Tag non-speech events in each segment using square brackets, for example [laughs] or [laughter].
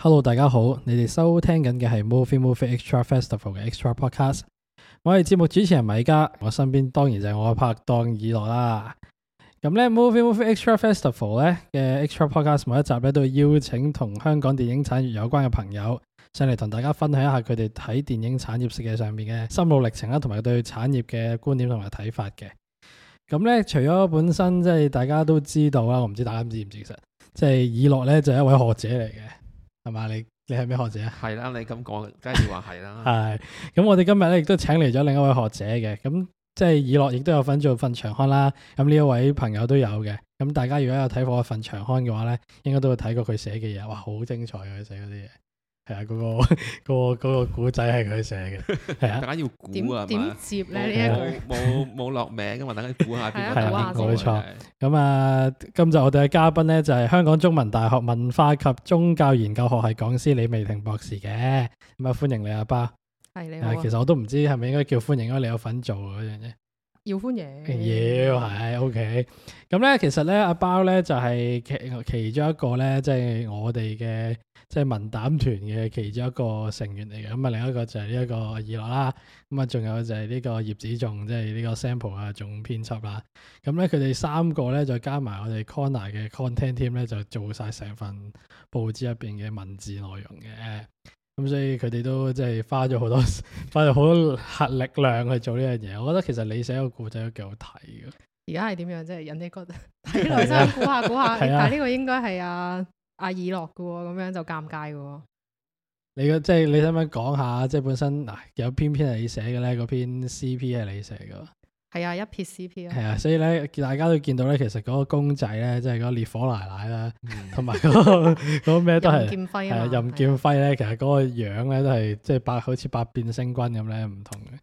Hello，大家好！你哋收聽緊嘅係 Movie Movie Extra Festival 嘅 Extra Podcast，我係節目主持人米迦，我身邊當然就係我嘅拍檔以諾啦。咁咧，Movie Movie Extra Festival 咧嘅 Extra Podcast 每一集咧都要邀請同香港電影產業有關嘅朋友上嚟同大家分享一下佢哋喺電影產業設計上面嘅心路歷程啦，同埋對產業嘅觀點同埋睇法嘅。咁咧，除咗本身即係大家都知道啦，我唔知大家知唔知其實即係以諾咧就係、是、一位學者嚟嘅。係嘛？你你係咩學者啊？係啦，你咁講，梗係要話係啦。係咁， [laughs] 我哋今日咧亦都請嚟咗另一位學者嘅，咁即係以樂亦都有份做份長刊啦。咁呢一位朋友都有嘅。咁大家如果有睇過份長刊嘅話咧，應該都會睇過佢寫嘅嘢。哇，好精彩啊！佢寫嗰啲嘢。係啊，嗰個個個古仔係佢寫嘅，係啊，大家要估啊，點接咧呢一句冇冇落名噶嘛？等你估下邊個係邊個。冇錯咁啊，今集我哋嘅嘉賓咧，就係香港中文大學文化及宗教研究學系講師李薇婷博士嘅咁啊，歡迎你阿包係你其實我都唔知係咪應該叫歡迎咧？因為你有份做樣嘢要歡迎要係 OK。咁咧，其實咧阿包咧就係其其中一個咧，即係我哋嘅。即係文膽團嘅其中一個成員嚟嘅，咁啊，另一個就係呢一個二樂啦，咁啊，仲有就係呢個葉子仲，即係呢個 sample 啊，總編輯啦，咁、嗯、咧，佢哋三個咧，再加埋我哋 Kongner 嘅 content team 咧，就做晒成份報紙入邊嘅文字內容嘅。咁、嗯、所以佢哋都即係花咗好多花咗好多核力量去做呢樣嘢。我覺得其實你寫個故仔都幾好睇嘅。而家係點樣？即係人哋覺得睇落真估下估下，但呢個應該係啊。 [laughs] 阿爾諾嘅喎，咁、啊、樣就尷尬嘅喎。你嘅即係你想唔想講下，即係本身嗱、啊、有篇篇係你寫嘅咧，嗰篇 CP 係你寫嘅。係啊，一撇 CP 啊。係啊，所以咧，大家都見到咧，其實嗰個公仔咧，即係嗰個烈火奶奶啦，同埋嗰嗰咩都係 [laughs] 任劍輝啊，任劍輝咧，其實嗰個樣咧都係即係百好似百變星君咁咧，唔同嘅。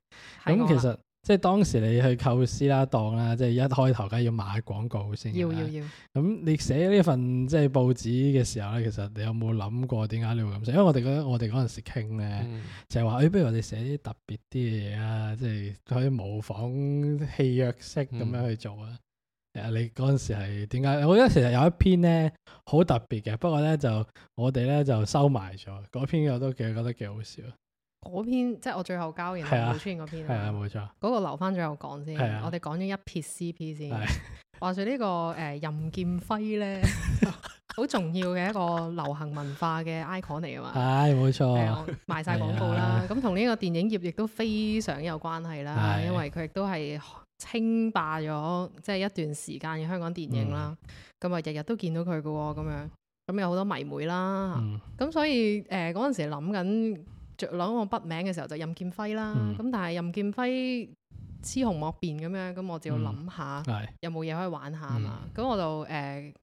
咁、啊、其實。即係當時你去構思啦，當啦，即係一開頭梗係要買廣告先要。要要要。咁你寫呢份即係報紙嘅時候咧，其實你有冇諗過點解你會咁寫？因為我哋嗰我哋嗰陣時傾咧，嗯、就係話誒，不如我哋寫啲特別啲嘅嘢啊，即、就、係、是、可以模仿戲謔式咁樣去做啊。誒、嗯，你嗰陣時係點解？我覺得其實有一篇咧好特別嘅，不過咧就我哋咧就收埋咗。嗰篇我都幾覺得幾好笑。嗰篇即係我最後交完《古村》嗰篇，係啊，冇錯。嗰個留翻最後講先，我哋講咗一撇 CP 先。話說呢個誒任劍輝咧，好重要嘅一個流行文化嘅 icon 嚟啊嘛，係冇錯，賣晒廣告啦咁同呢個電影業亦都非常有關係啦，因為佢亦都係稱霸咗即係一段時間嘅香港電影啦。咁啊日日都見到佢嘅，咁樣咁有好多迷妹啦。咁所以誒嗰陣時諗緊。着攞個筆名嘅時候就任劍輝啦，咁、嗯、但係任劍輝雌雄莫辨咁樣，咁我就要諗下有冇嘢可以玩下啊嘛，咁、嗯、我就誒、呃、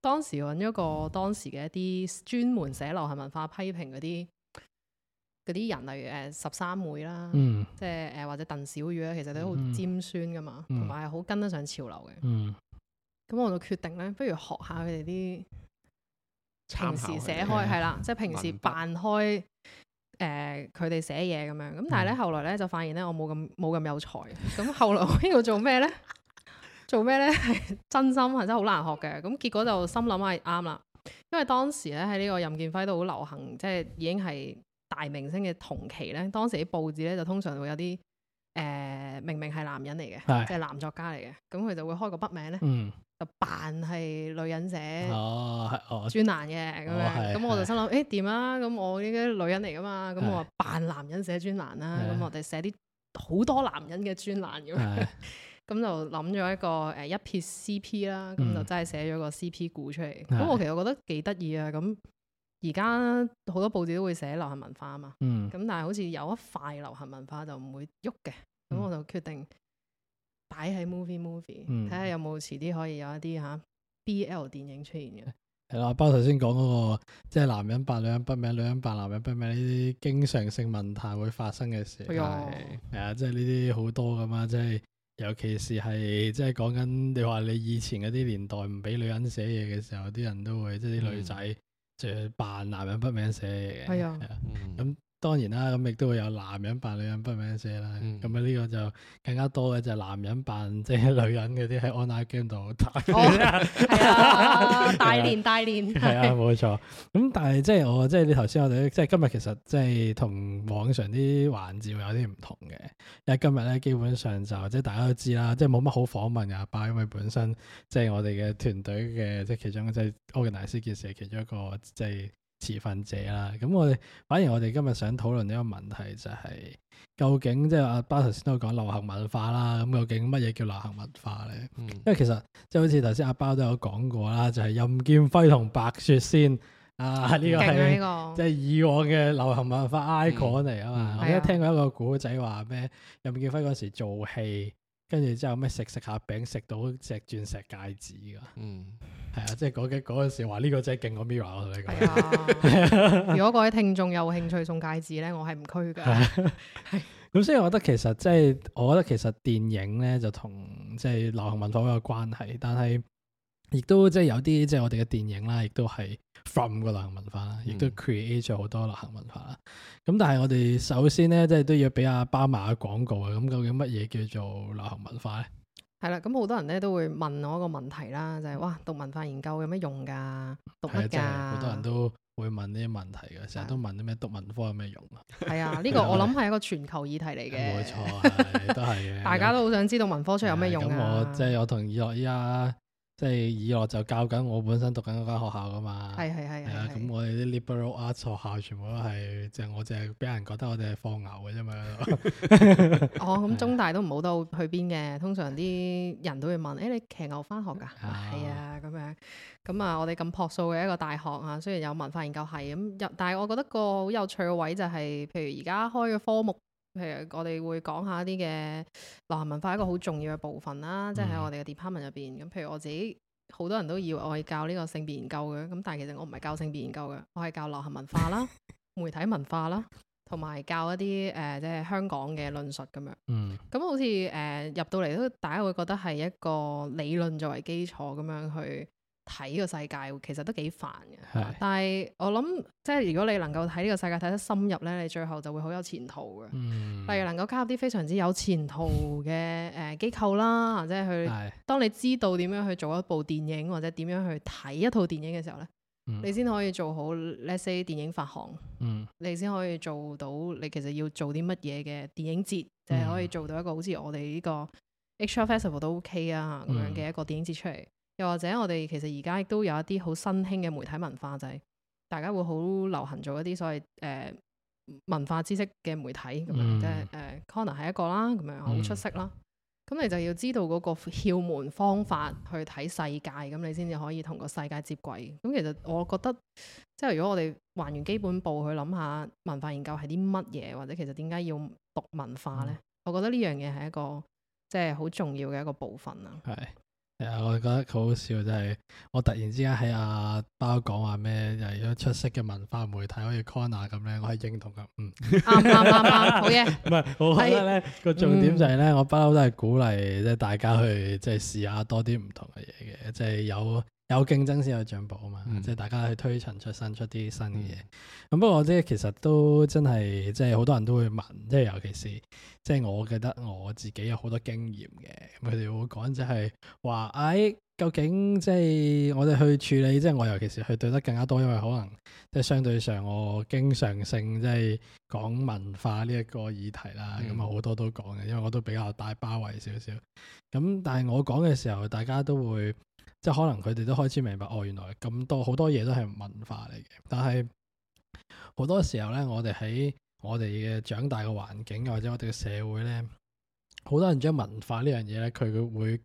當時搵咗個當時嘅一啲專門寫流行文化批評嗰啲啲人，例如誒十三妹啦，嗯、即係誒、呃、或者鄧小雨咧，其實都好尖酸噶嘛，同埋好跟得上潮流嘅。咁、嗯、我就決定咧，不如學下佢哋啲平時寫開係啦，即係平時扮開。誒佢哋寫嘢咁樣，咁但係咧後來咧就發現咧我冇咁冇咁有才，咁後來我要做咩咧？做咩咧？係 [laughs] 真心係真係好難學嘅，咁結果就心諗係啱啦，因為當時咧喺呢個任劍輝都好流行，即係已經係大明星嘅同期咧，當時啲報紙咧就通常會有啲誒、呃、明明係男人嚟嘅，是的 即係男作家嚟嘅，咁佢就會開個筆名咧。嗯就扮係女人寫哦，專欄嘅咁樣，咁我就心諗，誒，點啊？咁我應該女人嚟噶嘛？咁我話扮男人寫專欄啦，咁我哋寫啲好多男人嘅專欄咁，咁就諗咗一個誒一撇 CP 啦，咁就真係寫咗個 CP 故出嚟。咁我其實覺得幾得意啊！咁而家好多報紙都會寫流行文化啊嘛，咁但係好似有一塊流行文化就唔會喐嘅，咁我就決定。擺喺 mo movie movie，睇下有冇遲啲可以有一啲嚇 BL 電影出現嘅。係啦、嗯，包括頭先講嗰個，即係男人扮女人筆名，女人扮男人筆名呢啲經常性問題會發生嘅事。係啊、哎呀，即係呢啲好多㗎嘛，即係尤其是係即係講緊你話你以前嗰啲年代唔俾女人寫嘢嘅時候，啲人都會即係啲女仔就去扮男人筆名寫嘢。嘅、哎呀。係啊、嗯。當然啦，咁亦都會有男人扮女人不名射啦。咁啊呢個就更加多嘅就係、是、男人扮即係女人嗰啲喺 online game 度大年、哦啊、大年。係啊，冇錯。咁、啊啊嗯、但係即係我即係你頭先我哋即係今日其實即係同網上啲環節有啲唔同嘅，因為今日咧基本上就即係大家都知啦，即係冇乜好訪問阿爸，因為本身即係我哋嘅團隊嘅即係其中即係柯杰大師件事其中一個、嗯、中一個即係。持份者啦，咁我哋反而我哋今日想討論呢個問題、就是，就係究竟即係阿包頭先都講流行文化啦，咁究竟乜嘢叫流行文化咧？嗯、因為其實即係好似頭先阿包都有講過啦，就係、是、任劍輝同白雪仙啊，呢、這個係即係以往嘅流行文化 icon 嚟啊嘛。嗯嗯、我依家聽過一個古仔話咩？嗯、任劍輝嗰時做戲，跟住之後咩食食下餅，食到隻鑽石戒指噶。嗯係啊，即係嗰間嗰陣時話呢個真係勁過 Mirror 我同你講。如果各位聽眾有興趣送戒指咧，我係唔拘噶。咁、啊啊、所以我覺得其實即係，就是、我覺得其實電影咧就同即係流行文化好有關係，但係亦都即係有啲即係我哋嘅電影啦，亦都係 from 個流行文化，亦都 create 咗好多流行文化啦。咁、嗯、但係我哋首先咧，即、就、係、是、都要俾阿巴馬廣告啊。咁究竟乜嘢叫做流行文化咧？係啦，咁好多人咧都會問我一個問題啦，就係、是，哇讀文化研究有咩用噶？讀乜噶？好多人都會問呢啲問題嘅，成日都問啲咩讀文科有咩用啊？係啊，呢、這個 [laughs] 我諗係一個全球議題嚟嘅，冇錯啊，都係嘅。 [laughs] 大家都好想知道文科出嚟有咩用，咁我即係、就是、我同以諾依家。即係以我就教緊我本身讀緊嗰間學校噶嘛，係係係，係啊、嗯，咁我哋啲 liberal arts 學校全部都係，即係我淨係俾人覺得我哋係放牛嘅啫嘛。 [laughs] [laughs] 哦，咁中大都唔好到去邊嘅，通常啲人都會問，誒，你騎牛翻學噶？係啊，咁樣，咁啊，嗯嗯嗯、我哋咁樸素嘅一個大學啊，雖然有文化研究系咁入，但係我覺得個好有趣嘅位就係、是，譬如而家開嘅科目。譬如我哋會講下一啲嘅流行文化一個好重要嘅部分啦，嗯、即係喺我哋嘅 department 入邊。咁，譬如我自己，好多人都以為我係教呢個性別研究嘅，咁但係其實我唔係教性別研究嘅，我係教流行文化啦、 [laughs] 媒體文化啦，同埋教一啲誒、呃、即係香港嘅論述咁樣。嗯。咁好似誒、呃、入到嚟都，大家會覺得係一個理論作為基礎咁樣去。睇個世界其實都幾煩嘅，但係我諗即係如果你能夠喺呢個世界睇得深入咧，你最後就會好有前途嘅。例如能夠加入啲非常之有前途嘅誒機構啦，或者去當你知道點樣去做一部電影，或者點樣去睇一套電影嘅時候咧，你先可以做好，Let's say，電影發行，你先可以做到你其實要做啲乜嘢嘅電影節，就係可以做到一個好似我哋呢個 Extra Festival 都 OK 啊咁樣嘅一個電影節出嚟。又或者我哋其實而家亦都有一啲好新興嘅媒體文化，就係、是、大家會好流行做一啲所謂誒、呃、文化知識嘅媒體咁樣，嗯、即係誒 Conan 係一個啦，咁樣好出色啦。咁、嗯、你就要知道嗰個竅門方法去睇世界，咁你先至可以同個世界接軌。咁其實我覺得，即係如果我哋還原基本步去諗下文化研究係啲乜嘢，或者其實點解要讀文化咧？我覺得呢樣嘢係一個即係好重要嘅一個部分啦。係。係我哋覺得好好笑，就係我突然之間喺阿包講話咩，就係一出色嘅文化媒體，好似 Kongner 咁咧，我係認同噶。嗯，啱好嘢。唔係，我覺得咧個重點就係咧，我不嬲都係鼓勵即係大家去即係試下多啲唔同嘅嘢嘅，即係有。有競爭先有進步啊嘛，嗯、即係大家去推陳出新出啲新嘅嘢。咁、嗯、不過即係其實都真係，即係好多人都會問，即係尤其是即係我記得我自己有好多經驗嘅。佢哋會講即係話，哎，究竟即係我哋去處理，即係我尤其是去對得更加多，因為可能即係相對上我經常性即係講文化呢一個議題啦。咁啊好多都講嘅，因為我都比較大包圍少少。咁但係我講嘅時候，大家都會。即係可能佢哋都開始明白，哦，原來咁多好多嘢都係文化嚟嘅。但係好多時候咧，我哋喺我哋嘅長大嘅環境，或者我哋嘅社會咧，好多人將文化呢樣嘢咧，佢會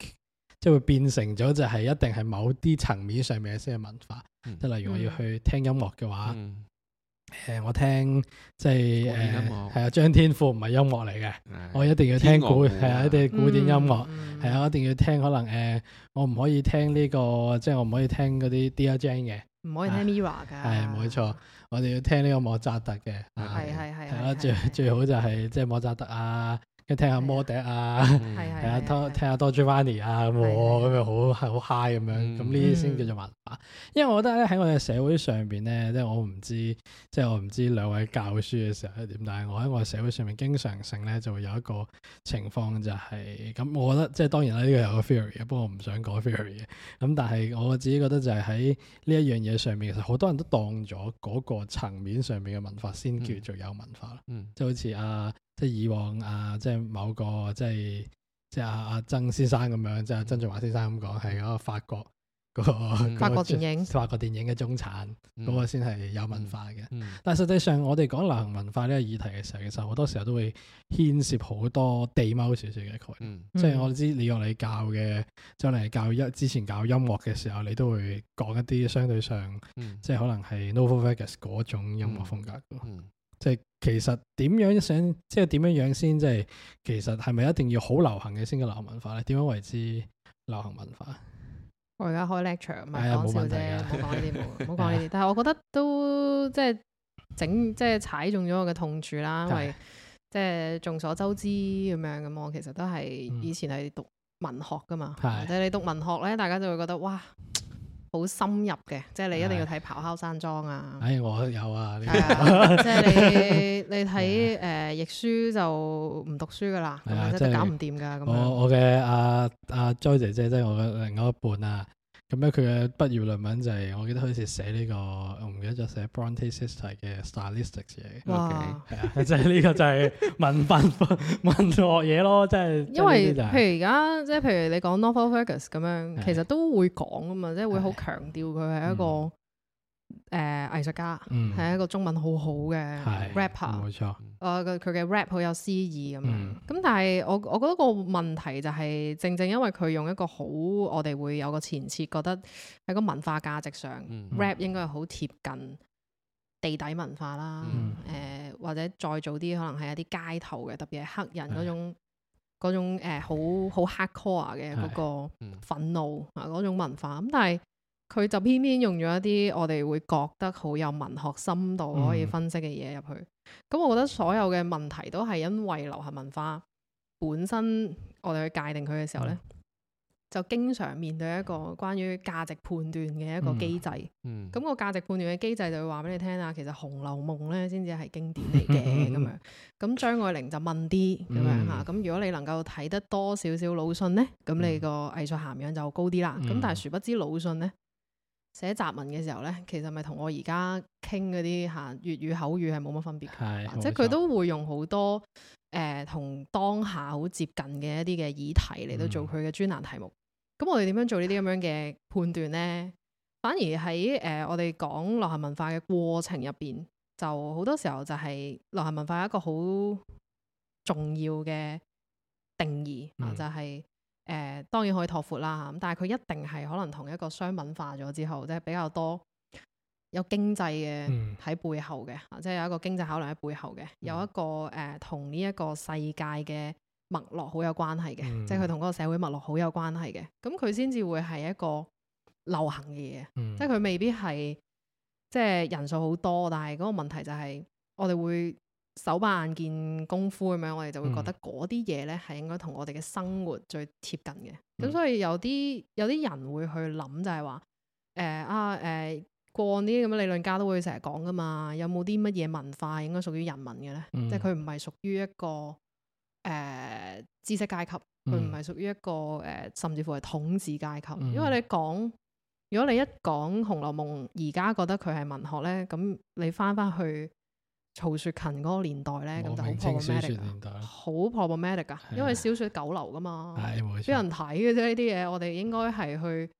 即係會變成咗，就係一定係某啲層面上面嘅先係文化。即係、嗯、例如我要去聽音樂嘅話。嗯嗯誒、呃，我聽即係誒，係、呃、啊，張天賦唔係音樂嚟嘅，我一定要聽古係啊，一啲古典音樂係啊，嗯嗯嗯、我一定要聽可能誒、呃，我唔可以聽呢、這個，即係我唔可以聽嗰啲 Dear Jane 嘅，唔可以聽 Mirror 噶，係冇錯，我哋要聽呢個莫扎特嘅，係係係，係啦，最的最好就係、是、即係莫扎特啊。跟聽下 Mozart 啊，係、嗯、啊，多聽下 Don Giovanni，啊咁喎，咁咪好好 high 咁樣，咁呢啲先叫做文化。嗯、因為我覺得咧喺我哋社會上邊咧，即、就、係、是、我唔知，即、就、係、是、我唔知兩位教書嘅時候係點，但係我喺我哋社會上面經常性咧就會有一個情況就係、是，咁我覺得即係、就是、當然啦，呢、這個有個 theory 嘅，不過我唔想講 theory 嘅。咁但係我自己覺得就係喺呢一樣嘢上面，其實好多人都當咗嗰個層面上面嘅文化先叫做有文化啦，即係、嗯嗯、好似阿。啊即係以往啊，即係某個即係即係阿曾先生咁樣，嗯、即係、啊、曾俊華先生咁講，係嗰個法國嗰、那個嗯、法國電影、 [laughs] 法國電影嘅中產嗰、那個先係有文化嘅。嗯嗯、但係實際上，我哋講流行文化呢個議題嘅時候，其實好多時候都會牽涉好多地貓少少嘅概念。嗯嗯、即係我知你用你教嘅，將嚟教一之前教音樂嘅時候，你都會講一啲相對上，嗯嗯、即係可能係 Novel Vegas 嗰種音樂風格即係其實點樣想，即係點樣樣先即係其實係咪一定要好流行嘅先叫流行文化咧？點樣為之流行文化？我而家開 lecture，唔係講笑啫，唔好講呢啲，唔好講呢啲。但係我覺得都即係整即係踩中咗我嘅痛處啦，因、哎、呀 為即係眾所周知咁樣咁，我其實都係以前係讀文學噶嘛，即係、嗯、你讀文學咧，大家就會覺得哇～好深入嘅，即係你一定要睇《咆哮山莊》啊！唉，我有啊，的 [laughs] 即係你你睇誒， [laughs] 的譯書就唔讀書噶啦，真係的是搞唔掂噶，咁我樣我嘅阿阿 Joy 姐姐即係、就是、我嘅另外一半啊。咁咧佢嘅畢業論文就係、是、我記得好似寫呢、這個，我唔記得咗寫、e sister《Bronte s i [noise] s t e r 嘅 stylistics 嘢，係 [noise] 啊，即係呢個就係文法課、文學嘢咯，即係。 [noise] 因為譬如而家即係譬如你講 novel focus 咁樣，其實都會講啊嘛，即係的會好強調佢係一個。嗯誒，藝術、呃、家，係、嗯、一個中文好好嘅 rapper，冇錯。誒、呃，佢佢嘅 rap 好有詩意咁樣。咁、嗯、但係我我覺得個問題就係，正正因為佢用一個好，我哋會有個前設，覺得喺個文化價值上、嗯嗯、，rap 應該係好貼近地底文化啦。誒、嗯呃，或者再早啲，可能係一啲街頭嘅，特別係黑人嗰種、嗯、種誒，好好 hardcore 嘅嗰個憤怒啊，嗰、嗯嗯嗯、種文化。咁但係。佢就偏偏用咗一啲我哋會覺得好有文學深度可以分析嘅嘢入去，咁、嗯、我覺得所有嘅問題都係因為流行文化本身，我哋去界定佢嘅時候咧，嗯、就經常面對一個關於價值判斷嘅一個機制嗯。嗯，咁個價值判斷嘅機制就會話俾你聽啊，其實紅樓夢咧先至係經典嚟嘅咁樣。咁張 [laughs] 愛玲就問啲咁樣吓，咁、嗯、如果你能夠睇得多少少魯迅咧，咁你個藝術涵養就高啲啦。咁、嗯、但係殊不知魯迅咧。寫雜文嘅時候呢，其實咪同我而家傾嗰啲吓粵語口語係冇乜分別嘅，即係佢都會用好多誒同、呃、當下好接近嘅一啲嘅議題嚟到做佢嘅專欄題目。咁、嗯、我哋點樣做呢啲咁樣嘅判斷呢？嗯、反而喺誒、呃、我哋講流行文化嘅過程入邊，就好多時候就係流行文化有一個好重要嘅定義、嗯、啊，就係、是。誒、呃，當然可以拓闊啦吓，但係佢一定係可能同一個商品化咗之後，即係比較多有經濟嘅喺背後嘅，嗯啊，即係有一個經濟考量喺背後嘅，嗯、有一個誒、呃、同呢一個世界嘅脈絡好有關係嘅，嗯、即係佢同嗰個社會脈絡好有關係嘅，咁佢先至會係一個流行嘅嘢，嗯，即係佢未必係即係人數好多，但係嗰個問題就係我哋會。手板眼見功夫咁樣，我哋就會覺得嗰啲嘢咧係應該同我哋嘅生活最貼近嘅。咁、嗯、所以有啲有啲人會去諗，就係話誒啊誒、呃，過啲咁嘅理論家都會成日講噶嘛。有冇啲乜嘢文化應該屬於人民嘅咧？嗯、即係佢唔係屬於一個誒、呃、知識階級，佢唔係屬於一個誒、呃、甚至乎係統治階級。嗯、因為你講，如果你一講《紅樓夢》，而家覺得佢係文學咧，咁你翻翻去。曹雪芹嗰個年代咧，咁就好 problematic 好 problematic 啊的，因為小説九流㗎嘛，係冇人睇嘅啫呢啲嘢，我哋應該係去。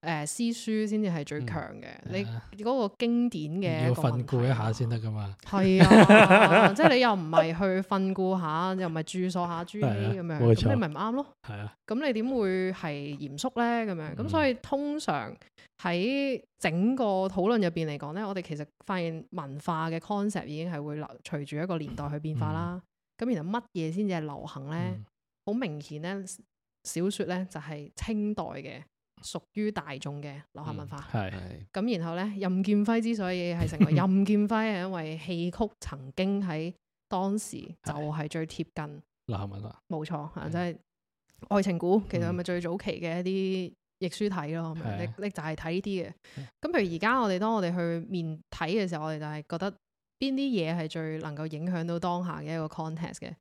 誒，詩書先至係最強嘅。嗯、你嗰個經典嘅要訓詁一下先得㗎嘛？係 [laughs] 啊，即係你又唔係去訓詁下，又唔係註疏下朱熹咁樣，咁錯你咪唔啱咯？係啊，咁你點會係嚴肅咧？咁樣咁，嗯、所以通常喺整個討論入邊嚟講咧，我哋其實發現文化嘅 concept 已經係會流隨住一個年代去變化啦。咁、嗯嗯、然後乜嘢先至係流行咧？好、嗯、明顯咧，小說咧就係清代嘅。屬於大眾嘅流行文化，係，咁然後咧，任劍輝之所以係成為任劍輝，係因為戲曲曾經喺當時就係最貼近流行文化，冇錯，即係愛情故。其實係咪最早期嘅一啲易書睇咯，你你就係睇呢啲嘅。咁譬如而家我哋當我哋去面睇嘅時候，我哋就係覺得邊啲嘢係最能夠影響到當下嘅一個 context 嘅。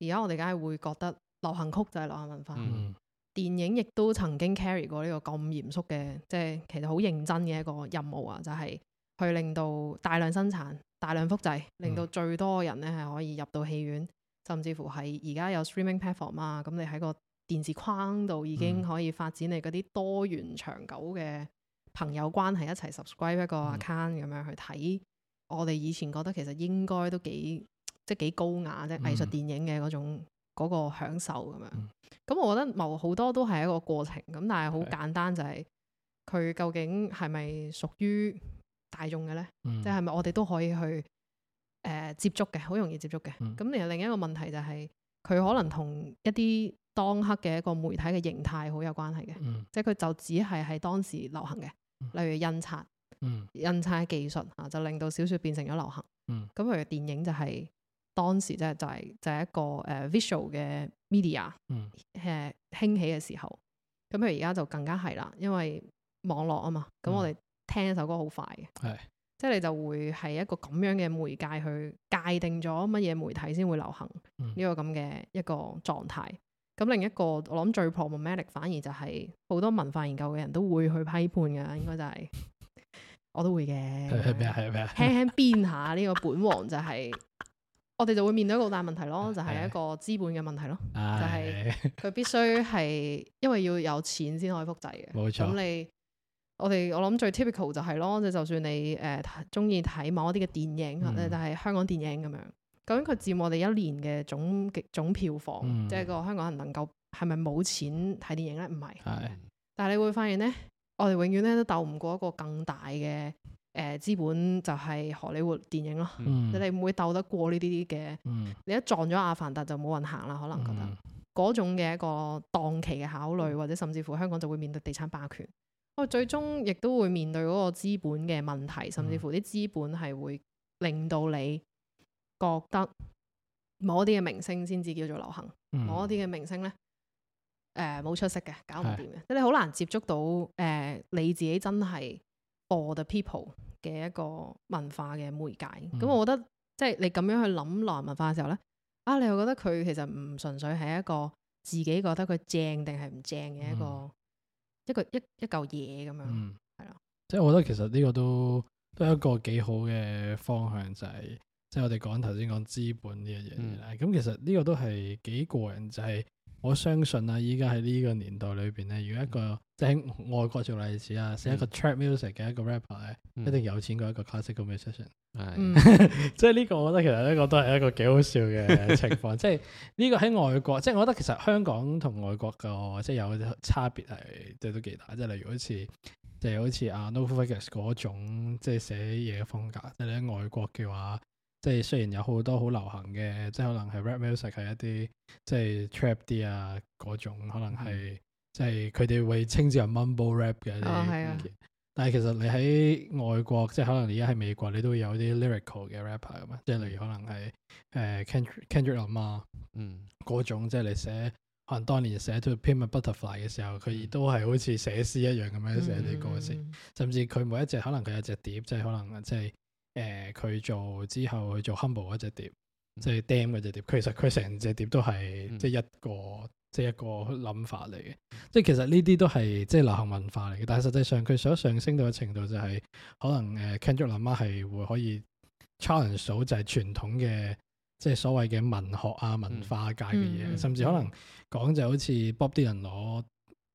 而家我哋梗係會覺得流行曲就係流行文化。電影亦都曾經 carry 過呢個咁嚴肅嘅，即係其實好認真嘅一個任務啊，就係去令到大量生產、大量複製，令到最多人呢係可以入到戲院，甚至乎係而家有 streaming platform 啊嘛，咁你喺個電視框度已經可以發展你嗰啲多元長久嘅朋友關係，一齊 subscribe 一個 account 咁樣去睇。嗯。我哋以前覺得其實應該都幾即係幾高雅即係，藝術電影嘅嗰種。嗰個享受咁樣，咁我覺得冇好多都係一個過程咁，但係好簡單就係、是、佢 Okay. 究竟係咪屬於大眾嘅呢？Mm. 即係咪我哋都可以去誒、呃、接觸嘅，好容易接觸嘅。咁其實另一個問題就係、是、佢可能同一啲當刻嘅一個媒體嘅形態好有關係嘅，mm. 即係佢就只係喺當時流行嘅，mm. 例如印刷，mm. 印刷技術啊，就令到小説變成咗流行。咁譬、mm. 如電影就係、是。當時即係就係就係一個誒 visual 嘅 media 誒、嗯啊、興起嘅時候，咁譬如而家就更加係啦，因為網絡啊嘛，咁我哋聽一首歌好快嘅，嗯、即係你就會係一個咁樣嘅媒介去界定咗乜嘢媒體先會流行呢、嗯、個咁嘅一個狀態。咁、嗯、另一個我諗最 problematic 反而就係、是、好多文化研究嘅人都會去批判嘅，應該就係、是、我都會嘅，係咩啊？係咩啊？輕輕編下呢個本王就係、是。我哋就會面對一個好大問題咯，就係、是、一個資本嘅問題咯，哎、就係佢必須係因為要有錢先可以複製嘅。咁。冇錯。你我哋我諗最 typical 就係咯，即就算你誒中意睇某一啲嘅電影咧，嗯、就係香港電影咁樣，究竟佢佔我哋一年嘅總總票房，嗯、即係個香港人能夠係咪冇錢睇電影咧？唔係。嗯、但係你會發現咧，我哋永遠咧都鬥唔過一個更大嘅。誒資本就係荷里活電影咯，嗯、你哋唔會鬥得過呢啲啲嘅。嗯、你一撞咗阿凡達就冇運行啦，可能覺得嗰、嗯、種嘅一個檔期嘅考慮，或者甚至乎香港就會面對地產霸權，我、哦、最終亦都會面對嗰個資本嘅問題，甚至乎啲資本係會令到你覺得某一啲嘅明星先至叫做流行，嗯、某一啲嘅明星呢誒冇、呃、出息嘅，搞唔掂嘅，即係好難接觸到誒、呃、你自己真係 all the people。嘅一個文化嘅媒介，咁、嗯、我覺得即係、就是、你咁樣去諗流行文化嘅時候咧，啊，你又覺得佢其實唔純粹係一個自己覺得佢正定係唔正嘅一個、嗯、一個一一嚿嘢咁樣，係咯、嗯？的即係我覺得其實呢個都都係一個幾好嘅方向，就係即係我哋講頭先講資本呢一樣嘢啦。咁、嗯、其實呢個都係幾過癮，就係、是、我相信啦，依家喺呢個年代裏邊咧，如果一個、嗯即係喺外國做例子啊，寫一個 trap music 嘅一個 rapper 咧，嗯、一定有錢過一個 classical musician。係，即係呢個我覺得其實呢個都係一個幾好笑嘅情況。即係呢個喺外國，即、就、係、是、我覺得其實香港同外國嘅即係有啲差別係都都幾大。即、就、係、是、例如好似，即、就、係、是、好似啊 No Focus 嗰種，即係寫嘢嘅風格。即係喺外國嘅話，即、就、係、是、雖然有好多好流行嘅，即、就、係、是、可能係 rap music，係一啲即係、就是、trap 啲啊嗰種，可能係。嗯嗯即係佢哋會稱之為 mumble rap 嘅，哦啊、但係其實你喺外國，即、就、係、是、可能而家喺美國，你都會有啲 lyrical 嘅 rapper 嘅嘛。即、就、係、是、例如可能係誒、呃、Kendrick Kendrick Lamar，嗯，嗰種即係、就是、你寫可能當年寫 To Pimp a Butterfly 嘅時候，佢亦都係好似寫詩一樣咁樣寫啲歌詞。嗯、甚至佢每一隻可能佢有隻碟，即、就、係、是、可能即係誒佢做之後去做 Humble 嗰隻碟，即係 Damn 嗰隻碟。其實佢成隻碟都係即係一個。嗯即係一個諗法嚟嘅，即係其實呢啲都係即係流行文化嚟嘅，但係實際上佢想上升到嘅程度就係、是、可能誒 c a n l o 林媽係會可以 challenge 到就係傳統嘅即係所謂嘅文學啊、文化界嘅嘢，嗯嗯、甚至可能講就好似 Bob Dylan 攞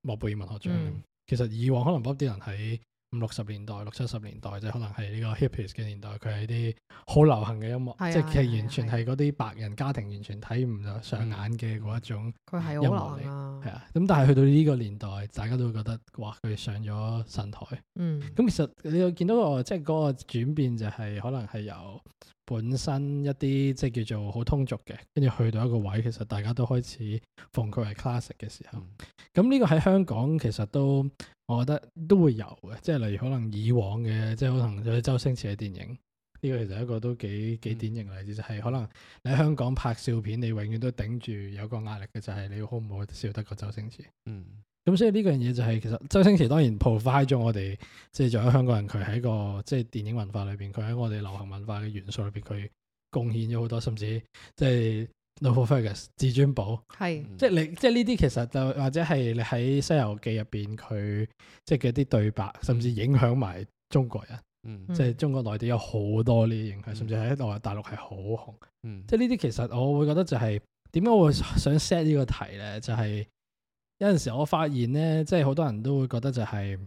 諾貝爾文學獎，嗯、其實以往可能 Bob Dylan 喺五六十年代、六七十年代，即係可能係呢個 hippie 嘅年代，佢係啲好流行嘅音樂，嗯、即係佢完全係嗰啲白人家庭完全睇唔上眼嘅嗰一種音樂。音樂嚟。難啊。咁但係去到呢個年代，大家都會覺得哇，佢上咗神台。嗯。咁、嗯嗯、其實你見到個即係嗰個轉變，就係可能係由本身一啲即係叫做好通俗嘅，跟住去到一個位，其實大家都開始奉佢為 classic 嘅時候。咁呢、嗯嗯嗯嗯呢個喺香港其實都。我覺得都會有嘅，即係例如可能以往嘅，即係可能佢周星馳嘅電影，呢個其實一個都幾幾典型嘅例子，就係可能你喺香港拍笑片，你永遠都頂住有個壓力嘅，就係你要好唔好笑得過周星馳。嗯，咁所以呢樣嘢就係其實周星馳當然 provide 咗我哋，即係作為香港人佢喺個即係電影文化裏邊，佢喺我哋流行文化嘅元素裏邊，佢貢獻咗好多，甚至即係。Love Fragrance 自尊寶，係是即係你即係呢啲其實就或者係你喺《西遊記》入邊佢即係嘅啲對白，甚至影響埋中國人，嗯、即係中國內地有好多呢啲影響，甚至喺內大陸係好紅。嗯、即係呢啲其實我會覺得就係點解我會想 set 呢個題咧？就係、是、有陣時我發現咧，即係好多人都會覺得就係、是。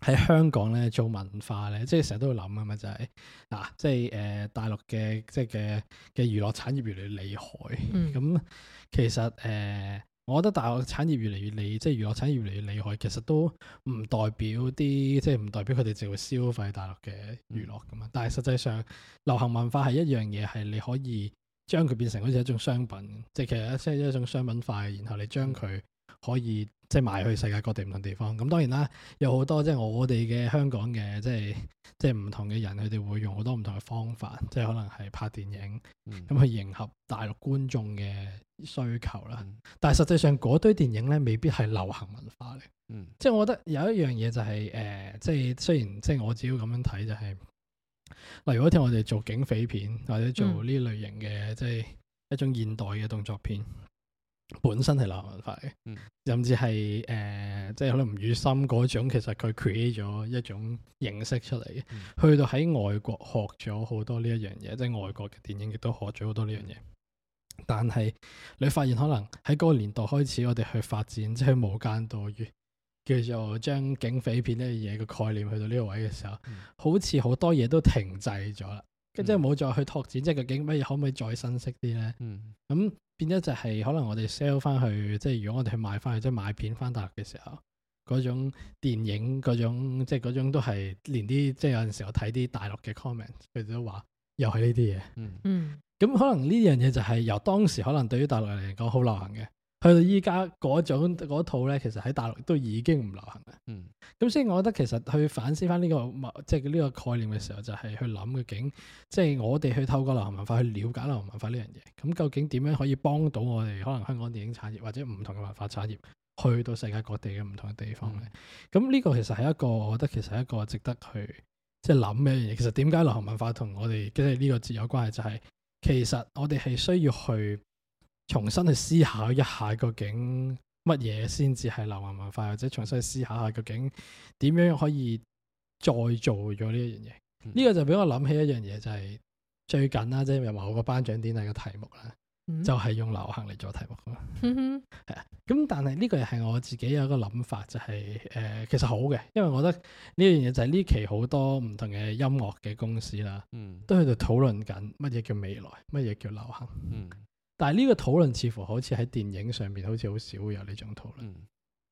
喺香港呢做文化呢，即係成日都要諗噶嘛，就係、是、嗱、啊，即係誒、呃、大陸嘅即係嘅嘅娛樂產業越嚟越厲害。咁、嗯嗯、其實誒、呃，我覺得大陸產業越嚟越厲，即係娛樂產業越嚟越厲害，其實都唔代表啲，即係唔代表佢哋就會消費大陸嘅娛樂咁嘛。嗯、但係實際上，流行文化係一樣嘢，係你可以將佢變成好似一種商品，即係其實即係一種商品化，然後你將佢可以。即係賣去世界各地唔同地方，咁當然啦，有好多即係我哋嘅香港嘅，即係即係唔同嘅人，佢哋會用好多唔同嘅方法，即係可能係拍電影，咁、嗯、去迎合大陸觀眾嘅需求啦。嗯、但係實際上嗰堆電影咧，未必係流行文化嚟。嗯、即係我覺得有一樣嘢就係、是、誒、呃，即係雖然即係我只要咁樣睇就係、是，例如好似我哋做警匪片或者做呢類型嘅，嗯、即係一種現代嘅動作片。嗯本身係流行文化嘅，嗯、甚至係誒，即係可能吳宇森嗰種，其實佢 create 咗一種形式出嚟嘅。嗯、去到喺外國學咗好多呢一樣嘢，即、就、係、是、外國嘅電影亦都學咗好多呢樣嘢。嗯、但係你發現，可能喺嗰個年代開始，我哋去發展即係、就是、無間道，叫做將警匪片呢樣嘢嘅概念去到呢個位嘅時候，嗯、好似好多嘢都停滯咗啦。跟住、嗯、即係冇再去拓展，即係究竟乜嘢可唔可以再新式啲咧？咁、嗯、變咗就係可能我哋 sell 翻去，即係如果我哋去買翻去即係買片翻大陸嘅時候，嗰種電影嗰種即係嗰種都係連啲即係有陣時候睇啲大陸嘅 comment，佢哋都話又係呢啲嘢。嗯，咁可能呢樣嘢就係由當時可能對於大陸人嚟講好流行嘅。去到而家嗰種嗰套咧，其實喺大陸都已經唔流行啦。嗯，咁所以我覺得其實去反思翻呢、這個即係呢個概念嘅時候，就係、是、去諗究竟，即、就、係、是、我哋去透過流行文化去了解流行文化呢樣嘢。咁究竟點樣可以幫到我哋可能香港電影產業或者唔同嘅文化產業去到世界各地嘅唔同嘅地方咧？咁呢、嗯、個其實係一個，我覺得其實係一個值得去即係諗嘅嘢。其實點解流行文化同我哋即係呢個節有關係、就是？就係其實我哋係需要去。重新去思考一下究竟乜嘢先至係流行文化，或者重新去思考下究竟點樣可以再做咗呢一樣嘢。呢、嗯、個就俾我諗起一樣嘢，就係、是、最近啦，即係話我個頒獎典禮嘅題目啦，嗯、就係用流行嚟做題目啊。咁、嗯、哼 [laughs] 但係呢個又係我自己有一個諗法，就係、是、誒、呃、其實好嘅，因為我覺得呢樣嘢就係呢期好多唔同嘅音樂嘅公司啦，嗯、都喺度討論緊乜嘢叫未來，乜嘢叫流行。嗯但係呢個討論似乎好似喺電影上面好似好少會有呢種討論，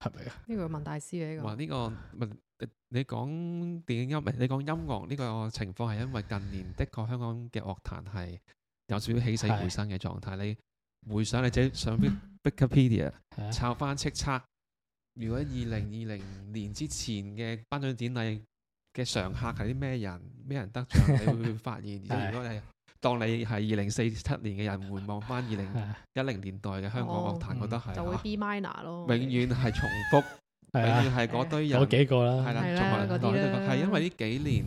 係咪啊？呢個問大師嘅呢個。話呢、這個，你講電影音，你講音樂呢、這個情況係因為近年的確香港嘅樂壇係有少少起死回生嘅狀態。的你回想你自己上 Wikipedia 抄翻叱咤。如果二零二零年之前嘅頒獎典禮嘅常客係啲咩人，咩 [laughs] 人得獎，你會，會發現，的如果你係。當你係二零四七年嘅人回望翻二零一零年代嘅香港樂壇，覺得係就會 B minor 咯、啊。永遠係重複， [laughs] 永遠係嗰堆人嗰的的幾個啦。係啦的，年的因為呢幾年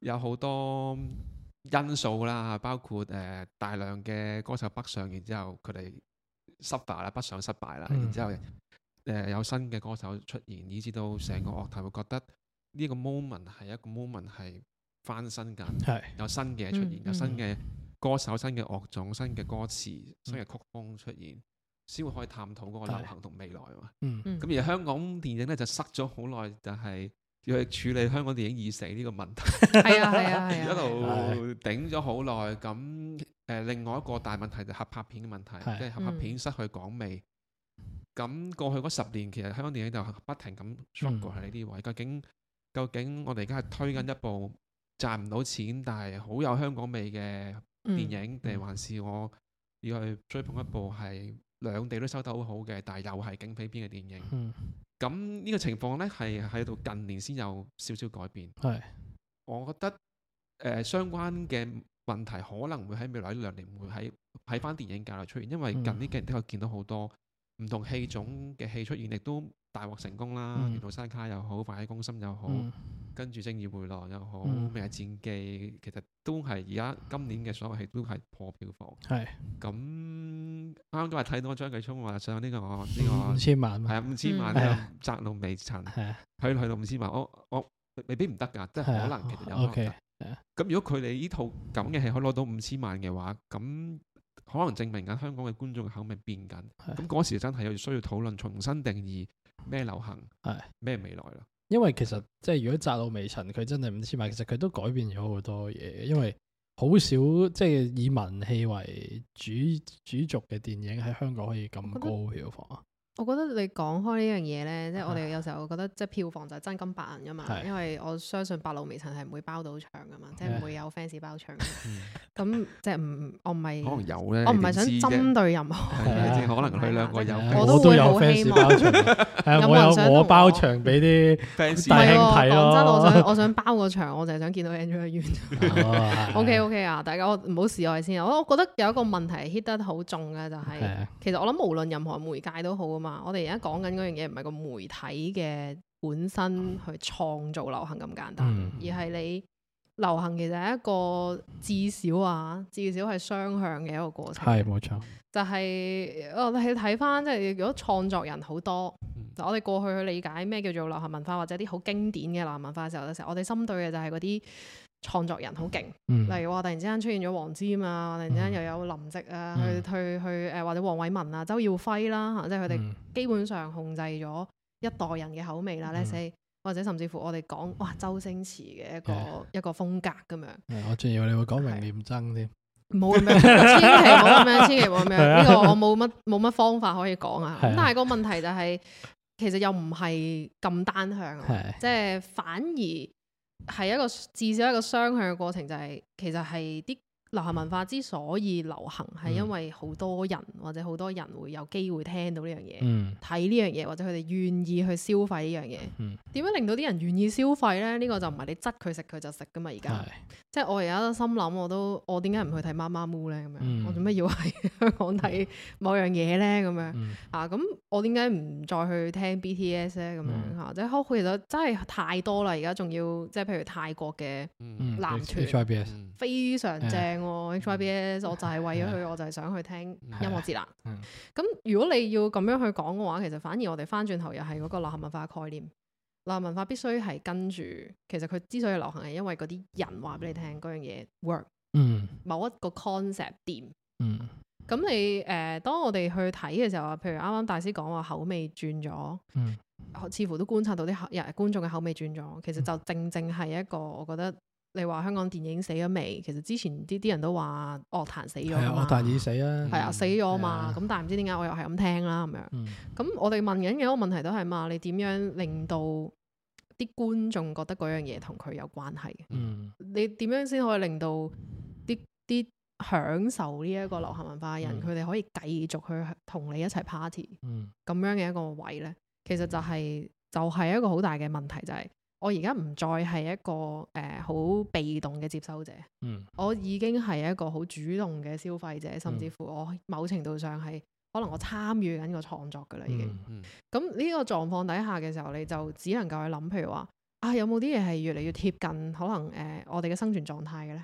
有好多因素啦，包括誒、呃、大量嘅歌手北上，然之後佢哋失敗啦，北上失敗啦，嗯、然之後誒、呃、有新嘅歌手出現，以至到成個樂壇會覺得呢個 moment 係一個 moment 係。翻新緊，有新嘅出現，有新嘅歌手、新嘅樂種、新嘅歌詞、新嘅曲風出現，先會可以探討嗰個流行同未來嘛。咁、嗯、而香港電影咧就塞咗好耐，就係要去處理香港電影已死呢個問題。係 [laughs] 啊係啊係，啊啊啊一度頂咗好耐。咁誒、呃，另外一個大問題就合拍片嘅問題，即係、啊、合拍片失去港味。咁、嗯、過去嗰十年，其實香港電影就不停咁衝過喺呢啲位。究竟究竟我哋而家係推緊一部，賺唔到錢，但係好有香港味嘅電影，定、嗯、還是我要去追捧一部係兩地都收得好好嘅，但係又係警匪片嘅電影。嗯，咁呢個情況呢，係喺度近年先有少少改變。係、嗯，我覺得誒、呃、相關嘅問題可能會喺未來一兩年會喺喺翻電影界內出現，因為近呢幾日都見到好多唔同戲種嘅戲出現，亦都。大獲成功啦，緣路山旮旯又好，飯戲攻心又好，跟住《正義迴廊》又好，《明日戰記》其實都係而家今年嘅所有戲都係破票房。係咁啱啱話睇到張繼聰話上呢個呢個五千萬，係啊五千萬，呢個窄路微塵去去到五千萬，我我未必唔得噶，即係可能其實有得。O K. 咁如果佢哋呢套咁嘅戲可以攞到五千萬嘅話，咁可能證明緊香港嘅觀眾嘅口味變緊。咁嗰時真係有需要討論重新定義。咩流行？係咩的未來咯？因為其實即係如果窄路微塵，佢真係唔黐埋。其實佢都改變咗好多嘢，因為好少即係以文戲為主主軸嘅電影喺香港可以咁高票房啊！我覺得你講開呢樣嘢咧，即係我哋有時候覺得即係票房就係真金白銀㗎嘛，因為我相信窄路微塵係唔會包到場㗎嘛，即係唔會有 fans 包場。咁即係唔，我唔係可能有咧，我唔係想針對任何，只可能佢兩個有，我都有 fans 包場。有冇人想包場俾啲 fans 睇？真我想我想包個場，我就係想見到 Angela Yuen OK OK 啊，大家，我唔好示愛先。我我覺得有一個問題 hit 得好重嘅就係，其實我諗無論任何媒介都好啊嘛。我哋而家講緊嗰樣嘢，唔係個媒體嘅本身去創造流行咁簡單，嗯、而係你流行其實係一個至少啊，至少係雙向嘅一個過程。係冇錯，就係我哋去睇翻即係如果創作人好多，嗱、嗯、我哋過去去理解咩叫做流行文化或者啲好經典嘅流行文化嘅時候，有時候我哋針對嘅就係嗰啲。創作人好勁，例如話突然之間出現咗黃霑啊，突然之間又有林夕啊，去去去誒，或者黃偉文啊、周耀輝啦，吓即係佢哋基本上控制咗一代人嘅口味啦。咧，或者甚至乎我哋講哇，周星馳嘅一個一個風格咁樣。我仲以為你會講明念真添？冇咁樣，千祈冇咁樣，千祈冇咁樣。呢個我冇乜冇乜方法可以講啊。咁但係個問題就係，其實又唔係咁單向啊，即係反而。係一個至少一個雙向嘅過程，就係其實係啲。流行文化之所以流行，係因為好多人或者好多人會有機會聽到呢樣嘢，睇呢樣嘢，或者佢哋願意去消費呢樣嘢。點樣令到啲人願意消費咧？呢個就唔係你執，佢食佢就食㗎嘛。而家即係我而家都心諗，我都我點解唔去睇媽媽咪咧咁樣。我做咩要喺香港睇某樣嘢咧咁樣啊？咁我點解唔再去聽 BTS 咧咁樣吓，即係好，其實真係太多啦。而家仲要即係譬如泰國嘅男團，非常正。我 HYBS、哦、我就係為咗佢，我就係想去聽音樂節啦。咁、嗯嗯、如果你要咁樣去講嘅話，其實反而我哋翻轉頭又係嗰個流行文化概念。流行文化必須係跟住，其實佢之所以流行係因為嗰啲人話俾你聽嗰樣嘢 work，嗯，某一個 concept 掂，嗯。咁你誒、呃，當我哋去睇嘅時候啊，譬如啱啱大師講話口味轉咗，嗯、似乎都觀察到啲人觀眾嘅口味轉咗，其實就正正係一個我覺得。你話香港電影死咗未？其實之前啲啲人都話樂壇死咗的，係樂壇已死啊，係啊的，嗯、死咗嘛。咁的但係唔知點解我又係咁聽啦咁樣。咁、嗯、我哋問緊嘅一個問題都係嘛？你點樣令到啲觀眾覺得嗰樣嘢同佢有關係？嗯，你點樣先可以令到啲啲享受呢一個流行文化嘅人佢哋、嗯、可以繼續去同你一齊 party？嗯，咁樣嘅一個位咧，其實就係、是、就係、是、一個好大嘅問題，就係、是。我而家唔再係一個誒好、呃、被動嘅接收者，嗯、我已經係一個好主動嘅消費者，甚至乎我某程度上係可能我參與緊個創作㗎啦，已經、嗯。咁、嗯、呢個狀況底下嘅時候，你就只能夠去諗，譬如話。啊，有冇啲嘢係越嚟越貼近可能誒、呃、我哋嘅生存狀態嘅咧？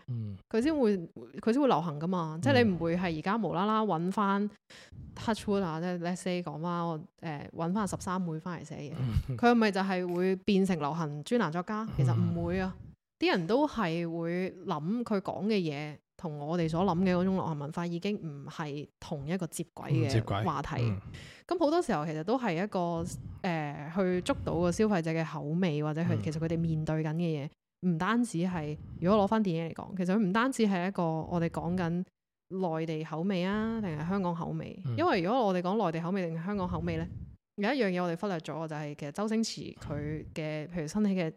佢先會佢先會流行噶嘛？即、就、係、是、你唔會係而家無啦啦揾翻 Touchwood、嗯、啊，即係 Let’s say 講翻，我誒揾翻十三妹翻嚟寫嘢，佢係咪就係會變成流行專欄作家？其實唔會啊，啲人都係會諗佢講嘅嘢。同我哋所諗嘅嗰種流行文化已經唔係同一個接軌嘅話題。咁好、嗯、多時候其實都係一個誒、呃，去捉到個消費者嘅口味，或者佢其實佢哋面對緊嘅嘢，唔單止係如果攞翻電影嚟講，其實佢唔單止係一個我哋講緊內地口味啊，定係香港口味。因為如果我哋講內地口味定係香港口味呢，有一樣嘢我哋忽略咗，就係、是、其實周星馳佢嘅，譬如新喜劇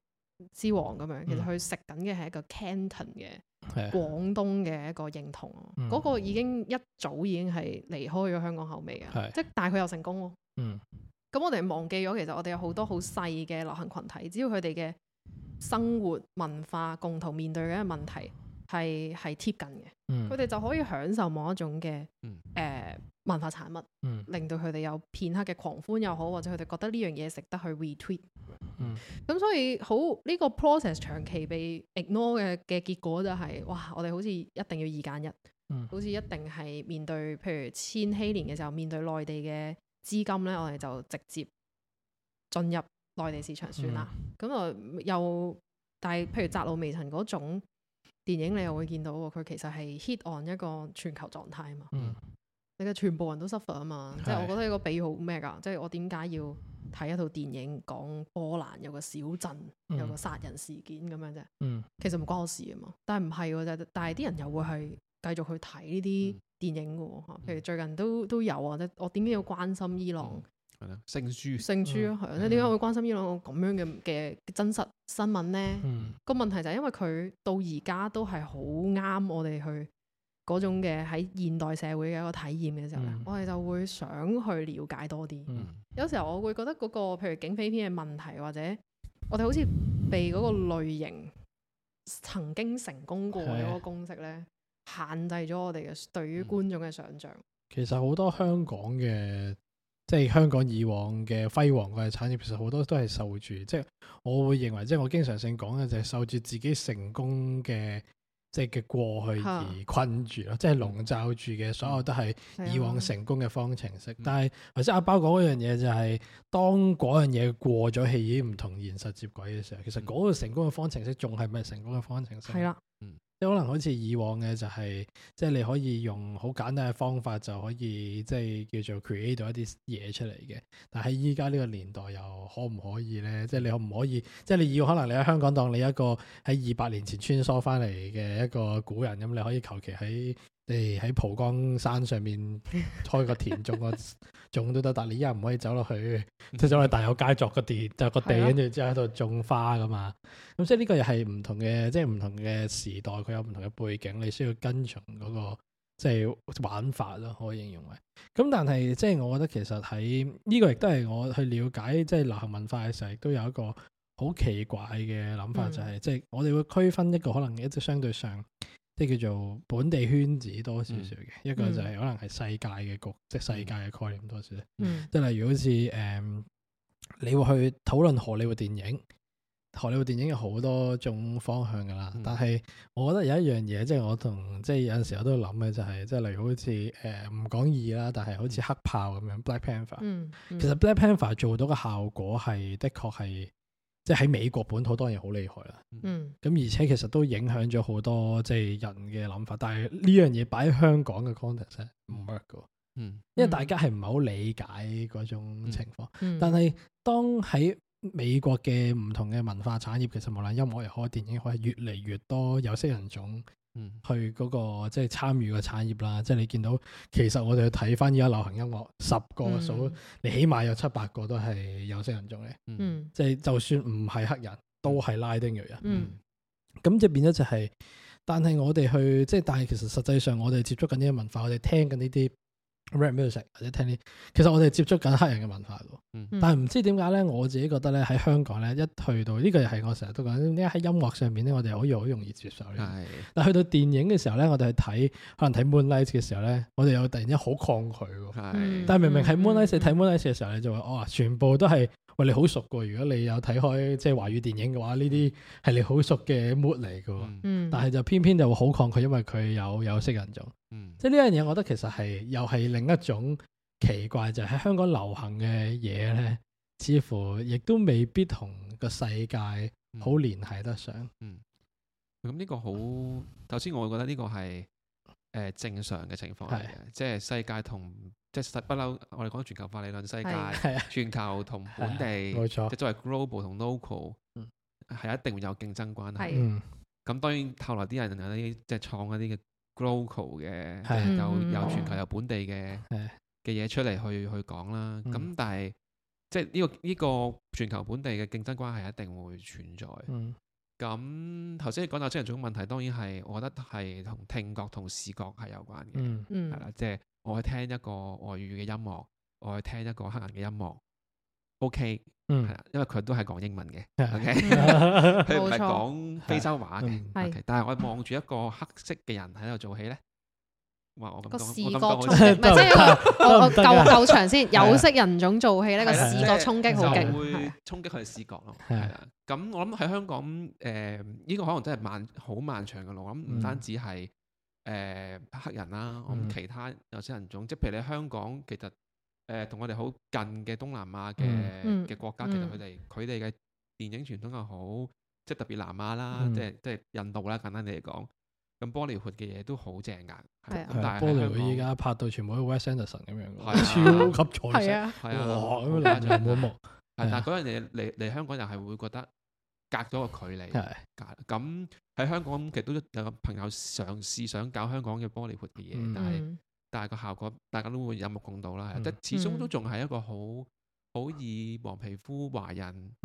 之王咁樣，其實佢食緊嘅係一個 Canton 嘅。廣東嘅一個認同，嗰、嗯、個已經一早已經係離開咗香港口味嘅，即係是但係佢又成功咯。嗯，咁我哋忘記咗，其實我哋有好多好細嘅流行群體，只要佢哋嘅生活文化共同面對嘅一個問題，係係貼近嘅，佢哋、嗯、就可以享受某一種嘅誒、呃、文化產物，嗯、令到佢哋有片刻嘅狂歡又好，或者佢哋覺得呢樣嘢值得去 retweet。咁、嗯、所以好呢、這個 process 長期被 ignore 嘅嘅結果就係、是，哇！我哋好似一定要二揀一，嗯、好似一定係面對譬如千禧年嘅時候面對內地嘅資金咧，我哋就直接進入內地市場算啦。咁啊、嗯、又，但係譬如窄路微塵嗰種。電影你又會見到佢其實係 hit on 一個全球狀態啊嘛，嗯、你嘅全部人都 suffer 啊嘛，是即係我覺得呢個比喻好咩㗎，即係我點解要睇一套電影講波蘭有個小鎮、嗯、有個殺人事件咁樣啫，嗯、其實唔關我事啊嘛，但係唔係喎，但係啲人又會係繼續去睇呢啲電影嘅喎，譬如、嗯啊、最近都都有啊，即係我點解要關心伊朗？嗯姓朱，姓朱咯，你點解會關心呢兩個咁樣嘅嘅真實新聞咧？個、嗯、問題就係因為佢到而家都係好啱我哋去嗰種嘅喺現代社會嘅一個體驗嘅時候咧，嗯、我哋就會想去了解多啲。嗯、有時候我會覺得嗰、嗰個譬如警匪片嘅問題，或者我哋好似被嗰個類型曾經成功過嘅嗰個公式咧，嗯、限制咗我哋嘅對於觀眾嘅想象、嗯。其實好多香港嘅。即係香港以往嘅輝煌嘅產業，其實好多都係受住。即係我會認為，即係我經常性講嘅就係受住自己成功嘅即係嘅過去而困住咯，的即係籠罩住嘅所有都係以往成功嘅方程式。嗯、但係頭先阿包講一樣嘢就係、是，當嗰樣嘢過咗氣，已經唔同現實接軌嘅時候，其實嗰個成功嘅方程式仲係咪成功嘅方程式？係啦，嗯。即係可能好似以往嘅就係、是，即係你可以用好簡單嘅方法就可以，即係叫做 create 到一啲嘢出嚟嘅。但喺依家呢個年代又可唔可以咧？即係你可唔可以？即係你要可能你喺香港當你一個喺二百年前穿梭翻嚟嘅一個古人咁，你可以求其喺。你喺、哎、蒲江山上面開個田種個 [laughs] 種都得，但你而家唔可以走落去，即 [laughs] 走去大有街作個地， [laughs] 就個地跟住之後喺度種花噶嘛。咁所以呢個又係唔同嘅，即係唔同嘅時代，佢有唔同嘅背景，你需要跟從嗰、那個即係玩法咯，可以形容為。咁但係即係我覺得其實喺呢、這個亦都係我去了解即係流行文化嘅時候，亦都有一個好奇怪嘅諗法，嗯、就係即係我哋會區分一個可能一啲相對上。即叫做本地圈子多少少嘅，嗯、一個就係可能係世界嘅局，嗯、即係世界嘅概念多少。嗯、即係例如好似誒、um, 你會去討論荷里活電影，荷里活電影有好多種方向噶啦。嗯、但係我覺得有一樣嘢，即係我同即係有陣時候都諗嘅就係、是、即係例如好似誒唔講二啦，但係好似黑豹咁樣、嗯、Black Panther、嗯、嗯。其實 Black Panther 做到嘅效果係的確係。即喺美國本土當然好厲害啦，咁、嗯、而且其實都影響咗好多即係人嘅諗法，但係呢樣嘢擺喺香港嘅 context 唔 work 㗎，嗯，因為大家係唔係好理解嗰種情況，嗯、但係當喺美國嘅唔同嘅文化產業，其實無論音樂又好電影開，可開越嚟越多有色人種。嗯，去嗰、那個即係參與嘅產業啦，即係你見到，其實我哋睇翻而家流行音樂十個數，嗯、你起碼有七八個都係有色人種咧。嗯，即係就算唔係黑人都係拉丁裔人。嗯，咁、嗯、就變咗就係、是，但係我哋去即係，但係其實實際上我哋接觸緊呢啲文化，我哋聽緊呢啲。Red Music 或者聽啲，其實我哋接觸緊黑人嘅文化嘅，嗯、但係唔知點解咧，我自己覺得咧喺香港咧一去到、這個、呢個又係我成日都講，點解喺音樂上面咧我哋好易好容易接受嘅，是但去到電影嘅時候咧，我哋去睇可能睇 Moonlight 嘅時候咧，我哋又突然之間好抗拒嘅。是但係明明喺 Moonlight 四睇、嗯、Moonlight 四嘅時候，你就話哦，全部都係喂你好熟嘅，如果你有睇開即係華語電影嘅話，呢啲係你好熟嘅 mood 嚟嘅。嗯嗯、但係就偏偏就會好抗拒，因為佢有為有，有色人做。嗯，即係呢樣嘢，這個、我覺得其實係又係另一種奇怪，就喺、是、香港流行嘅嘢咧，似乎亦都未必同個世界好聯繫得上。嗯，咁、嗯、呢個好，頭先我會覺得呢個係誒、呃、正常嘅情況嚟嘅，即係對世界同即係不嬲，就是、我哋講全球化理論，世界係啊，對全球同本地冇錯，即係作為 global 同 local，嗯對，係一定會有競爭關係。咁對當然，後來啲人有啲即係創一啲嘅。local 嘅，有有的全球有、嗯、本地嘅嘅嘢出嚟去去講啦。咁、嗯、但係即係、呢、呢個呢、呢個全球本地嘅競爭關係一定會存在。咁頭先你講到聽人種問題，當然係我覺得係同聽覺同視覺係有關嘅。係啦、嗯，即係、就是、我去聽一個外語嘅音樂，我去聽一個黑人嘅音樂。O K，嗯，係啦，因為佢都係講英文嘅，O K，佢唔係講非洲話嘅，o k 但係我望住一個黑色嘅人喺度做戲咧，哇，個視覺衝擊，唔係即係一個夠夠長先有色人種做戲呢，個視覺衝擊好勁，會衝擊佢嘅視覺咯，係啦。咁我諗喺香港，誒，呢個可能真係漫好漫長嘅路，我諗唔單止係誒黑人啦，我諗其他有色人種，即係譬如你喺香港，其實。誒，同我哋好近嘅東南亞嘅嘅國家，其實佢哋佢哋嘅電影傳統又好，即係特別南亞啦，即係即係印度啦，簡單地嚟講，咁波里活嘅嘢都好正㗎。咁但係喺香港依家拍到全部都 Wes Anderson 咁樣，超級彩色，啊，但係嗰陣嚟嚟香港又係會覺得隔咗個距離。咁喺香港其實都有個朋友嘗試想搞香港嘅波里活嘅嘢，但係。但係個效果，大家都會有目共睹啦。但、嗯、始終都仲係一個好、嗯、好以黃皮膚華人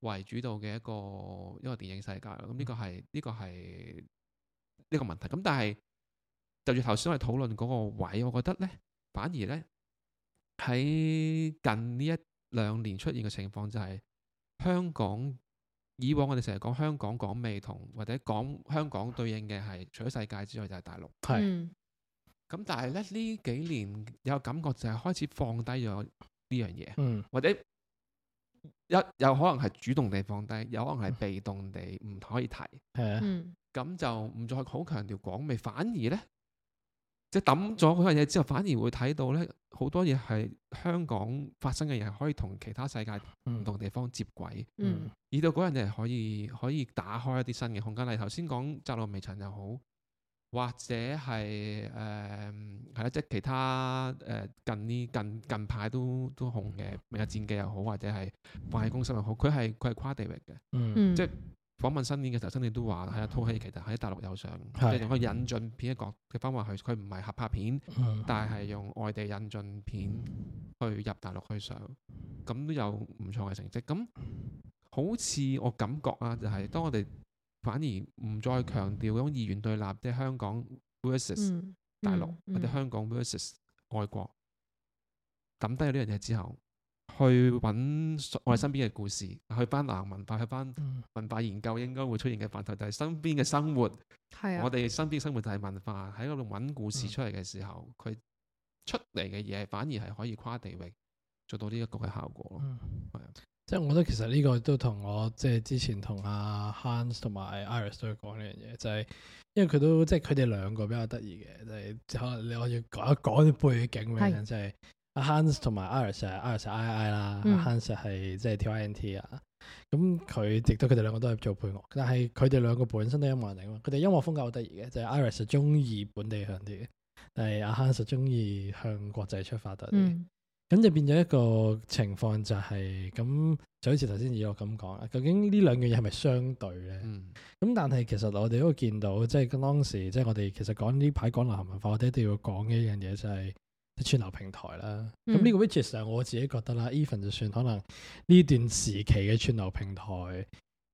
為主導嘅一個、嗯、一個電影世界。咁呢個係呢、嗯、個係呢、呢個問題。咁但係就住頭先我哋討論嗰個位，我覺得呢反而呢，喺近呢一兩年出現嘅情況就係、是，香港以往我哋成日講香港港味同或者港香港對應嘅係除咗世界之外就係大陸。是嗯咁但係咧呢幾年有感覺就係開始放低咗呢樣嘢，嗯、或者有有可能係主動地放低，有可能係被動地唔可以提。係啊、嗯，咁就唔再好強調講咪，反而咧即係抌咗嗰樣嘢之後，反而會睇到咧好多嘢係香港發生嘅嘢，係可以同其他世界唔同地方接軌。嗯，嗯而到嗰樣嘢可以可以打開一啲新嘅空間。例如頭先講窄路微塵又好。或者係誒係啦，即、呃、係其他誒、呃、近呢近近排都都紅嘅《明日戰記》又好，或者係《飯戲攻心》又好，佢係佢係跨地域嘅，嗯、即係訪問新年嘅時候，新年都話係啊，套戲其實喺大陸有上，的即係用個引進片嘅角嘅方法去，佢唔係合拍片，嗯、但係用外地引進片去入大陸去上，咁都有唔錯嘅成績。咁好似我感覺啊、就係，就係當我哋。反而唔再強調嗰種二元對立，即係香港 versus 大陸，嗯嗯、或者香港 versus 外國。抌低呢樣嘢之後，去揾我哋身邊嘅故事，嗯、去班文化，去班文化研究，應該會出現嘅範疇就係身邊嘅生活。係、嗯，嗯、我哋身邊生活就係文化，喺嗰度揾故事出嚟嘅時候，佢、嗯、出嚟嘅嘢反而係可以跨地域做到呢一個嘅效果。嗯，係、嗯、啊。嗯即係我覺得其實呢個都同我即係之前同阿、啊、Hans 同埋 Iris 都係講呢樣嘢，就係、是、因為佢都即係佢哋兩個比較得意嘅，就是、可能你可以講一講啲背景咩嘅，即係阿 Hans 同埋 Iris，Iris 係 I I II 啦，Hans 係即係 T I N T 啊是是，咁佢亦都佢哋兩個都係做配樂，但係佢哋兩個本身都音樂人嚟噶嘛，佢哋音樂風格好得意嘅，就係、是、Iris 中意本地向啲嘅，但係阿、啊、Hans 就中意向國際出發啲。嗯咁就變咗一個情況就係、是，咁就好似頭先以我咁講，究竟呢兩樣嘢係咪相對咧？咁、嗯、但係其實我哋都會見到，即、就、係、是、當時即係、就是、我哋其實講呢排講流行文化，我哋都要講嘅一樣嘢就係串流平台啦。咁呢、嗯、個 which 係我自己覺得啦，even 就算可能呢段時期嘅串流平台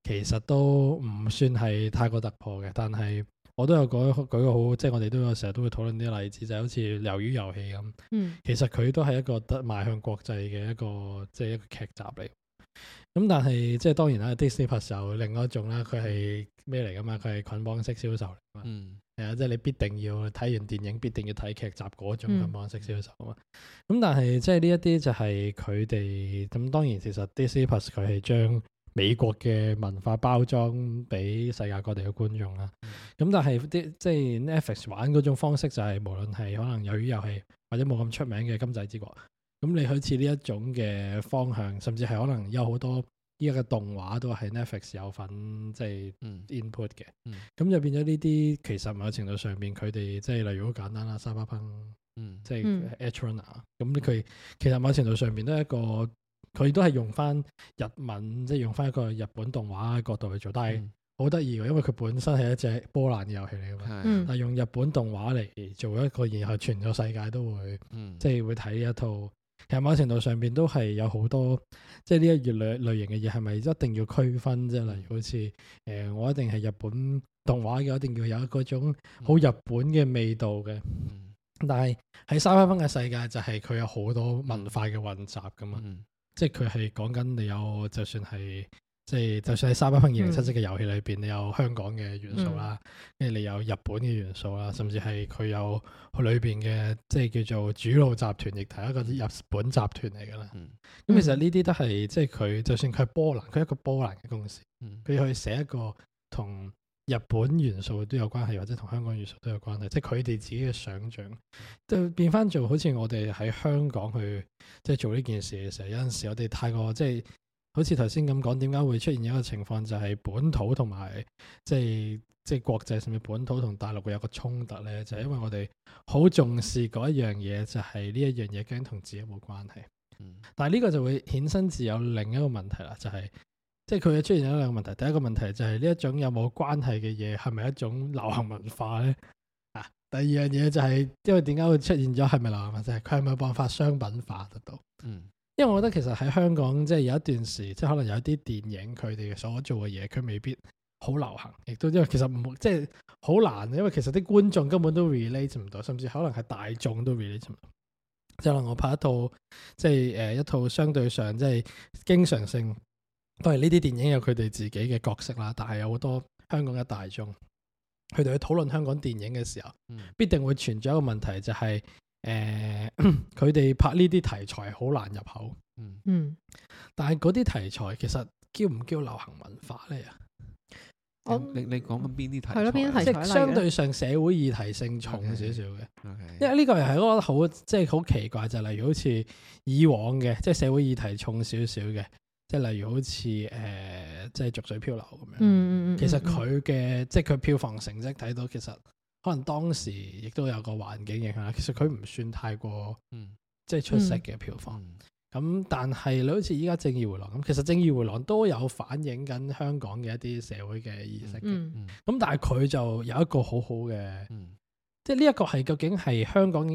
其實都唔算係太過突破嘅，但係。我都有舉舉個好，即係我哋都有成日都會討論啲例子，就係、是、好似《魷魚遊戲》咁。嗯，其實佢都係一個得邁向國際嘅一個，即係一個劇集嚟。咁、嗯、但係即係當然啦，Disney Plus 另外一種啦，佢係咩嚟㗎嘛？佢係捆綁式銷售啊嘛。嗯。係啊，即係你必定要睇完電影，必定要睇劇集嗰種捆綁式銷售啊嘛。咁、嗯、但係即係呢一啲就係佢哋咁。當然，其實 Disney Plus 佢係將美國嘅文化包裝俾世界各地嘅觀眾啦。嗯咁但係啲即係 Netflix 玩嗰種方式就係、是、無論係可能由於遊戲或者冇咁出名嘅金仔之國，咁你好似呢一種嘅方向，甚至係可能有好多依家嘅動畫都係 Netflix 有份即係 input 嘅。咁、就是嗯嗯、就變咗呢啲，其實某程度上面，佢哋即係例如好簡單啦，沙巴烹，嗯嗯、即係 a t r a n a 咁佢其實某程度上面都係一個，佢都係用翻日文，即係用翻一個日本動畫角度去做，但係。嗯好得意因為佢本身係一隻波蘭嘅遊戲嚟噶嘛，的但係用日本動畫嚟做一個，然後全個世界都會，嗯、即係會睇呢一套。其實某程度上邊都係有好多，即係呢一月類類型嘅嘢，係咪一定要區分啫？例、嗯、如好似誒，我一定係日本動畫嘅，我一定要有嗰種好日本嘅味道嘅。嗯、但係喺三百分嘅世界，就係佢有好多文化嘅混雜噶嘛，嗯、即係佢係講緊你有，就算係。即係就算喺《Cyberpunk 2077》嘅遊戲裏邊，嗯、你有香港嘅元素啦，跟住、嗯、你有日本嘅元素啦，甚至係佢有佢裏邊嘅即係叫做主路集團，亦係一個日本集團嚟㗎啦。咁、嗯、其實呢啲都係即係佢，就算佢係波蘭，佢一個波蘭嘅公司，佢去寫一個同日本元素都有關係，或者同香港元素都有關係，即係佢哋自己嘅想像，嗯、就變返做好似我哋喺香港去即係、就是、做呢件事嘅時候，有陣時我哋太過即係。就是好似頭先咁講，點解會出現一個情況，就係本土同埋即係即係國際，上面，本土同大陸會有個衝突咧？就係因為我哋好重視嗰一樣嘢，就係、是、呢一樣嘢驚同自己冇關係。但係呢個就會衍生自有另一個問題啦，就係、是、即係佢出現咗兩個問題。第一個問題就係呢一種有冇關係嘅嘢，係咪一種流行文化咧？啊！第二樣嘢就係、是、因為點解會出現咗係咪流行文化？就係佢係咪有辦法商品化得到？嗯。因為我覺得其實喺香港即係有一段時，即係可能有一啲電影佢哋所做嘅嘢，佢未必好流行，亦都因為其實唔即係好難，因為其實啲觀眾根本都 relate 唔到，甚至可能係大眾都 relate 唔到。即係可能我拍一套即係誒、呃、一套相對上即係經常性，當然呢啲電影有佢哋自己嘅角色啦，但係有好多香港嘅大眾，佢哋去討論香港電影嘅時候，嗯、必定會存在一個問題就係、是。誒，佢哋、呃、拍呢啲題材好難入口，嗯，但係嗰啲題材其實叫唔叫流行文化咧啊？我，你你講緊邊啲題材？係咯、嗯，邊啲題材嚟嘅？即係相對上社會議題性重少少嘅，okay, okay. 因為呢個又係一個好即係好奇怪，就例如好似以往嘅，即係社會議題重少少嘅，即係例如好似誒、呃，即係《濁水漂流》咁樣，嗯嗯嗯，其實佢嘅、嗯、即係佢票房成績睇到，其實。可能當時亦都有個環境影響啦，其實佢唔算太過、嗯、即係出色嘅票房，咁、嗯、但係你好似依家《正義回廊》咁，其實《正義回廊》都有反映緊香港嘅一啲社會嘅意識，咁但係佢就有一個好好嘅，嗯、即係呢一個係究竟係香港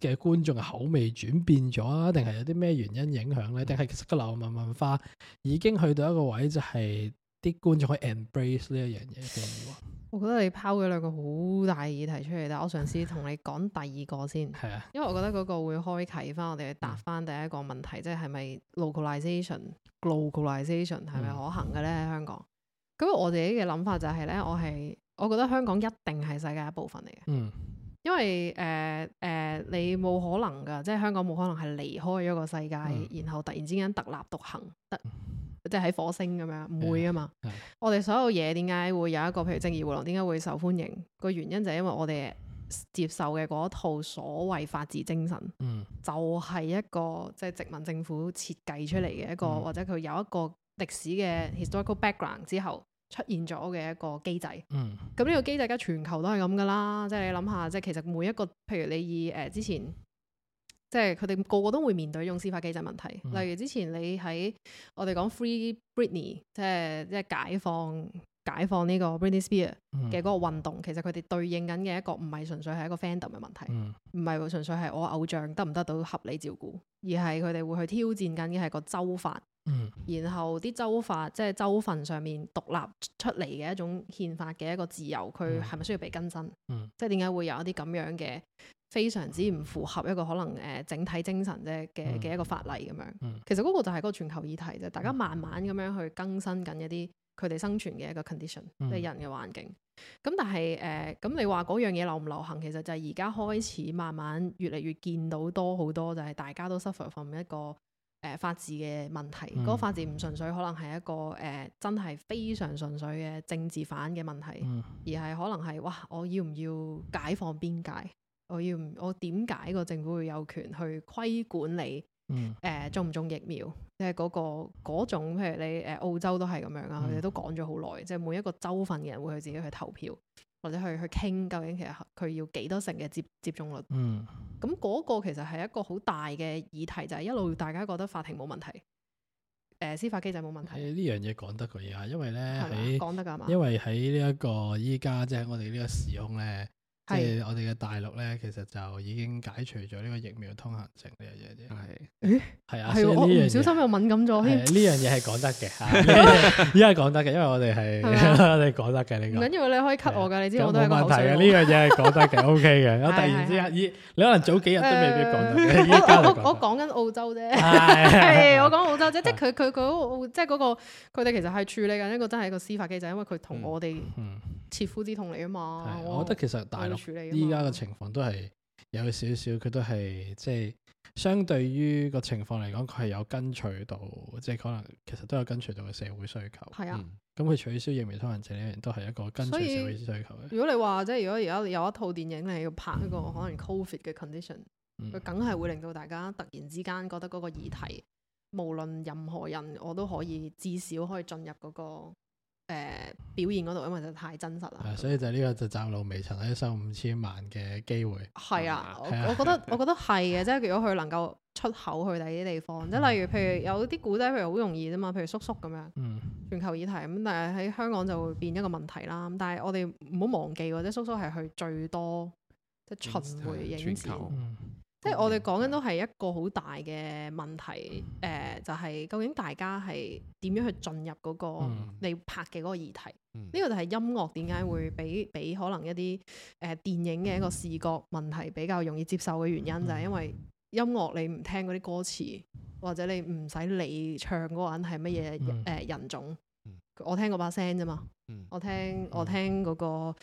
嘅觀眾嘅口味轉變咗啊，定係有啲咩原因影響咧？定係其實個流民文化已經去到一個位就係、是。啲觀眾可以 embrace 呢一樣嘢嘅喎。我覺得你拋咗兩個好大議題出嚟，但我嘗試同你講第二個先。係 [laughs] 啊，因為我覺得嗰個會開啓翻我哋答翻第一個問題，即係係咪 localization、嗯、localization 係咪可行嘅咧？喺香港。咁我自己嘅諗法就係、是、咧，我係我覺得香港一定係世界一部分嚟嘅。嗯。因為誒誒、呃呃，你冇可能噶，即係香港冇可能係離開咗個世界，嗯、然後突然之間特立獨行得。即係喺火星咁樣唔會啊嘛！Yeah, yeah. 我哋所有嘢點解會有一個譬如《正義迴廊》點解會受歡迎？個原因就係因為我哋接受嘅嗰套所謂法治精神，mm. 就係一個即係、就是、殖民政府設計出嚟嘅一個，mm. 或者佢有一個歷史嘅 historical background 之後出現咗嘅一個機制。咁呢、mm. 個機制而家全球都係咁噶啦，即、就、係、是、你諗下，即係其實每一個譬如你以誒、呃、之前。即係佢哋個個都會面對一種司法機制問題，嗯、例如之前你喺我哋講 Free Britney，即係即係解放解放呢個 Britney Spears 嘅嗰個運動，嗯、其實佢哋對應緊嘅一個唔係純粹係一個 fandom 嘅問題，唔係、嗯、純粹係我偶像得唔得到合理照顧，而係佢哋會去挑戰緊嘅係個州法，嗯、然後啲州法即係、就是、州份上面獨立出嚟嘅一種憲法嘅一個自由，佢係咪需要被更新？即係點解會有一啲咁樣嘅？嗯嗯非常之唔符合一個可能誒整體精神啫嘅嘅一個法例咁樣。嗯、其實嗰個就係嗰個全球議題就大家慢慢咁樣去更新緊一啲佢哋生存嘅一個 condition，即係、嗯、人嘅環境。咁但係誒咁，呃、你話嗰樣嘢流唔流行，其實就係而家開始慢慢越嚟越見到多好多，就係大家都 suffer from 一個誒、呃、法治嘅問題。嗰、嗯、個法治唔純粹可能係一個誒、呃、真係非常純粹嘅政治反嘅問題，嗯、而係可能係哇，我要唔要解放邊界？我要我點解個政府會有權去規管你誒種唔種疫苗？即係嗰個嗰種，譬如你誒澳洲都係咁樣啊，佢哋都講咗好耐，嗯、即係每一個州份嘅人會去自己去投票，或者去去傾究竟其實佢要幾多成嘅接接種率？咁嗰、嗯、個其實係一個好大嘅議題，就係、是、一路大家覺得法庭冇問題，誒、呃、司法機制冇問題。呢樣嘢講得㗎呀，因為咧，講得㗎嘛，因為喺呢一個依家即係我哋呢個時空咧。即係我哋嘅大陸咧，其實就已經解除咗呢個疫苗通行證呢樣嘢啫。係誒，係啊，係我唔小心又敏感咗呢樣嘢，係講得嘅吓，呢係講得嘅，因為我哋係你哋講得嘅。你唔緊要，你可以 cut 我噶，你知我都係。冇問題嘅，呢樣嘢係講得嘅，OK 嘅。我突然之間，咦，你可能早幾日都未必講得。我我講緊澳洲啫，係我講澳洲啫，即係佢佢佢即係嗰個，佢哋其實係處理緊一個真係一個司法機制，因為佢同我哋切膚之痛嚟啊嘛。我覺得其實大陸。依家嘅情況都係有少少，佢都係即係相對於個情況嚟講，佢係有跟隨到，即係可能其實都有跟隨到嘅社會需求。係啊，咁佢、嗯、取消疫苗通行證呢樣都係一個跟隨社會需求嘅。如果你話即係如果而家有一套電影你要拍一個可能 Covid 嘅 condition，佢梗係會令到大家突然之間覺得嗰個議題，嗯、無論任何人，我都可以至少可以進入嗰、嗰個。誒、呃、表現嗰度，因為就太真實啦，啊、他們 所以就呢個就窄路微塵，可收五千萬嘅機會。係啊，啊我，我覺得我覺得係嘅，即係 [laughs] 如果佢能夠出口去第啲地方，即係、嗯、例如譬如有啲古仔，譬如好容易啫嘛，譬如叔叔咁樣，嗯、全球議題咁，但係喺香港就會變一個問題啦。但係我哋唔好忘記，或者叔叔係去最多即係巡迴影視。即係我哋講緊都係一個好大嘅問題，誒、呃、就係、是、究竟大家係點樣去進入嗰個你拍嘅嗰個議題？呢、嗯嗯、個就係音樂點解會比比可能一啲誒、呃、電影嘅一個視覺問題比較容易接受嘅原因，就係、是、因為音樂你唔聽嗰啲歌詞，或者你唔使理唱嗰個人係乜嘢誒人種，嗯嗯、我聽嗰把聲啫嘛、嗯嗯我，我聽我聽嗰個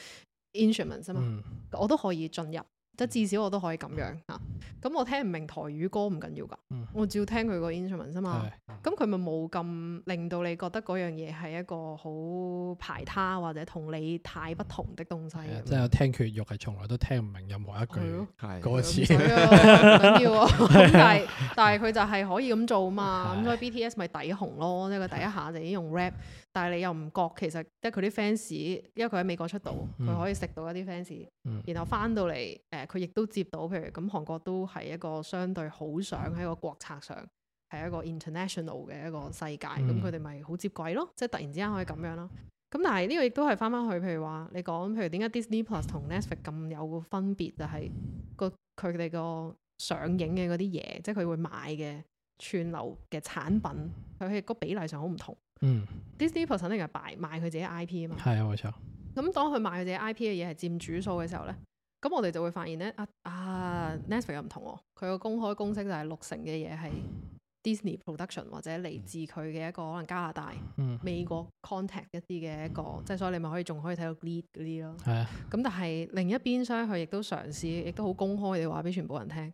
instruments 啫嘛，嗯嗯、我都可以進入。即至少我都可以咁樣啊！咁我聽唔明台語歌唔緊要㗎，嗯、我照要聽佢個 instrument 啫嘛。咁佢咪冇咁令到你覺得嗰樣嘢係一個好排他或者同你太不同的東西。真係、嗯嗯、聽血肉係從來都聽唔明任何一句歌，對啊、歌嗰個詞。嗯啊、 [laughs] 要、啊，但係 [laughs] 但係佢就係可以咁做嘛。咁所以 BTS 咪抵紅咯，即係佢第一下就已經用 rap。但係你又唔覺，其實即係佢啲 fans，因為佢喺美國出道，佢、嗯嗯、可以食到一啲 fans，、嗯、然後翻到嚟，誒佢亦都接到。譬如咁，韓國都係一個相對好想喺個國策上係、嗯、一個 international 嘅一個世界，咁佢哋咪好接軌咯，即係突然之間可以咁樣咯。咁但係呢個亦都係翻翻去，譬如話你講，譬如點解 Disney Plus 同 Netflix 咁有個分別就係、是、個佢哋個上映嘅嗰啲嘢，即係佢會買嘅串流嘅產品，佢喺個比例上好唔同。嗯，Disney Plus 肯定係賣賣佢自己 IP 啊嘛，係啊冇錯。咁當佢賣佢自己 IP 嘅嘢係佔主數嘅時候咧，咁我哋就會發現咧啊啊 Netflix 又唔同喎，佢個公開公式就係六成嘅嘢係 Disney Production 或者嚟自佢嘅一個可能加拿大、美國 contact 一啲嘅一個，即係、嗯、所以你咪可以仲可以睇到 lead 嗰啲咯。係啊的，咁但係另一邊廂佢亦都嘗試，亦都好公開地話俾全部人聽。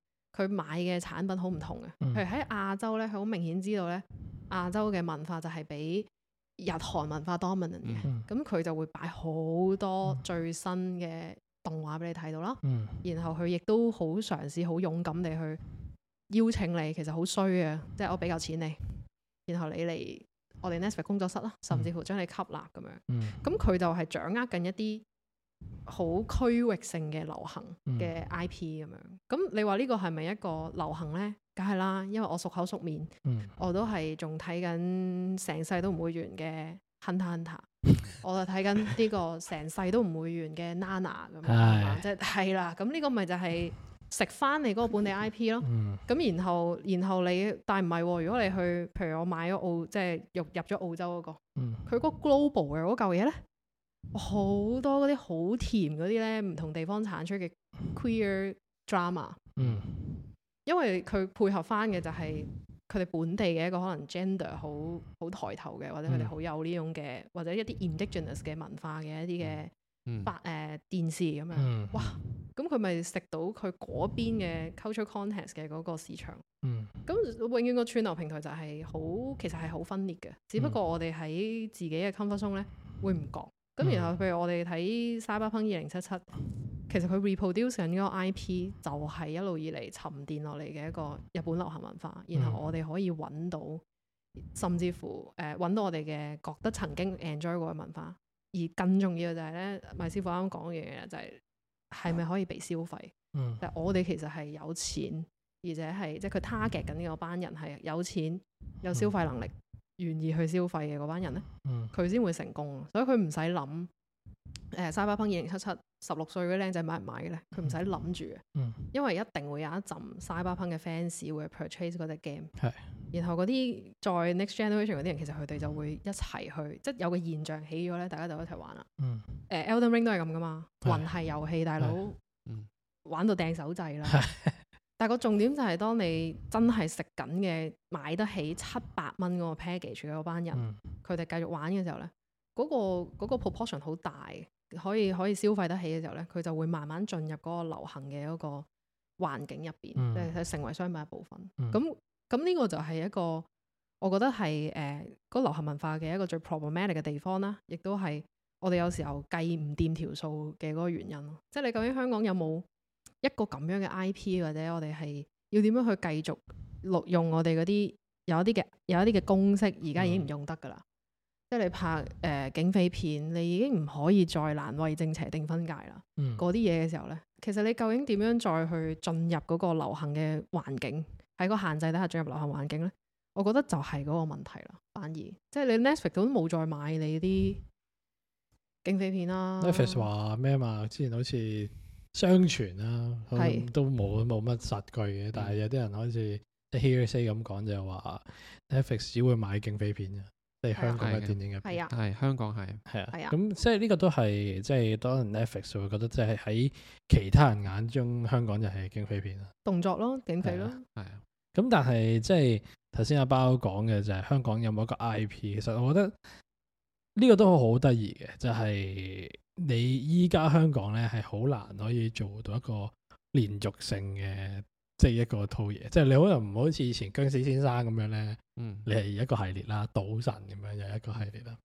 佢買嘅產品好唔同嘅，譬如喺亞洲咧，佢好明顯知道咧，亞洲嘅文化就係比日韓文化 dominant 嘅，咁佢、嗯、就會擺好多最新嘅動畫俾你睇到啦。嗯、然後佢亦都好嘗試，好勇敢地去邀請你，其實好衰啊，即係我俾夠錢你，然後你嚟我哋 Netflix 工作室啦，甚至乎將你吸納咁樣。咁佢、嗯嗯、就係掌握緊一啲好區域性嘅流行嘅 I P 咁樣，咁你話呢個係咪一個流行呢？梗係啦，因為我熟口熟面，嗯、我都係仲睇緊成世都唔會完嘅《Hunter Hunter》，我就睇緊呢個成世都唔會完嘅 Nana 咁，即係係啦。咁呢個咪就係食翻你嗰個本地 I P 咯。咁、嗯、然後然後你但係唔係，如果你去，譬如我買咗澳，即、就、係、係、入入咗澳洲嗰、嗰個，佢嗰、嗯、個 Global 嘅嗰嚿嘢呢。好多嗰啲好甜嗰啲咧，唔同地方產出嘅 queer drama，、嗯、因為佢配合翻嘅就係佢哋本地嘅一個可能 gender 好好抬頭嘅，或者佢哋好有呢種嘅，或者一啲 indigenous 嘅文化嘅一啲嘅，嗯，八誒、呃、電視咁樣，嗯、哇，咁佢咪食到佢嗰邊嘅 cultural context 嘅嗰個市場，咁、嗯、永遠個串流平台就係好，其實係好分裂嘅，只不過我哋喺自己嘅 comfort zone 咧會唔覺。咁、嗯、然後，譬如我哋睇《沙巴烹二零七七》，其實佢 reproduce 緊嗰個 IP 就係一路以嚟沉澱落嚟嘅一個日本流行文化。然後我哋可以揾到，甚至乎誒揾、呃、到我哋嘅覺得曾經 enjoy 過嘅文化。而更重要就係、是、咧，米師傅啱啱講嗰樣嘢就係係咪可以被消費？但、嗯、我哋其實係有錢，而且係即係佢 target 緊嗰班人係有錢有消費能力。嗯願意去消費嘅嗰班人咧，佢先會成功。所以佢唔使諗，誒、呃《Cyberpunk 二零七七》十六歲嗰靚仔買唔買嘅咧？佢唔使諗住，因為一定會有一陣《Cyberpunk》嘅 fans 會去 purchase 嗰隻 game。然後嗰啲再 Next Generation 嗰啲人，其實佢哋就會一齊去，即係有個現象起咗咧，大家就一齊玩啦。誒、嗯《呃、Elden Ring》都係咁噶嘛，魂系遊戲大佬，玩到掟手掣啦。嗯嗯 [laughs] 但個重點就係，當你真係食緊嘅買得起七百蚊嗰個 package 嘅嗰班人，佢哋、嗯、繼續玩嘅時候咧，嗰個嗰個 proportion 好大，可以可以消費得起嘅時候咧，佢就會慢慢進入嗰個流行嘅嗰個環境入邊，嗯、即係成為商品一部分。咁咁呢個就係一個我覺得係誒嗰個流行文化嘅一個最 problematic 嘅地方啦，亦都係我哋有時候計唔掂條數嘅嗰個原因咯。即係你究竟香港有冇？一個咁樣嘅 IP，或者我哋係要點樣去繼續錄用我哋嗰啲有一啲嘅有一啲嘅公式，而家已經唔用得噶啦。嗯、即係你拍誒、呃、警匪片，你已經唔可以再難為政邪定分界啦。嗰啲嘢嘅時候咧，其實你究竟點樣再去進入嗰個流行嘅環境，喺個限制底下進入流行環境咧？我覺得就係嗰個問題啦。反而即係你 Netflix 都冇再買你啲警匪片啦。Netflix 話咩嘛？之前好似。相傳啦，都冇冇乜實據嘅，但係有啲人好似 hearsay 咁講就話，Netflix 會買警匪片啊，即係香港嘅電影入面。係啊，係香港係。係啊，係啊。咁即係呢個都係，即係當然 Netflix 會覺得即係喺其他人眼中香港就係警匪片啊。動作咯，警匪咯。係啊。咁但係即係頭先阿包講嘅就係香港有冇一個 IP，其實我覺得呢個都好得意嘅，就係。你依家香港咧，係好難可以做到一個連續性嘅，嗯、即係一個套嘢。即係你可能唔好似以前僵屍先生咁樣咧，嗯，你係一個系列啦，賭神咁樣又一個系列啦，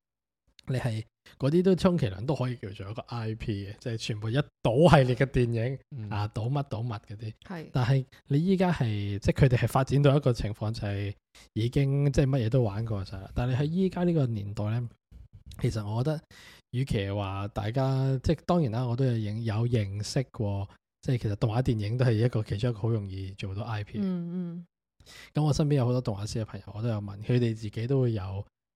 你係嗰啲都充其量都可以叫做一個 IP 嘅，即係全部一賭系列嘅電影、嗯、啊，賭乜賭乜嗰啲。係，但係你依家係即係佢哋係發展到一個情況，就係已經即係乜嘢都玩過晒啦。但係喺依家呢個年代咧，其實我覺得。與其話大家即係當然啦，我都有認有認識過，即係其實動畫電影都係一個其中一個好容易做到 IP。嗯嗯。咁我身邊有好多動畫師嘅朋友，我都有問佢哋自己都會有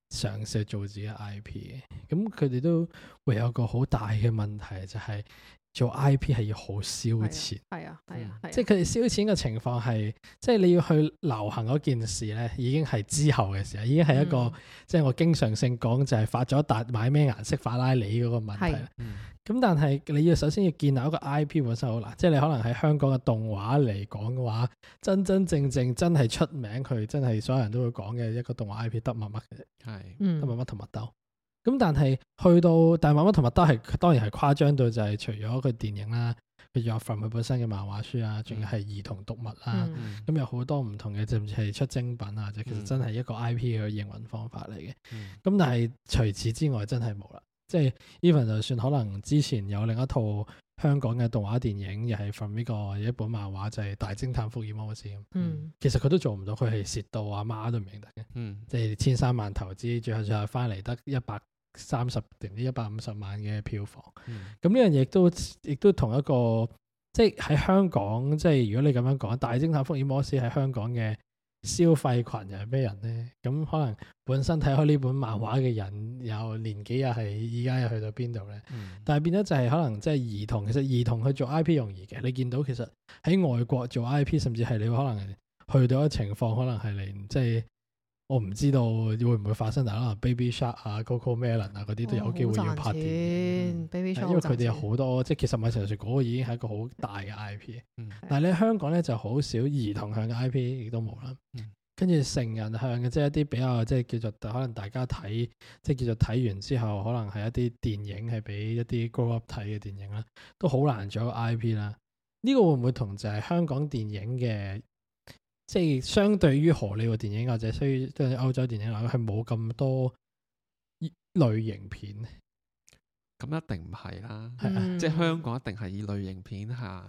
嘗試做自己 IP。咁佢哋都會有個好大嘅問題就係、是，做 I.P. 係要好燒錢，係啊係啊，即係佢哋燒錢嘅情況係，即、就、係、是、你要去流行嗰件事咧，已經係之後嘅事，候，已經係一個，即係、嗯、我經常性講就係發咗達買咩顏色法拉利嗰個問題啦。咁、啊嗯、但係你要首先要建立一個 I.P. 本身好難，即、就、係、是、你可能喺香港嘅動畫嚟講嘅話，真真正正真係出名佢真係所有人都會講嘅一個動畫 I.P. 得乜乜嘅，係得乜乜同麥兜。嗯咁但係去到大漫威同埋麥兜係，當然係誇張到就係除咗佢電影啦，譬如 From 佢本身嘅漫畫書啊，仲要係兒童讀物啦，咁、嗯嗯、有好多唔同嘅，甚至係出精品啊，就其實真係一個 I P 嘅營運方法嚟嘅。咁、嗯、但係除此之外真係冇啦，即係 Even 就算可能之前有另一套。香港嘅動畫電影又係 from 呢個一本漫畫就係、是《大偵探福爾摩斯》咁、嗯，其實佢都做唔到，佢係蝕到阿媽都唔認得嘅。嗯，即係千三萬投資，最後最後翻嚟得一百三十定唔知一百五十萬嘅票房。咁呢、嗯、樣嘢都亦都同一個，即係喺香港，即、就、係、是、如果你咁樣講，《大偵探福爾摩斯》喺香港嘅。消費群又係咩人咧？咁可能本身睇開呢本漫畫嘅人，又年紀又係依家又去到邊度咧？嗯、但係變咗就係可能即係兒童。其實兒童去做 IP 容易嘅，你見到其實喺外國做 IP，甚至係你可能去到嘅情況，可能係你即係。即係我唔知道會唔會發生，但可能 Baby Shark 啊、Coco Melon 啊嗰啲都有機會要拍片。因為佢哋有好多，嗯嗯、即係其實咪成日講，已經係一個好大嘅 IP、嗯。但係你喺香港咧就好少兒童向嘅 IP 亦、嗯、都冇啦。跟住、嗯、成人向嘅、就是，即係一啲比較即係叫做可能大家睇，即係叫做睇完之後，可能係一啲電影係俾一啲 grown up 睇嘅電影啦，都好難做一個 IP 啦。呢、呢個會唔會同就係香港電影嘅？即係相對於荷里活電影或者，所以對歐洲電影嚟講係冇咁多類型片，咁、嗯、一定唔係啦。即係香港一定係以類型片係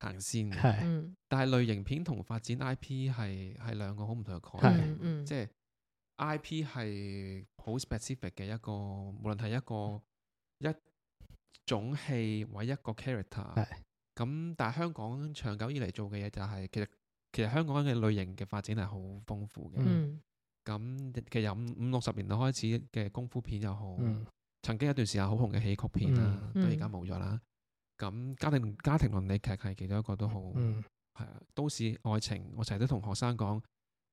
行先嘅。嗯、但係類型片同發展 I P 係係兩個好唔同嘅概念。即係 I P 係好 specific 嘅一個，無論係一個、嗯、一種戲或者一個 character 是。咁但係香港長久以嚟做嘅嘢就係、是、其實。其實香港嘅類型嘅發展係好豐富嘅，咁、嗯、其實五六十年代開始嘅功夫片又好，嗯、曾經一段時間好紅嘅喜劇片啦，嗯、都而家冇咗啦。咁、嗯、家庭家庭倫理劇係其中一個都好，係啊、嗯，都市愛情。我成日都同學生講，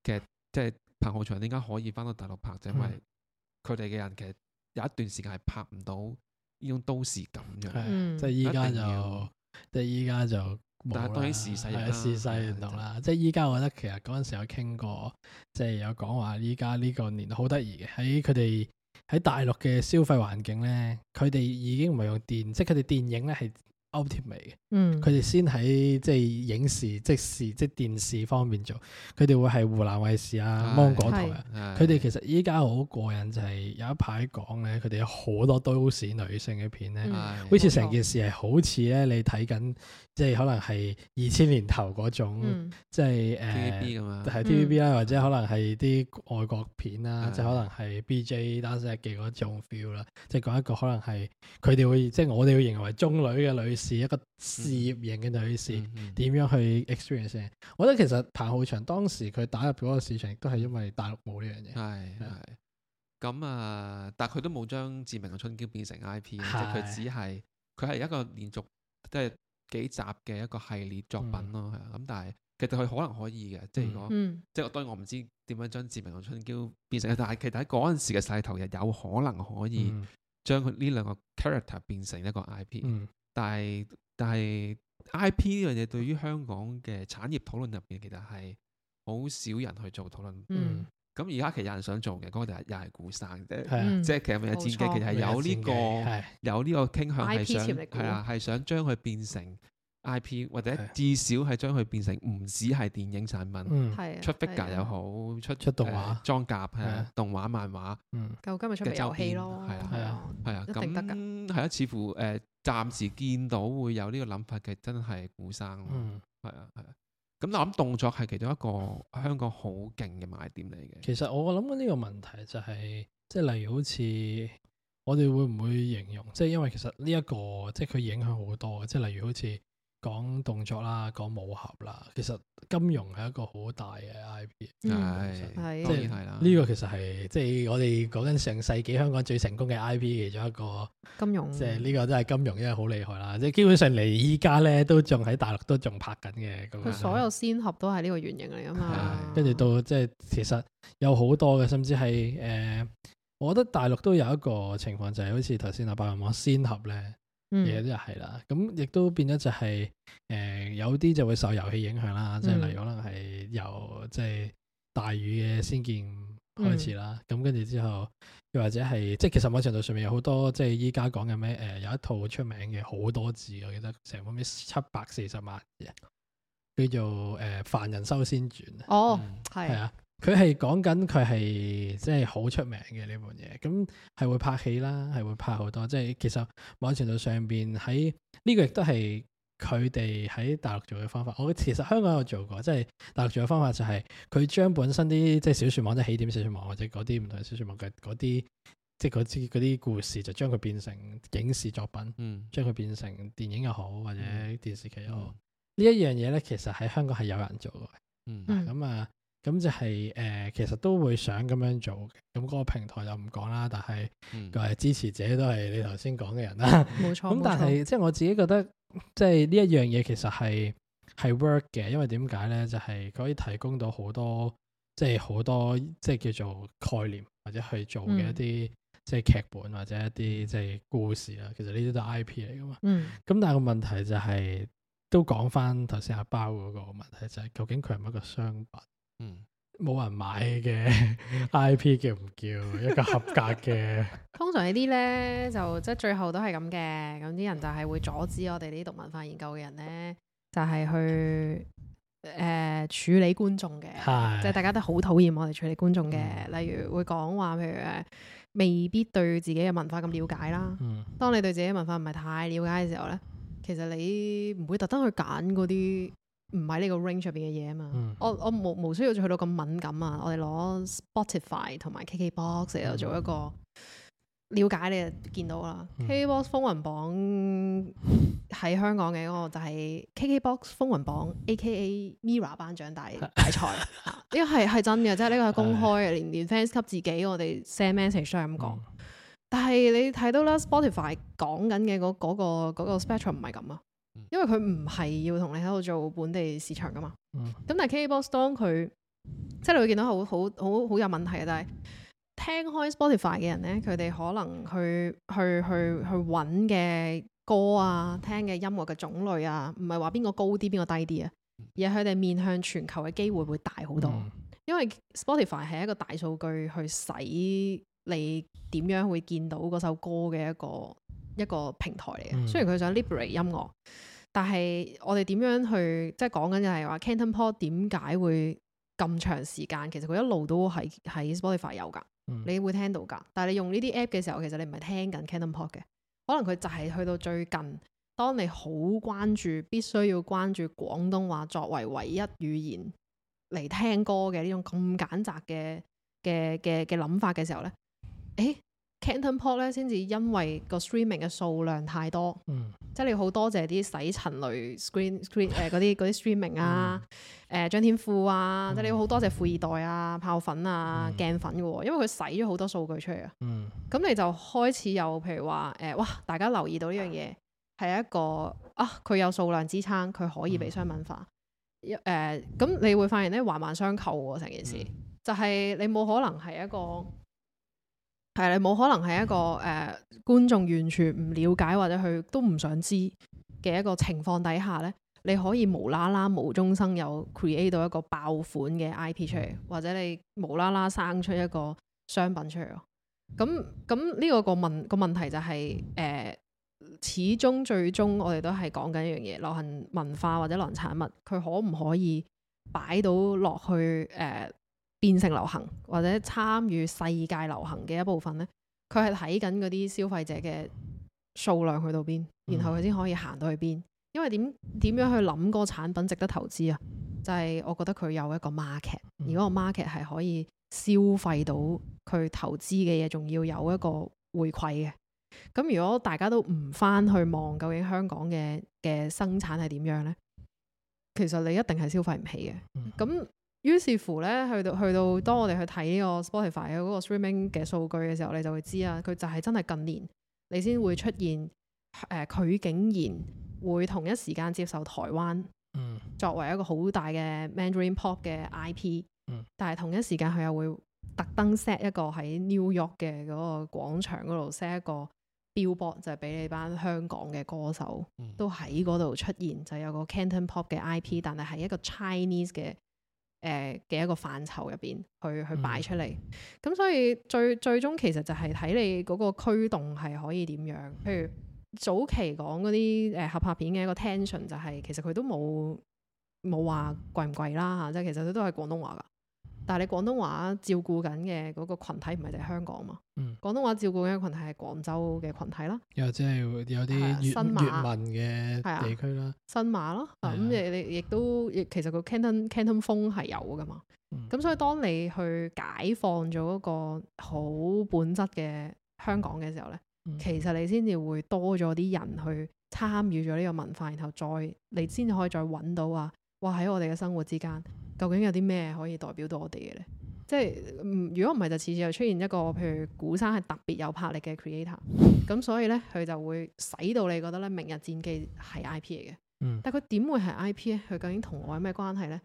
其實即係彭浩翔點解可以返到大陸拍，就因為佢哋嘅人其實有一段時間係拍唔到呢種都市感嘅，即係依家就。即係而家就，但係當然時勢，時勢唔同啦。即係而家，我覺得其實嗰陣時有傾過，即係有講話而家呢個年好得意嘅，喺佢哋喺大陸嘅消費環境咧，佢哋已經唔係用電，即係佢哋電影咧係。歐甜味嘅，佢哋、嗯、先喺即係影視即時、即，即電視方面做，佢哋會係湖南衛視啊、哎、芒果台啊。佢哋、哎、其實依家好過癮就係有一排講咧，佢哋有好多都市女性嘅片咧，哎、好似成件事係好似咧，你睇緊，即係可能係二千年頭嗰種，即頭嗰種，即係誒，係 TVB 啦，或者可能係啲外國片啦、啊，即係、哎、可能係 B.J. dancing 嘅嗰種 feel 啦，即係講一個可能係佢哋會，即係我哋會認為中女嘅女。是一個事業型嘅女士，點、嗯、樣去 experience？嗯、我覺得其實彭浩翔當時佢打入嗰個市場，都係因為大陸冇呢樣嘢。係係咁啊！但係佢都冇將志明同春嬌變成 IP，是即係佢只係佢係一個連續即係幾集嘅一個系列作品咯。咁、嗯、但係其實佢可能可以嘅，即係講，嗯、即係當然我唔知點樣將志明同春嬌變成，一但係其實喺嗰陣時嘅勢頭，又有可能可以將呢兩個 character 變成一個 IP。嗯但係但係 IP 呢樣嘢對於香港嘅產業討論入邊其實係好少人去做討論，咁而家其實有人想做嘅，嗰、嗰個就係又係古生嘅，嗯、即係其實未有戰機，其實係有呢、呢個有呢個傾向係想係啊係想將佢變成 I.P. 或者至少係將佢變成唔止係電影產品，出 figure 又好，出出動畫、裝甲、動畫、漫畫，嗯，舊今日出遊戲咯，係啊，係啊，啊。咁得㗎，係啊，似乎誒暫時見到會有呢個諗法嘅真係古生，嗯，係啊，係啊，咁我諗動作係其中一個香港好勁嘅賣點嚟嘅。其實我諗緊呢個問題就係，即係例如好似我哋會唔會形容，即係因為其實呢一個即係佢影響好多即係例如好似。講動作啦，講武俠啦，其實金庸係一個好大嘅 IP，係、嗯，即係呢個其實係即係我哋講緊上世紀香港最成功嘅 IP 其中一個金庸，即係呢個都係金庸，因為好厲害啦。即、就、係、是、基本上嚟依家咧都仲喺大陸都仲拍緊嘅，佢的的所有仙俠都係呢個原型嚟啊嘛。跟住到即、就、係、是、其實有好多嘅，甚至係誒、呃，我覺得大陸都有一個情況就係、是、好似頭先阿白龍馬仙俠》咧。嘢都係啦，咁亦都變咗就係、是，誒、呃、有啲就會受遊戲影響啦，嗯、即係例如可能係由即係、就是、大宇嘅仙劍開始啦，咁跟住之後又或者係，即係其實網上度上面有好多即係依家講緊咩，誒、呃、有一套出名嘅好多字，我記得成本咩七百四十萬嘅，叫做誒、呃、凡人修仙傳哦係係、嗯、是啊。佢係講緊佢係即係好出名嘅呢本嘢，咁、嗯、係會拍戲啦，係會拍好多。即係其實某程度上邊喺呢個亦都係佢哋喺大陸做嘅方法。我其實香港有做過，即係大陸做嘅方法就係佢將本身啲即係小說網即係起點小說網或者嗰啲唔同小說網嘅嗰啲即係嗰啲啲故事，就將佢變成影視作品，嗯，將佢變成電影又好或者電視劇又好呢、嗯嗯、一樣嘢咧，其實喺香港係有人做嘅，嗯，咁啊。咁就係、是、誒、呃，其實都會想咁樣做，咁嗰個平台就唔講啦。但係個支持者都係你頭先講嘅人啦。冇錯、嗯 [laughs] 錯，咁但係錯即係我自己覺得，即係呢一樣嘢其實係係 work 嘅，因為點解咧？就係、是、可以提供到好多，即係好多即係叫做概念或者去做嘅一啲、嗯、即係劇本或者一啲即係故事啦。其實呢啲都係 IP 嚟噶嘛。嗯。咁、嗯、但係個問題就係、是、都講翻頭先阿包嗰個問題，就係、是、究竟佢係咪一個商品？冇、嗯、人買嘅 IP 叫唔叫一個合格嘅？ [laughs] 通常呢啲呢，就即係最後都係咁嘅。咁啲人就係會阻止我哋呢啲讀文化研究嘅人呢，就係、是、去誒、呃、處理觀眾嘅，即係唉大家都好討厭我哋處理觀眾嘅。嗯、例如會講話，譬如誒未必對自己嘅文化咁了解啦。嗯、當你對自己嘅文化唔係太了解嘅時候呢，其實你唔會特登去揀嗰啲。唔係呢個 range 上邊嘅嘢啊嘛。嗯、我我冇冇需要去到咁敏感啊。我哋攞 Spotify 同埋 KKBox 又做一個了解，你就見到啦。嗯、KKBox 風雲榜喺香港嘅嗰個就係 KKBox 風雲榜，A K A Mirror 頒獎大大賽，呢個係係真嘅，即係呢個係公開嘅，連連 fans 給自己，我哋 send message 都係咁講。嗯、但係你睇到啦，Spotify 講緊嘅，那，嗰嗰個嗰，嗰個 spectrum 唔係咁啊。那個因為佢唔係要同你喺度做本地市場噶嘛，咁、嗯、但係 K-pop 當佢，即係你會見到好好好好有問題嘅。但係聽開 Spotify 嘅人咧，佢哋可能去去去去揾嘅歌啊，聽嘅音樂嘅種類啊，唔係話邊個高啲邊個低啲啊，而係佢哋面向全球嘅機會會大好多，嗯、因為 Spotify 係一個大數據去使你點樣會見到嗰首歌嘅一個。一個平台嚟嘅，嗯、雖然佢想 liberate 音樂，但係我哋點樣去即係講緊就係話 Canton Pop 點解會咁長時間？其實佢一路都係喺 Spotify 有㗎，嗯、你會聽到㗎。但係你用呢啲 app 嘅時候，其實你唔係聽緊 Canton Pop 嘅，可能佢就係去到最近，當你好關注、必須要關注廣東話作為唯一語言嚟聽歌嘅呢種咁簡窄嘅嘅嘅嘅諗法嘅時候咧，誒、欸。Canton Pop 咧，先至、um、因為個 streaming 嘅數量太多，嗯、即係你好多謝啲洗塵類 streaming，誒嗰、uh, 啲嗰啲 streaming、嗯、啊，誒張天賦啊，嗯、即係你好多謝富二代啊、炮粉啊、嗯、鏡粉嘅喎、哦，因為佢洗咗好多數據出嚟啊。咁、嗯、你就開始有，譬如話誒，uh, 哇！大家留意到呢樣嘢係一個啊，佢有數量支撐，佢可以被商品化。一咁、嗯啊、你會發現咧，環環相扣喎，成件事就係、是、你冇可能係一個。係你冇可能係一個誒、呃、觀眾完全唔了解或者佢都唔想知嘅一個情況底下咧，你可以無啦啦無中生有 create 到一個爆款嘅 IP 出嚟，或者你無啦啦生出一個商品出嚟咯。咁咁呢個個問個問題就係、是、誒、呃，始終最終我哋都係講緊一樣嘢，流行文化或者流行產物，佢可唔可以擺到落去誒？呃變成流行或者參與世界流行嘅一部分呢，佢係睇緊嗰啲消費者嘅數量去到邊，然後佢先可以行到去邊。因為點樣，點樣去諗個產品值得投資啊？就係、是、我覺得佢有一個 market，如果個 market 係可以消費到佢投資嘅嘢，仲要有一個回饋嘅。咁如果大家都唔返去望究竟香港嘅嘅生產係點樣呢？其實你一定係消費唔起嘅。咁於是乎咧，去到去到，當我哋去睇呢個 Spotify 嘅嗰個 streaming 嘅數據嘅時候，你就會知啊，佢就係真係近年你先會出現，誒、呃、佢竟然會同一時間接受台灣作為一個好大嘅 Mandarin Pop 嘅 IP，嗯、但係同一時間佢又會特登 set 一個喺 New York 嘅嗰個廣場嗰度 set 一個 Billboard，就係俾你班香港嘅歌手都喺嗰度出現，就是、有個 Canton Pop 嘅 IP，但係係一個 Chinese 嘅。誒嘅、呃、一個範疇入邊去去擺出嚟咁，嗯、所以最最終其實就係睇你嗰個驅動係可以點樣。譬如早期講嗰啲誒合拍片嘅一個 tension，就係、是、其實佢都冇冇話貴唔貴啦嚇，即係其實都都係廣東話㗎。但係你廣東話照顧緊嘅嗰個羣體，唔係就係香港嘛？嗯。廣東話照顧緊嘅群體係廣州嘅群體啦。又或者係有啲粵粵文嘅地區啦。新馬咯，咁你亦都亦其實個 Canton Canton 風係有的㗎嘛。咁的所以當你去解放咗一個好本質嘅香港嘅時候咧，嗯、其實你先至會多咗啲人去參與咗呢個文化，然後再你先至可以再揾到啊，哇！喺我哋嘅生活之間。究竟有啲咩可以代表到我哋嘅咧？即係，如果唔係，就次次又出現一個譬如古生係特別有魄力嘅 creator，咁所以咧佢就會使到你覺得咧《明日戰記》係、嗯、IP 嚟嘅。但佢點會係 IP 咧？佢究竟同我有咩關係咧？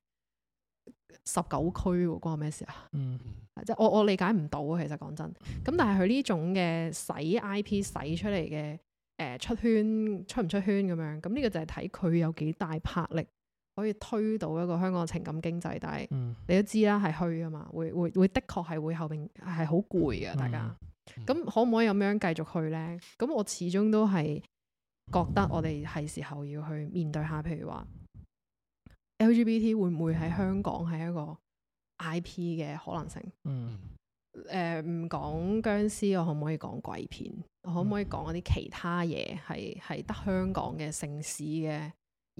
十九區喎，關我咩事啊？嗯、即係我我理解唔到啊，其實講真。咁但係佢呢種嘅使 IP 使出嚟嘅，誒、呃、出圈出唔出圈咁樣？咁呢個就係睇佢有幾大魄力。可以推到一個香港情感經濟，但係你都知啦，係虛㗎嘛，會會會的確係會後邊係好攰㗎，大家。咁可唔可以咁樣繼續去呢？咁我始終都係覺得我哋係時候要去面對下，譬如話 LGBT 會唔會喺香港係一個 IP 嘅可能性？嗯。誒，唔講僵屍，我可唔可以講鬼片？我可唔可以講一啲其他嘢？係係得香港嘅城市嘅。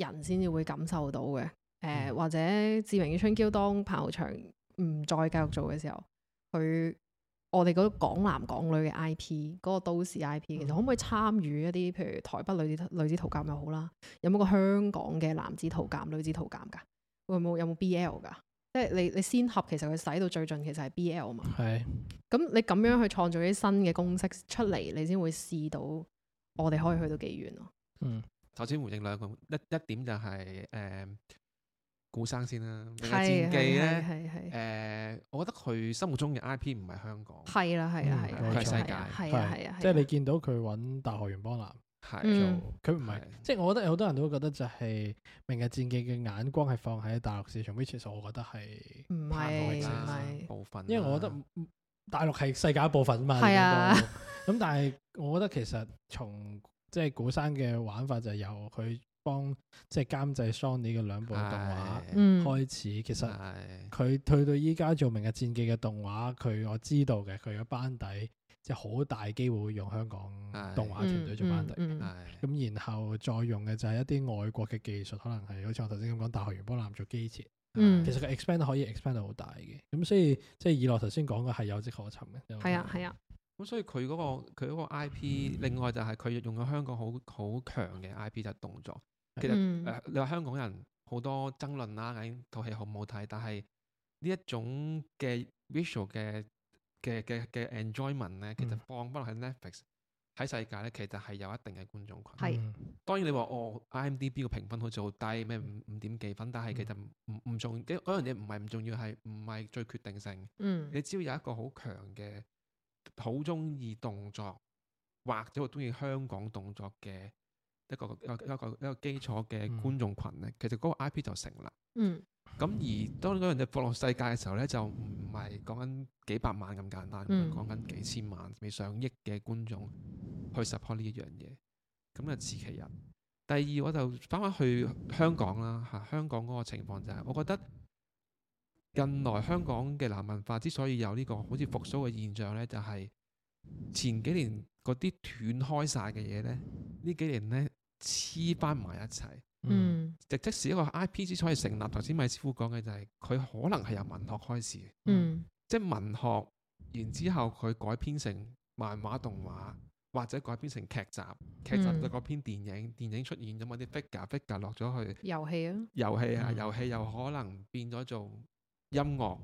人先至會感受到嘅，誒、呃嗯、或者志明與春嬌當彭浩翔唔再繼續做嘅時候，佢我哋嗰個港男港女嘅 IP，嗰個都市 IP，其實可唔可以參與一啲譬如台北女子女子圖鑑又好啦，有冇個香港嘅男子圖鑑、女子圖鑑㗎？有冇有冇 BL 㗎？嗯、即係你你先合，其實佢使到最盡，其實係 BL 啊嘛。係是。咁你咁樣去創造啲新嘅公式出嚟，你先會試到我哋可以去到幾遠咯。嗯。我先回應兩個一一點，就係誒古生先啦，《明日戰記》咧誒，我覺得佢心目中嘅 IP 唔係香港，係啦係啊係，係世界係係啊，即係你見到佢揾大學園幫佢，係做佢唔係，即係我覺得有好多人都會覺得就係《明日戰記》嘅眼光係放喺大陸市場，其實我覺得係唔係部分，因為我覺得大陸係世界一部分啊嘛，係啊，咁但係我覺得其實從即係古生嘅玩法就係由佢幫即係、就是、監製 Sony 嘅兩部動畫是開始。嗯、其實佢退到依家做明《明日戰記》嘅動畫，佢我知道嘅佢嘅班底即係好大機會用香港動畫團隊做班底。咁、嗯嗯嗯嗯、然後再用嘅就係一啲外國嘅技術，可能係好似我頭先咁講，大學圓波濫做機設。嗯、其實佢 expand 可以 expand 到好大嘅。咁所以即係以諾頭先講嘅係有跡可循嘅。係啊，係啊。的咁所以佢嗰、嗰個佢嗰個 IP，、嗯、另外就係佢用咗香港好好強嘅 IP，就動作。其實、嗯呃、你話香港人好多爭論啦、啊，套戲好唔好睇？但係呢一種嘅 visual 嘅嘅嘅嘅 enjoyment 咧，其實放翻落、嗯、Netflix 喺世界咧，其實係有一定嘅觀眾群，係、嗯、當然你話哦，IMDB 嘅評分好似好低，咩五五點幾分？但係其實唔唔重，嗰樣嘢唔係唔重要，係唔係最決定性？嗯、你只要有一個好強嘅。好中意動作，或者我中意香港動作嘅一個一個一個一個基礎嘅觀眾群咧，嗯、其實嗰個 IP 就成立。嗯，咁而當嗰樣嘢《快樂世界》嘅時候咧，就唔係講緊幾百萬咁簡單，講緊、嗯、幾千萬、未上億嘅觀眾去 support 呢一樣嘢，咁啊自其人。第二，我就翻返去香港啦嚇，香港嗰個情況就係、是、我覺得。近來香港嘅南文化之所以有呢個好似復蘇嘅現象呢，就係、是、前幾年嗰啲斷開晒嘅嘢咧，呢幾年呢黐翻埋一齊。嗯，嗯即係即係一個 IP 之所以成立，頭先米師傅講嘅就係、是、佢可能係由文學開始。嗯、即係文學，然之後佢改編成漫畫、動畫，或者改編成劇集。劇集再改編電影，嗯、電影出現咗嘛啲 figure figure 落咗去。遊戲啊！遊戲啊！遊戲又可能變咗做。音樂，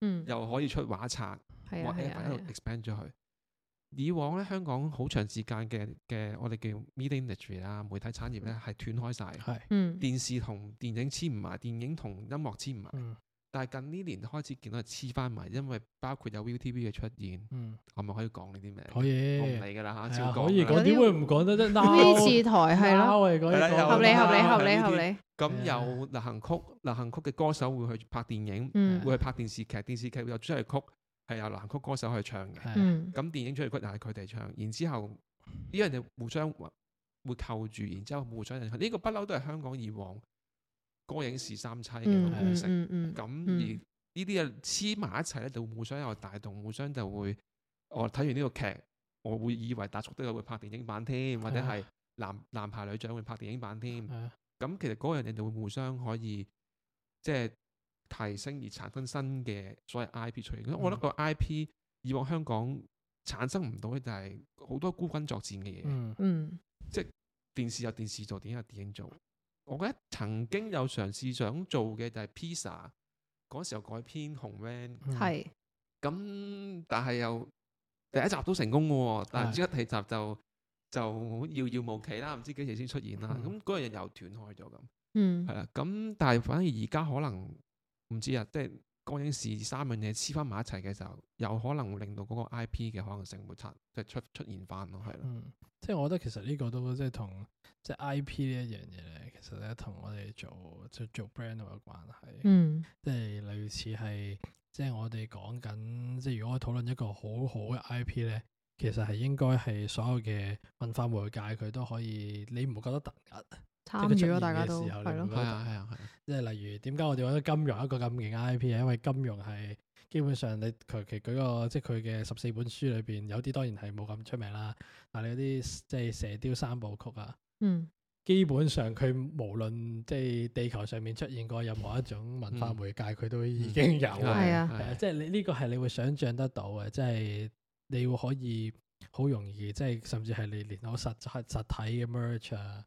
嗯、又可以出畫冊，我喺度 expand 咗佢。啊啊啊、以往咧香港好長時間嘅嘅，我哋叫 media industry 啦，媒體產業咧係斷開晒。嘅、啊，嗯，電視同電影黐唔埋，電影同音樂黐唔埋。但係近呢年開始見到係黐翻埋，因為包括有 ViuTV 嘅出現，我咪可以講呢啲名，可以，我唔理噶啦吓，照講。可以講，點會唔講咧？V 字台係咯，合理合理合理合理。咁有流行曲，流行曲嘅歌手會去拍電影，會去拍電視劇，電視劇有主題曲係有流行曲歌手去唱嘅。咁電影主題曲又係佢哋唱，然之後呢啲人就互相會扣住，然之後互相人呢個不嬲都係香港以往歌影視三棲嘅模式，咁、嗯嗯嗯嗯、而呢啲嘢黐埋一齊咧，就會互相又帶動，互相就會，我睇完呢個劇，我會以為達叔都有會拍電影版添，或者係男男排女將會拍電影版添，咁、嗯嗯、其實嗰人哋就會互相可以即係、就是、提升，而產生新嘅所謂 I P 出現。嗯、我覺得個 I P 以往香港產生唔到嘅，就係好多孤軍作戰嘅嘢，嗯嗯、即係電視有電視做，電影有電影做。我覺得曾經有嘗試想做嘅就係披薩，嗰時候改編《紅 van》，係、嗯，咁是、嗯、但係又第一集都成功嘅喎、哦，但係之後第二集就就遙遙無期啦，唔知幾時先出現啦，咁嗰樣又斷開咗咁，嗯，係啦、嗯，咁、嗯嗯、但係反而而家可能唔知啊，即、就、係、是。光影視三樣嘢黐翻埋一齊嘅時候，有可能會令到嗰個 IP 嘅可能性會差、嗯，即係出出現翻咯，係咯。即係我覺得其實呢個都即係同即係 IP 呢一樣嘢咧，其實咧同我哋做即係做 brand 有關係。嗯，即係類似係即係我哋講緊，即係如果我討論一個好好嘅 IP 咧，其實係應該係所有嘅文化媒介佢都可以，你唔會覺得特別。參與咯，大家都係咯，係啊，係啊，即係例如點解我哋覺得金庸一個咁勁嘅 I P 係因為金庸係基本上你求其舉個即係佢嘅十四本書裏邊有啲當然係冇咁出名啦，但你有啲即係射雕三部曲啊，嗯、基本上佢無論即係地球上面出現過任何一種文化媒介，佢、嗯、都已經有係啊，即係你呢個係你會想像得到嘅，即、就、係、是、你會可以好容易，即係甚至係你連我實實實體嘅 merch 啊。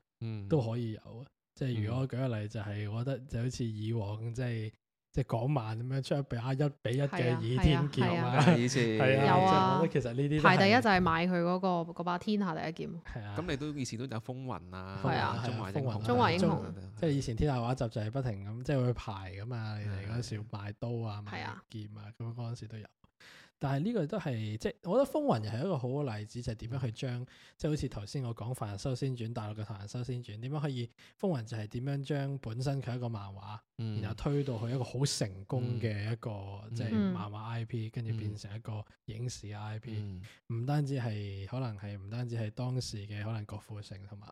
都可以有啊，即係如果舉個例就係，我覺得就好似以往即係即係港漫咁樣出一比啊，一比一嘅倚天劍啊，以前有啊，其實呢啲排第一就係買佢嗰個嗰把天下第一劍。係啊，咁你都以前都有風雲啊，係啊，中華英雄，中華英雄，即係以前天下畫集就係不停咁即係去排噶嘛，你嗰陣時買刀啊，買劍啊，咁嗰陣時都有。但係呢個都係即係，我覺得《風雲》又係一個好嘅例子，就係點樣去將即係好似頭先我講《凡人修仙傳》大陸嘅《凡人修仙傳》，點樣可以《風雲》就係點樣將本身佢一個漫畫，然後推到去一個好成功嘅一個即係漫畫 I P，跟住變成一個影視 I P，唔單止係可能係唔單止係當時嘅可能郭富城同埋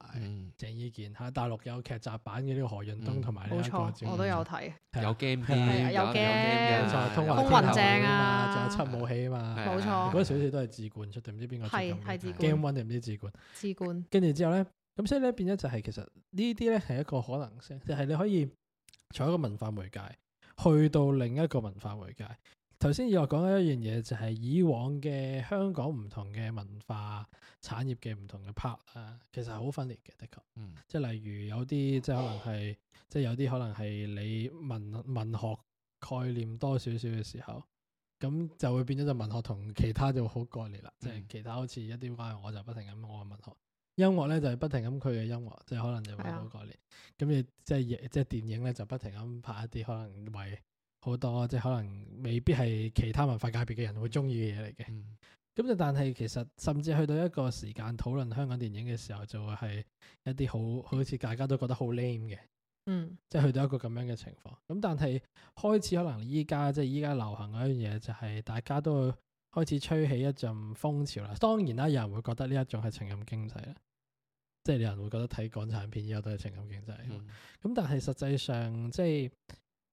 鄭伊健嚇，大陸有劇集版嘅呢個何潤東同埋呢，冇錯，我都有睇，有 game 係，有 game 嘅，通雲通雲，正啊，仲有七武器。嘛，冇錯，如果少少都係自管出定，唔知邊個？係係自管，game one 定唔知自管？自管。跟住之後咧，咁所以咧變咗就係，其實呢啲咧係一個可能性，就係你可以從一個文化媒介去到另一個文化媒介。頭先以我講嘅一樣嘢就係，以往嘅香港唔同嘅文化產業嘅唔同嘅 part 啊，其實係好分裂嘅，的確。嗯。即係例如有啲即係可能係，即係有啲可能係你文文學概念多少少嘅時候。咁就會變咗就文學同其他就好割裂啦，嗯、即係其他好似一啲關係，我就不停咁愛文學。嗯、音樂咧就係不停咁佢嘅音樂，即係可能就會好割裂。咁你、嗯、即係、嗯、即係電影咧就不停咁拍一啲可能為好多即係可能未必係其他文化界別嘅人會中意嘅嘢嚟嘅。咁就、嗯、但係其實甚至去到一個時間討論香港電影嘅時候，就會係一啲好好似大家都覺得好 name 嘅。嗯，即係去到一個咁樣嘅情況，咁但係開始可能依家即係依家流行一樣嘢就係大家都會開始吹起一陣風潮啦。當然啦，有人會覺得呢一種係情感經濟啦，即係有人會覺得睇港產片以後都係情感經濟。咁、嗯、但係實際上即係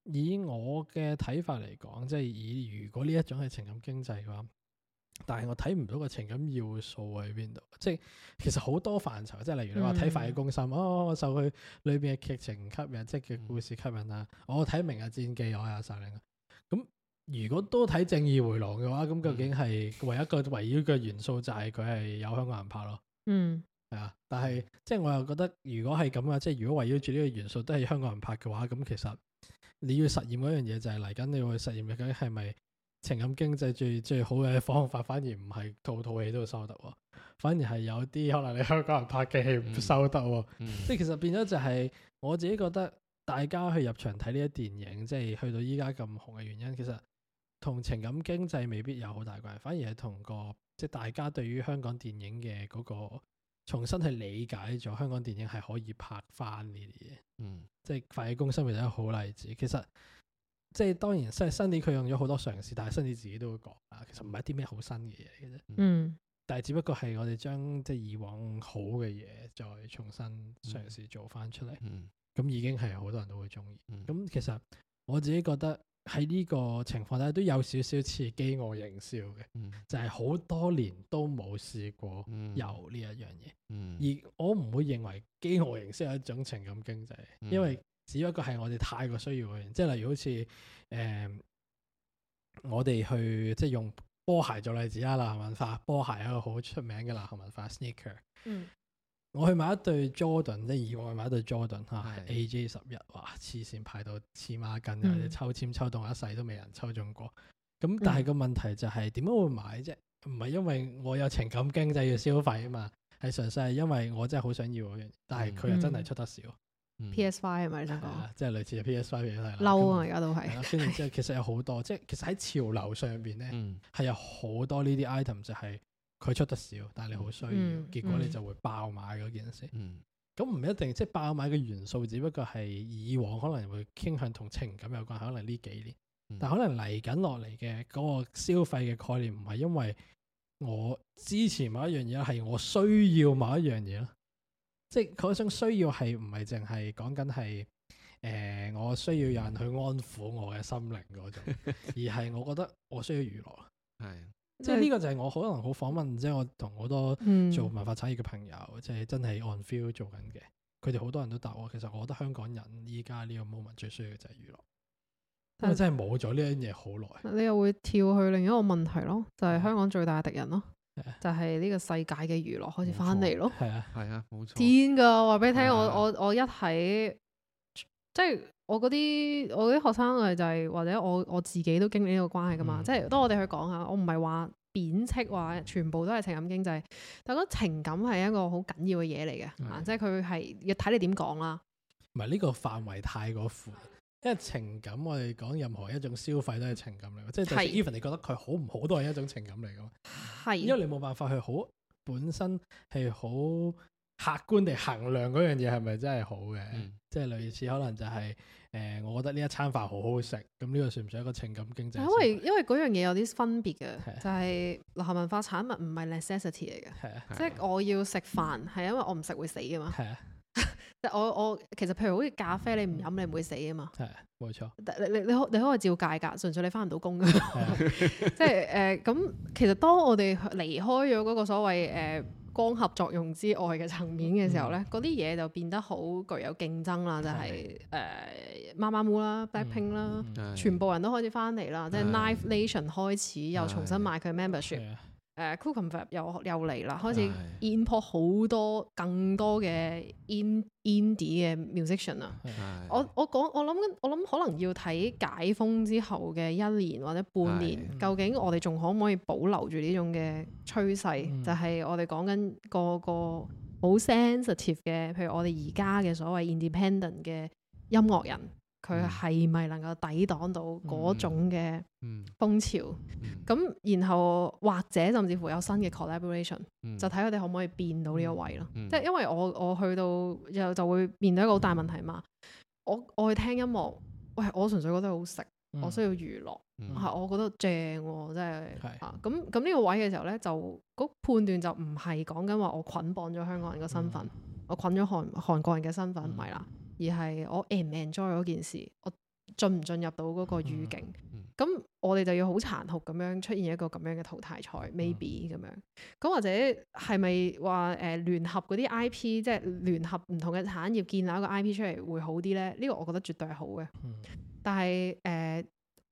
以我嘅睇法嚟講，即係以如果呢一種係情感經濟嘅話。但係我睇唔到個情感要素喺邊度，即係其實好多範疇，即係例如你話睇《飯戲攻心》，哦，我受佢裏邊嘅劇情吸引，即係故事吸引啦。我睇、嗯《哦、明日戰記》我阿，我係受令。咁如果都睇《正義回廊》嘅話，咁、嗯、究竟係唯一一個圍繞嘅元素就係佢係有香港人拍咯。嗯，係啊。但係即係我又覺得，如果係咁嘅，即係如果圍繞住呢個元素都係香港人拍嘅話，咁其實你要實驗嗰樣嘢就係嚟緊你要實驗究竟係咪？情感經濟最最好嘅方法，反而唔係套套戲都收得，反而係有啲可能你香港人拍嘅戲唔收得，即係、嗯、其實變咗就係、是、我自己覺得，大家去入場睇呢啲電影，即係去到依家咁紅嘅原因，其實同情感經濟未必有好大關係，反而係同個即係大家對於香港電影嘅嗰、那個重新去理解咗香港電影係可以拍翻呢啲嘢，嗯，即係《飯戲攻心》咪就係一個好例子，其實。即係當然，新新年佢用咗好多嘗試，但係新年自己都會講啊，其實唔係啲咩好新嘅嘢嘅啫。嗯、但係只不過係我哋將即係以往好嘅嘢再重新嘗試做翻出嚟。嗯，咁已經係好多人都會中意。咁、嗯、其實我自己覺得喺呢個情況咧都有少少似饑餓營銷嘅，嗯、就係好多年都冇試過有呢一樣嘢。嗯嗯、而我唔會認為饑餓營銷係一種情感經濟、嗯，因為。只不過係我哋太過需要嘅，即係例如好似誒、呃、我哋去即係用波鞋做例子啦、啊，流行文化波鞋一個好出名嘅流行文化，sneaker。ーー嗯、我去買一對 Jordan，即係意外買一對 Jordan 嚇、啊、是，AJ 十一，哇，黐線排到黐孖筋，嗯、或者抽籤抽到一世都未人抽中過。咁、嗯、但係個問題就係點解會買啫？唔係因為我有情感經濟要消費啊嘛，係純粹係因為我真係好想要嗰樣，但係佢又真係出得少。嗯嗯 P.S.Y 係咪即係類似嘅 P.S.Y 嘅嘢啦？嬲啊，而家都係。跟住之後，其實有好多， [laughs] 即係其實喺潮流上邊咧，係、嗯、有好多呢啲 item，就係佢出得少，但係你好需要，嗯、結果你就會爆買嗰件事。咁唔、嗯、一定，即、就、係、是、爆買嘅元素，只不過係以往可能會傾向同情感有關，可能呢幾年，嗯、但可能嚟緊落嚟嘅嗰個消費嘅概念，唔係因為我支持某一樣嘢，係我需要某一樣嘢啦。即係佢嗰種需要係唔係淨係講緊係誒，我需要有人去安撫我嘅心靈嗰種，而係我覺得我需要娛樂。係，即係呢個就係我可能好訪問，即係我同好多做文化產業嘅朋友，即係、嗯、真係按 feel 做緊嘅，佢哋好多人都答我，其實我覺得香港人依家呢個 moment 最需要嘅就係娛樂，但係真係冇咗呢樣嘢好耐。你又會跳去另一個問題咯，就係、是、香港最大嘅敵人咯。就係呢個世界嘅娛樂開始翻嚟咯，係啊係啊，冇錯的。癲噶、啊，話俾你聽、啊，我、啊、我我一睇，即係我嗰啲我啲學生係就係、是、或者我我自己都經歷呢個關係噶嘛，即係當我哋去講下，我唔係話貶斥話全部都係情感經濟，但係覺得情感係一個好緊要嘅嘢嚟嘅，啊，即係佢係要睇你點講啦。唔係呢個範圍太過闊。因為情感，我哋講任何一種消費都係情感嚟，即係 even 你覺得佢好唔好都係一種情感嚟㗎。係是因為你冇辦法去好本身係好客觀地衡量嗰樣嘢係咪真係好嘅，嗯、即係類似可能就係、是、誒、嗯呃，我覺得呢一餐飯好好食，咁呢個算唔算一個情感經濟因？因為因為嗰樣嘢有啲分別㗎，啊、就係流行文化產物唔係 necessity 嚟㗎，即係、啊啊、我要食飯係因為我唔食會死㗎嘛。我我其實譬如好似咖啡你你沒錯 你，你唔飲你唔會死啊嘛，係冇錯。你你你可你可以照戒㗎，純粹你翻唔到工、 [laughs] [laughs] 就是。即係誒，咁其實當我哋離開咗嗰個所謂誒、呃、光合作用之外嘅層面嘅時候咧，嗰啲嘢就變得好具有競爭啦，就係誒媽媽帽啦、Blackpink 啦、嗯，嗯、全部人都開始翻嚟啦，嗯嗯、即係 Live Nation 開始又重新賣佢 membership、嗯。嗯嗯誒 Cooking Fab 又又嚟啦，是開始 import 好多更多嘅 in indie 嘅 musician 啊是。我我講我諗，我諗可能要睇解封之後嘅一年或者半年，嗯、究竟我哋仲可唔可以保留住呢種嘅趨勢？嗯、就係我哋講緊個個好 sensitive 嘅，譬如我哋而家嘅所謂 independent 嘅音樂人。佢係咪能夠抵擋到嗰種嘅風潮？咁、嗯嗯、然後或者甚至乎有新嘅 collaboration，嗯、就睇佢哋可唔可以變到呢個位咯。即係、嗯、因為我我去到又就會面對一個好大問題嘛。我我去聽音樂，喂，我純粹覺得好食，嗯、我需要娛樂，係、嗯、我覺得正喎、啊，真係。係是。咁咁呢個位嘅時候咧，就嗰判斷就唔係講緊話我捆綁咗香港人嘅身份，嗯、我捆咗韓韓國人嘅身份，唔係啦。而係我 enjoy 唔 enjoy 嗰件事，我進唔進入到嗰個語境，咁、嗯嗯、我哋就要好殘酷咁樣出現一個咁樣嘅淘汰賽，maybe 咁、嗯、樣。咁或者係咪話誒聯合嗰啲 IP，即係聯合唔同嘅產業建立一個 IP 出嚟會好啲呢？呢、呢個我覺得絕對係好嘅。嗯、但係誒、呃，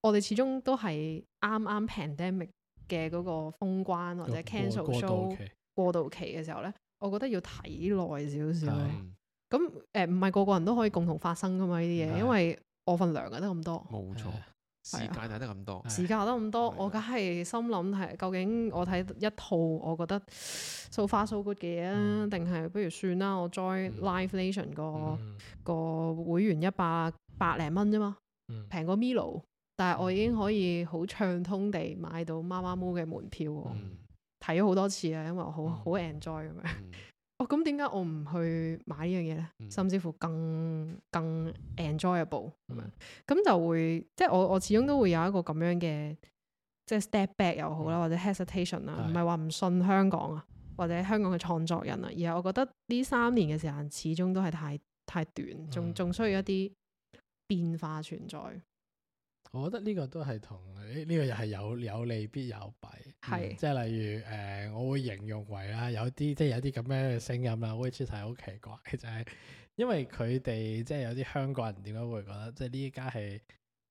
我哋始終都係啱啱 pandemic 嘅嗰個封關或者 cancel show 過渡期嘅時候呢，我覺得要睇耐少少。嗯咁誒，唔係個個人都可以共同發生噶嘛？呢啲嘢，因為我份糧啊得咁多，冇錯，時間睇得咁多，時間得咁多，我梗係心諗係究竟我睇一套我覺得 so far so good 嘅嘢啊，定係不如算啦，我 join Live Nation 個個會員一百百零蚊啫嘛，平過 Milo，但係我已經可以好暢通地買到 Mamamoo 嘅門票，睇咗好多次啊，因為我好好 enjoy 咁樣。哦，咁點解我唔去買呢樣嘢呢？甚至乎更更 enjoyable 咁、嗯、就會即係我我始終都會有一個咁樣嘅，即係 step back 又好啦，或者 hesitation 啦、嗯，唔係話唔信香港啊，或者香港嘅創作人啊，而係我覺得呢三年嘅時間始終都係太太短，仲仲需要一啲變化存在。我覺得呢個都係同呢呢、哎這個又係有有利必有弊，係是、嗯、即係例如誒、呃，我會形容為啦，有啲即係有啲咁樣嘅聲音啦，which 係好奇怪嘅，就係、是、因為佢哋即係有啲香港人點解會覺得即係呢家係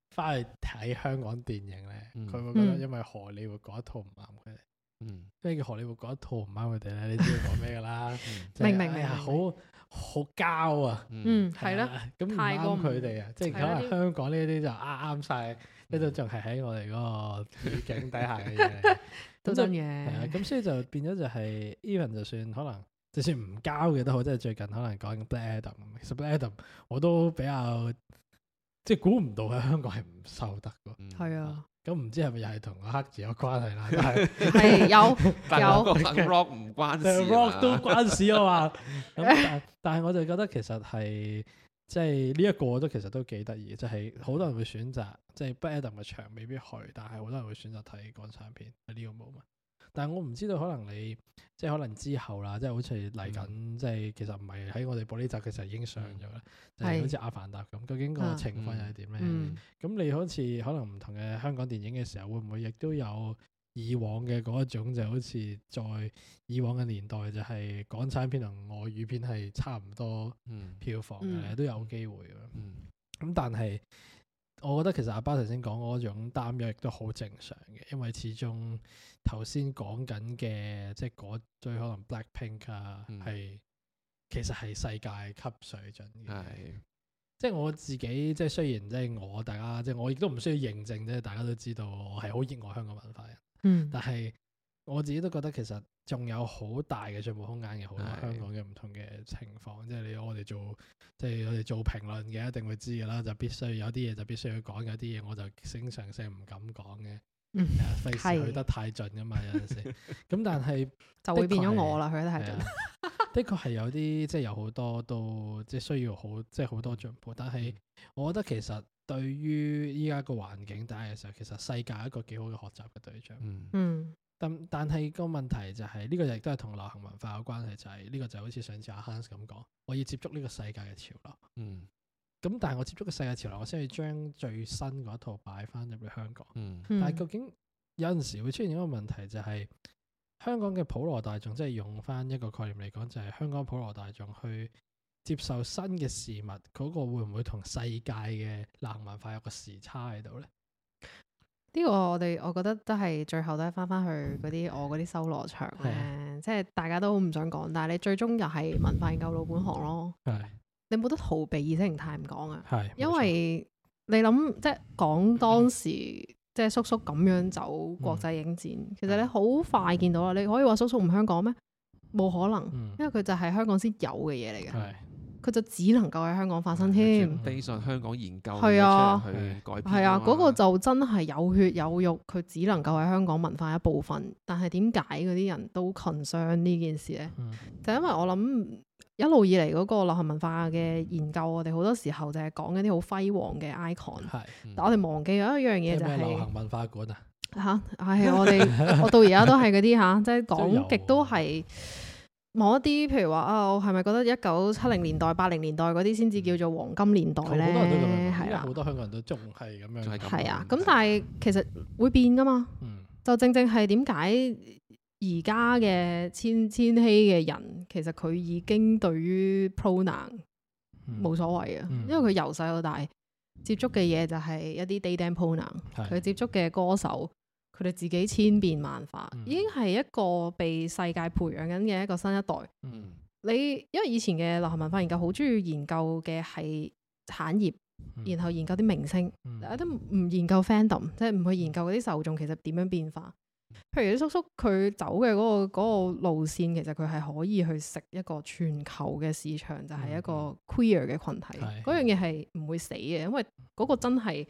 翻去睇香港電影咧，佢、嗯、會覺得因為荷里活嗰一套唔啱佢哋，嗯，即係叫荷里活嗰一套唔啱佢哋咧，嗯、你知佢講咩㗎啦，明唔明啊白？好白。好膠啊，嗯，係啦，咁太啱佢哋啊，即係可能香港呢啲就啱啱晒，呢度仲係喺我哋嗰個背景底下嘅，嗯、 [laughs] 都咁嘅，係啊、嗯，咁所以就變咗就係、是、even 就算可能就算唔膠嘅都好，即係最近可能講緊 Black Adam，其實 Black Adam 我都比較即係估唔到喺香港係唔收得嘅，係、嗯嗯、啊。咁唔知係咪又係同個黑字有關係啦？係有 [laughs] 有，但係個 rock 唔關事啊，rock 都關事啊嘛。但係我就覺得其實係即係呢一個都其實都幾得意，即係好多人會選擇即係 Badam 嘅場未必去，但係好多人會選擇睇港產片。呢個冇乜。但係我唔知道，可能你即係可能之後啦，即係好似嚟緊，嗯、即係其實唔係喺我哋播呢集嘅時候已經上咗啦，嗯、就係好似《阿凡達》咁，究竟個情況又係點咧？咁、啊嗯嗯、你好似可能唔同嘅香港電影嘅時候，會唔會亦都有以往嘅嗰一種，就是、好似在以往嘅年代就係港產片同外語片係差唔多票房嘅、嗯嗯、都有機會咯。咁、嗯嗯嗯、但係。我覺得其實阿爸頭先講嗰種擔憂亦都好正常嘅，因為始終頭先講緊嘅即係嗰最可能 Blackpink 啊，係、嗯、其實係世界級水準嘅，嗯、即我自己即雖然即我大家即我亦都唔需要認證，即大家都知道我係好熱愛香港文化人，嗯但是，但係。我自己都覺得其實仲有好大嘅進步空間嘅，好多香港嘅唔同嘅情況，是即係你我哋做，即係我哋做評論嘅一定會知㗎啦，就必須有啲嘢就必須去講，有啲嘢我就經常性唔敢講嘅，費事、嗯啊、去得太盡啊嘛，是有陣時。咁但係 [laughs] 就會變咗我啦，去得太盡。 [laughs] 的確係有啲即係有好多都即係需要好即係好多進步，但係我覺得其實對於依家個環境大嘅時其實世界一個幾好嘅學習嘅對象。嗯。嗯。但係個問題就係呢個亦都係同流行文化有關係，就係呢個就好似上次阿 Hans 咁講，我要接觸呢個世界嘅潮流。嗯。咁但係我接觸嘅世界潮流，我先去將最新嗰套擺翻入去香港。嗯。但係究竟有陣時會出現一個問題，就係香港嘅普羅大眾，即係用翻一個概念嚟講，就係香港普羅大眾去接受新嘅事物，嗰個會唔會同世界嘅流行文化有個時差喺度呢？呢個我哋我覺得都係最後都係翻翻去嗰啲，我嗰啲修羅場係，即係大家都唔想講，但係你最終又係文化研究老本行咯。係你冇得逃避意識形態唔講啊。係因為冇錯你諗即係講當時、嗯、即係叔叔咁樣走國際影展，嗯、其實你好快見到啦。你可以話叔叔唔香港咩？冇可能，嗯、因為佢就係香港先有嘅嘢嚟嘅。嗯佢就只能夠喺香港發生添，非常、嗯、香港研究嘅啊，改編。係啊，嗰、那個就真係有血有肉，佢只能夠喺香港文化一部分。但係點解嗰啲人都 concern 呢件事呢？嗯、就因為我諗一路以嚟嗰個流行文化嘅研究，我哋好多時候就係講嗰啲好輝煌嘅 icon。嗯、但我哋忘記咗一樣嘢就係、是、流行文化館啊！嚇，係我哋，我到而家都係嗰啲吓，即係講極都係。某一啲，譬如話啊，我係咪覺得一九七零年代、八零年代嗰啲先至叫做黃金年代咧？係啊，好多香港人都仲係咁樣。係啊，咁但係其實會變噶嘛？就正正係點解而家嘅千千禧嘅人，其實佢已經對於 pronoun 冇所謂啊，因為佢由細到大接觸嘅嘢就係一啲 dating pronoun，佢接觸嘅歌手。佢哋自己千變萬化，嗯、已經係一個被世界培養緊嘅一個新一代。嗯、你因為以前嘅流行文化研究好中意研究嘅係產業，嗯、然後研究啲明星，大家、嗯、都唔研究 fandom，即係唔、嗯、去研究嗰啲受眾其實點樣變化。譬如啲叔叔佢走嘅嗰、嗰個嗰個路線，其實佢係可以去食一個全球嘅市場，就係、係、一個 queer 嘅群體。嗰、嗯嗯嗯、樣嘢係唔會死嘅，因為嗰個真係。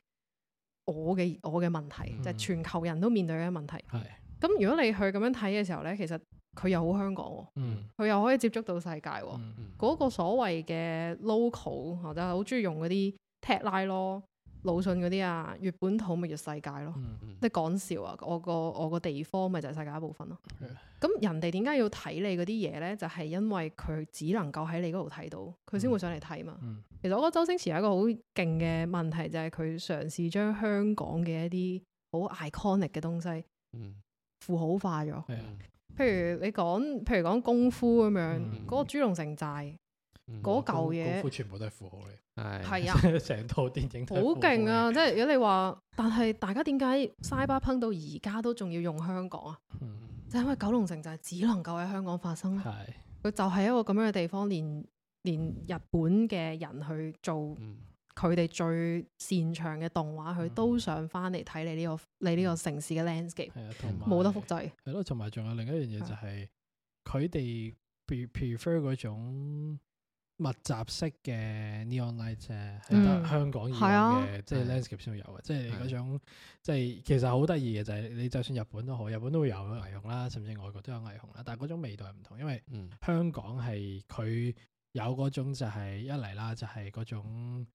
我嘅我嘅問題、嗯、就係全球人都面對嘅問題。咁、嗯、如果你去咁樣睇嘅時候呢，其實佢又好香港、哦，佢、嗯、又可以接觸到世界、哦。嗰、嗯嗯、個所謂嘅 local，我就係好中意用嗰啲 tagline 咯。魯迅嗰啲啊，越本土咪越世界咯。你講、嗯嗯、笑啊，我個我個地方咪就係世界一部分咯。咁、嗯、人哋點解要睇你嗰啲嘢咧？就係、是、因為佢只能夠喺你嗰度睇到，佢先會上嚟睇嘛。嗯嗯、其實我覺得周星馳有一個好勁嘅問題，就係佢嘗試將香港嘅一啲好 iconic 嘅東西，符號化咗。嗯嗯、譬如你講，譬如講功夫咁樣，嗰、嗯、個豬籠城寨，嗰嚿嘢，功夫全部都係符號嚟。係，即係成套電影好勁啊！即係如果你話，但係大家點解 Cyberpunk 到而家都仲要用香港啊？嗯、就係因為九龍城就係只能夠喺香港發生啦。佢是就係一個咁樣嘅地方，連連日本嘅人去做佢哋最擅長嘅動畫，佢、嗯、都想翻嚟睇你呢、這個你呢個城市嘅 landscape，、嗯嗯、啊，冇得複制。係咯，同埋仲有另一樣嘢就係佢哋 prefer 嗰種。是密集式嘅 neon lights 啫、嗯，喺香港而用嘅，嗯、即係 landscape 先會有嘅，是即係嗰種，是即係其實好得意嘅就係、是、你就算日本都好，日本都會有霓虹啦，甚至外國都有霓虹啦，但係嗰種味道係唔同，因為香港係佢。嗯有嗰種就係一嚟啦就，就係嗰種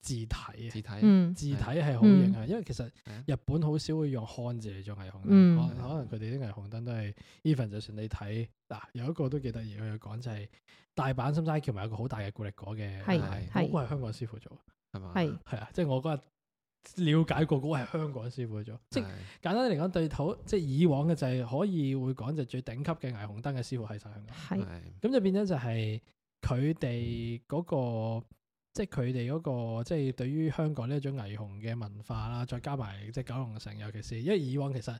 字體啊，字、嗯、體字體係好影響。因為其實日本好少會用漢字嚟做霓虹燈，嗯、可能佢哋啲霓虹燈都係 even 就算你睇嗱，有一個都幾得意，佢要講就係大阪心齋橋咪有一個好大嘅固力果嘅，嗰個係香港師傅做，係咪？係係啊，即、就、係、是、我嗰日了解過，嗰個係香港師傅做。即係簡單嚟講，對土即係以往嘅就係可以會講就最頂級嘅霓虹燈嘅師傅喺晒香港。係咁就變咗就係。Like 佢哋嗰個，即係佢哋嗰個，即係對於香港呢一種霓虹嘅文化啦，再加埋即係九龍城，尤其是因為以往其實。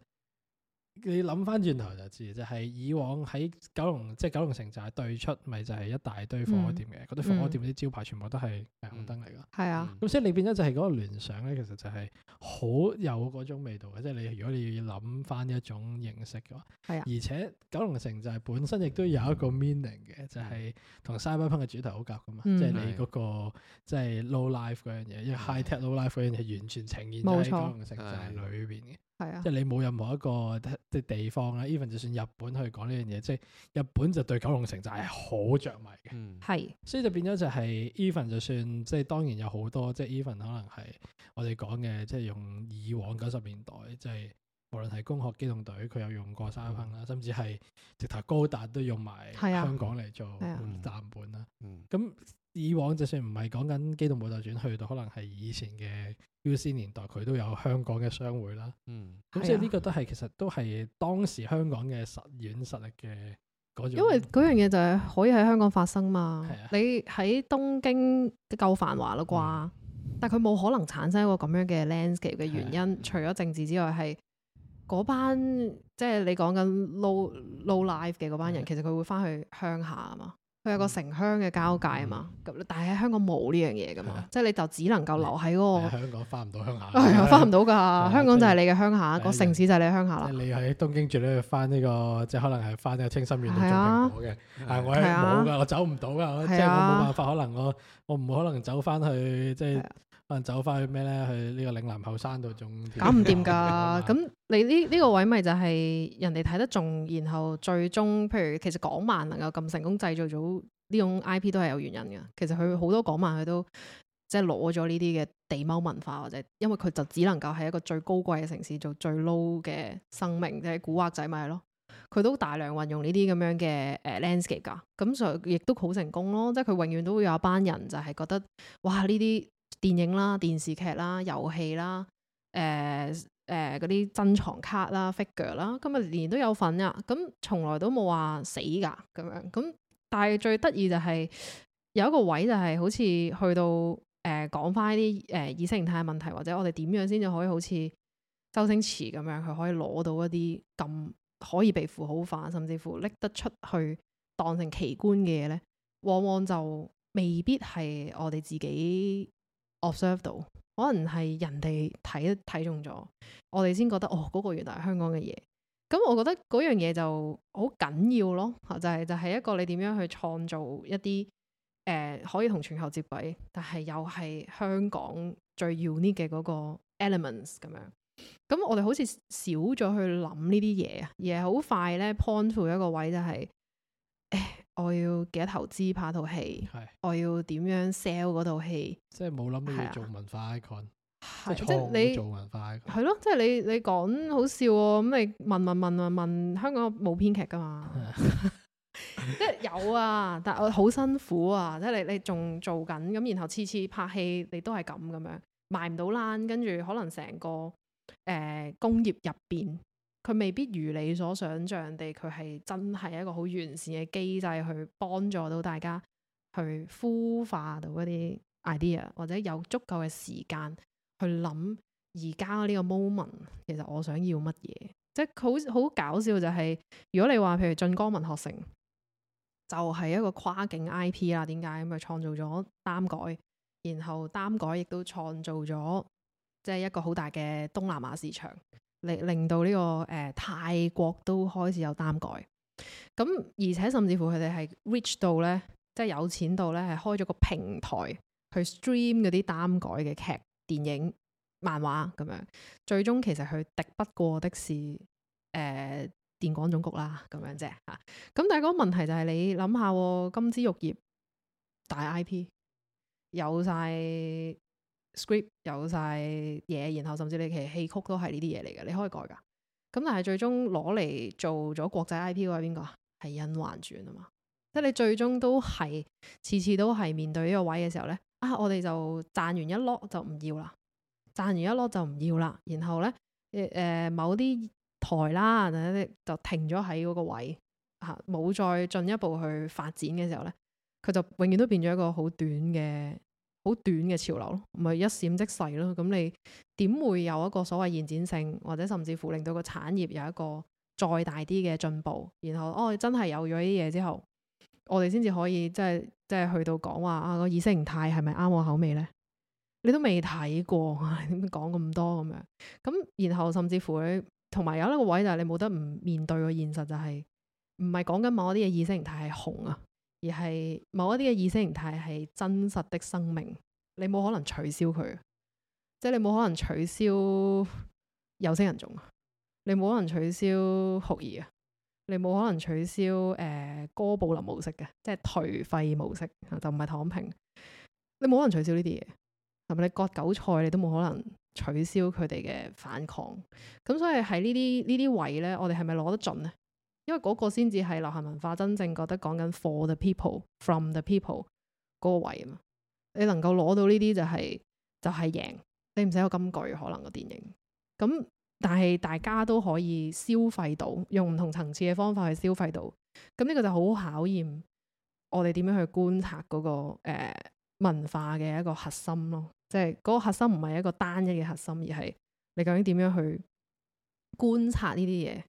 你諗翻轉頭就知，就係、是、以往喺九龍，即、就、係、是、九龍城寨就係對出，咪就係一大堆火鍋店嘅。嗰堆火鍋店嗰啲招牌全部都係霓虹燈嚟噶。係、嗯、啊。咁、嗯、所以你變咗就係嗰個聯想咧，其實就係好有嗰種味道嘅。即、就、係、是、你如果你要諗翻一種形式嘅話，係啊。而且九龍城寨就係本身亦都有一個 meaning 嘅，就係同 cyberpunk 嘅主題好夾噶嘛。即係、嗯啊、你嗰個即係 low life 嗰樣嘢，因為、嗯、high tech low life 嗰樣嘢完全呈現喺九龍城寨錯就裏邊嘅。係啊，即係你冇任何一個即係地方啦。Even 就算日本去講呢樣嘢，即係日本就對九龍城寨係好着迷嘅。係、嗯，所以就變咗就係、是、Even 就算即係當然有好多即係 Even 可能係我哋講嘅，即係用以往九十年代，即、就、係、是、無論係攻殼機動隊佢有用過三噴啦，嗯、甚至係直頭高達都用埋香港嚟做藍、嗯、本啦。咁、嗯。嗯以往就算唔係講緊《機動武鬥傳》，去到可能係以前嘅 U C 年代，佢都有香港嘅商會啦。嗯，咁即係呢個都係、啊、其實都係當時香港嘅軟實力嘅嗰種。因為嗰樣嘢就係可以喺香港發生嘛。啊、你喺東京夠繁華啦啩，嗯、但佢冇可能產生一個咁樣嘅 landscape 嘅原因，啊、除咗政治之外，係嗰班即係你講緊 low low life 嘅嗰班人，啊、其實佢會翻去鄉下啊嘛。佢有個城鄉嘅交界啊嘛，咁、嗯、但係喺香港冇呢樣嘢噶嘛，的即係你就只能夠留喺嗰個香港翻唔到鄉下係啊，翻唔到噶，香港，啊啊、香港就係你嘅鄉下，對個城市就係你鄉下啦。你喺東京住咧、這個，翻呢個即係可能係翻呢個青森縣度摘蘋果嘅，的啊我冇噶的，我走唔到噶，即係的我冇辦法，可能我我唔可能走翻去即係。可能走翻去咩咧？去呢個嶺南後山度種，搞唔掂噶。咁 [laughs] 你呢呢、這個位咪就係人哋睇得中，然後最終譬如其實港漫能夠咁成功製造咗呢種 I P 都係有原因噶。其實佢好多港漫佢都即係攞咗呢啲嘅地踎文化或者，因為佢就只能夠喺一個最高貴嘅城市做最 low 嘅生命，即係古惑仔咪係咯。佢都大量運用呢啲咁樣嘅誒、uh, landscape 噶，咁就亦都好成功咯。即係佢永遠都會有一班人就係覺得哇呢啲。電影啦、電視劇啦、遊戲啦、誒誒嗰啲珍藏卡啦、figure 啦，咁啊年年都有份噶，咁從來都冇話死噶咁樣，咁但係最得意就係有一個位就係好似去到誒講翻啲誒意識形態問題，或者我哋點樣先至可以好似周星馳咁樣，佢可以攞到一啲咁可以被符號化，甚至乎拎得出去當成奇觀嘅嘢呢往往就未必係我哋自己。observe 到可能係人哋睇睇中咗，我哋先覺得哦，嗰、那個原來係香港嘅嘢。咁我覺得嗰樣嘢就好緊要咯，就係、是、就係、是、一個你點樣去創造一啲誒、呃、可以同全球接軌，但係又係香港最 unique 嘅嗰個 elements 咁樣。咁我哋好似少咗去諗呢啲嘢啊，而係好快咧 point 到一個位就係、是。我要幾多投資拍套戲？係的我要點樣 sell 嗰套戲？即係冇諗要做文化 icon，的即係你做文化 icon 係咯，即係、就是、你你講好笑喎、哦！咁你問問問問問香港冇編劇噶嘛？即係的 [laughs] [laughs] 有啊，但係我好辛苦啊！即係你你仲做緊咁，然後次次拍戲你都係咁咁樣賣唔到單，跟住可能成個誒、呃、工業入邊。佢未必如你所想象地，佢係真係一個好完善嘅機制去幫助到大家去孵化到一啲 idea，或者有足夠嘅時間去諗而家呢個 moment。其實我想要乜嘢？即係好好搞笑就係、是，如果你話譬如晉江文學城就係、是、一個跨境 IP 啦，點解？咪創造咗耽改，然後耽改亦都創造咗即係一個好大嘅東南亞市場。令到呢、這個誒、呃、泰國都開始有耽改，咁而且甚至乎佢哋係 rich 到呢，即係有錢到呢，係開咗個平台去 stream 嗰啲耽改嘅劇、電影、漫畫咁樣。最終其實佢敵不過的是誒、呃、電廣總局啦，咁樣啫嚇。咁、啊、但係個問題就係你諗下、啊，金枝玉葉大 IP 有晒。Script 有晒嘢，然後甚至你其實戲曲都係呢啲嘢嚟嘅，你可以改噶。咁但係最終攞嚟做咗國際 IP 嘅係邊個啊？係甄嬛傳啊嘛。即係你最終都係次次都係面對呢個位嘅時候咧，啊我哋就賺完一籮就唔要啦，賺完一籮就唔要啦。然後咧誒、呃、某啲台啦，就停咗喺嗰個位吓，冇、啊、再進一步去發展嘅時候咧，佢就永遠都變咗一個好短嘅。好短嘅潮流咯，唔係一閃即逝咯。咁你點會有一個所謂延展性，或者甚至乎令到個產業有一個再大啲嘅進步？然後哦，真係有咗呢啲嘢之後，我哋先至可以即係即係去到講話啊、個意識形態係咪啱我口味咧？你都未睇過，點講咁多咁樣？咁然後甚至乎咧，同埋有，有一個位就係你冇得唔面對個現實，就是，就係唔係講緊某一啲嘢意識形態係紅啊？而係某一啲嘅意識形態係真實的生命，你冇可能取消佢，即係你冇可能取消有色人種啊，你冇可能取消酷兒啊，你冇可能取消誒、呃、哥布林模式嘅，即係頹廢模式啊，就唔係躺平，你冇可能取消呢啲嘢，係咪你割韭菜你都冇可能取消佢哋嘅反抗？咁所以喺呢啲呢啲位咧，我哋係咪攞得準啊？因為嗰個先至係流行文化真正覺得講緊 for the people from the people 嗰個位啊嘛，你能夠攞到呢啲就係就係贏，你唔使有金句可能個電影咁，但係大家都可以消費到，用唔同層次嘅方法去消費到，咁呢個就好考驗我哋點樣去觀察嗰個誒文化嘅一個核心咯，即係嗰個核心唔係一個單一嘅核心，而係你究竟點樣去觀察呢啲嘢。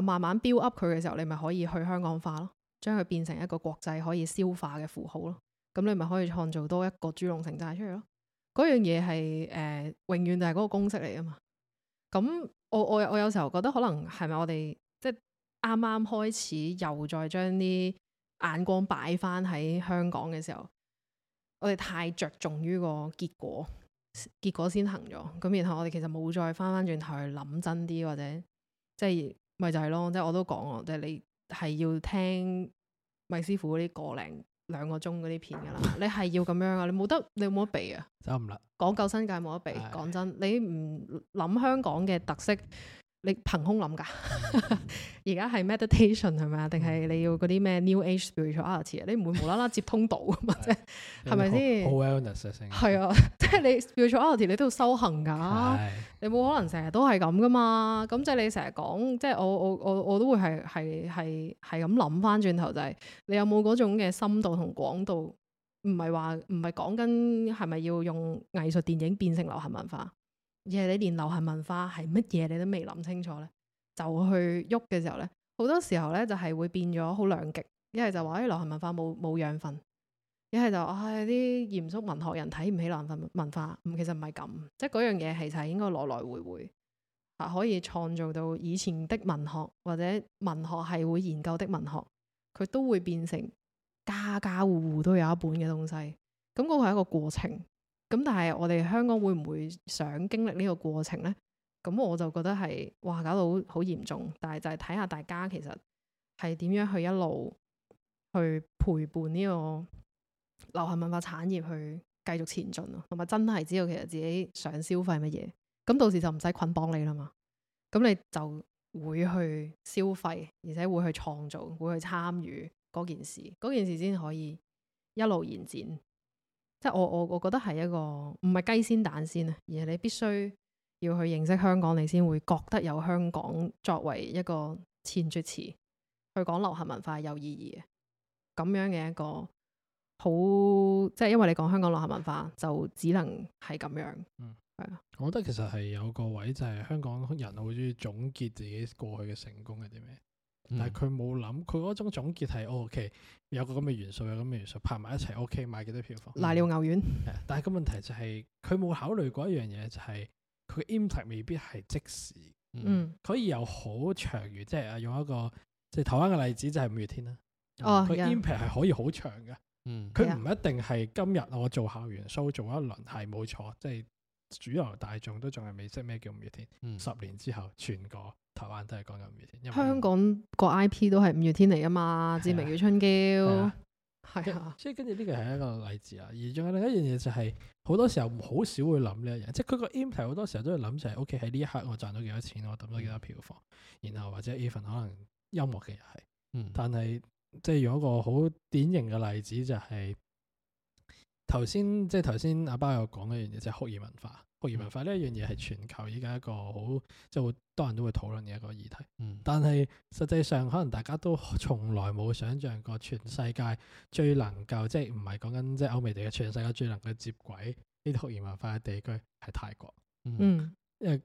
慢慢 build up 佢嘅時候，你咪可以去香港化咯，將佢變成一個國際可以消化嘅符號咯。咁你咪可以創造多一個豬籠城寨出嚟咯。嗰樣嘢係誒，永遠就係嗰個公式嚟啊嘛。咁我我我有時候覺得可能係咪我哋即係啱啱開始又再將啲眼光擺翻喺香港嘅時候，我哋太着重於個結果，結果先行咗。咁然後我哋其實冇再翻翻轉頭去諗真啲，或者即係。就是咪就係咯，即係我都講喎，即係你係要聽魏師傅嗰啲個零兩個鐘嗰啲片㗎啦， [laughs] 你係要咁樣啊，你冇得，你冇得避啊，走唔甩，講究新界冇得避。講真，你唔諗香港嘅特色。你憑空諗噶？而 [laughs] 家係 meditation 係咪啊？定係你要嗰啲咩 new age spirituality？你唔會無啦啦接通道噶嘛？即係係咪先？好 whole wellness [laughs] 啊，係啊，即係你 spirituality 你都要修行噶，的你冇可能成日都係咁噶嘛？咁即係你成日講，即、就、係、是、我我我我都會係係係係咁諗翻轉頭、就是，就係你有冇嗰種嘅深度同廣度？唔係話唔係講緊係咪要用藝術電影變成流行文化？而係你連流行文化係乜嘢你都未諗清楚咧，就去喐嘅時候咧，好多時候咧就係、是、會變咗好兩極。一係就話啲、哎、流行文化冇冇養分，一係就唉啲嚴肅文學人睇唔起流行文化。其實唔係咁，即係嗰樣嘢其實係應該來來回回，啊可以創造到以前的文學或者文學係會研究的文學，佢都會變成家家戶戶都有一本嘅東西。咁嗰個係一個過程。咁但係我哋香港會唔會想經歷呢個過程呢？咁我就覺得係，哇，搞到好嚴重。但係就係睇下大家其實係點樣去一路去陪伴呢個流行文化產業去繼續前進咯。同埋真係知道其實自己想消費乜嘢，咁到時就唔使捆綁你啦嘛。咁你就會去消費，而且會去創造，會去參與嗰件事，嗰件事先可以一路延展。即係我我我覺得係一個唔係雞先蛋先啊，而係你必須要去認識香港，你先會覺得有香港作為一個前綴詞去講流行文化係有意義嘅咁樣嘅一個好，即係因為你講香港流行文化就只能係咁樣。嗯，係啊，是我覺得其實係有個位就係、是、香港人好鍾意總結自己過去嘅成功係啲咩。但係佢冇諗，佢嗰種總結係 OK，有個咁嘅元素，有咁嘅元素拍埋一齊 OK，賣幾多票房？瀨尿牛丸。Yeah, 但係個問題就係佢冇考慮過一樣嘢，就係佢嘅 impact 未必係即時。嗯，佢有好長遠，即係用一個即係台灣嘅例子，就係五月天啦。哦，佢嘅 impact 係可以好長嘅。佢唔一定係今日我做校園 show 做一輪係冇錯，即係。主流大眾都仲係未識咩叫五月天。嗯、十年之後，全個台灣都係講緊五月天。因為香港個 IP 都係五月天嚟啊嘛，啊志明與春嬌係、嗯、啊。即、嗯、所以跟住呢個係一個例子啊。而仲有另一樣嘢就係、是，好多時候好少會諗呢一樣，即係佢個 imply 好多時候都係諗就係、是、OK 喺呢一刻我賺到幾多錢，我揼咗幾多票房，然後或者 even 可能音樂嘅人係。嗯、但係即係用一個好典型嘅例子就係、是。頭先即係頭先阿包有講一樣嘢，即係酷兒文化。酷兒文化呢一樣嘢係全球依家一個好，即係好多人都會討論嘅一個議題。嗯，但係實際上可能大家都從來冇想像過全，全世界最能夠即係唔係講緊即係歐美地嘅，全世界最能夠接軌呢啲酷兒文化嘅地區係泰國。嗯，因為。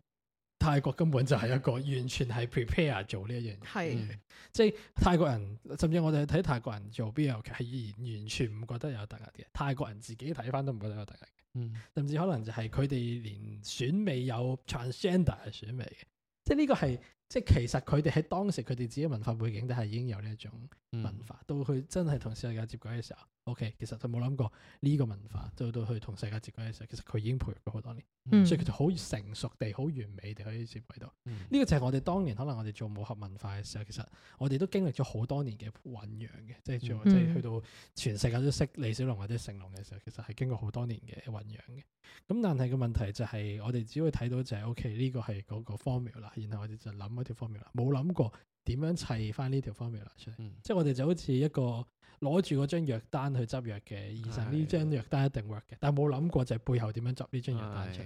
泰國根本就係一個完全係 prepare 做呢一樣嘢，即係泰國人，甚至我哋睇泰國人做 BL，其實係完完全唔覺得有特嘅，泰國人自己睇翻都唔覺得有特例嘅，嗯、甚至可能就係佢哋連選美有 transgender 嘅選美嘅，即係呢個係即係其實佢哋喺當時佢哋自己文化背景都係已經有呢一種文化，嗯、到去真係同世界接軌嘅時候。O、okay, K，其實就冇諗過呢個文化就到去同世界接軌嘅時候，其實佢已經培育咗好多年，嗯、所以佢就好成熟地、好完美地可以接軌到。呢、嗯、個就係我哋當年可能我哋做武俠文化嘅時候，其實我哋都經歷咗好多年嘅醖釀嘅，就是嗯、即係做即係去到全世界都識李小龍或者成龍嘅時候，其實係經過好多年嘅醖釀嘅。咁、嗯嗯、但係個問題就係、是、我哋只會睇到就係 O K，呢個係嗰個 formula 然後我哋就諗嗰條 formula，冇諗過點樣砌翻呢條 formula 出嚟。嗯、即係我哋就好似一個。攞住嗰張藥單去執藥嘅，其實呢張藥單一定 work 嘅，但係冇諗過就係背後點樣執呢張藥單出嚟？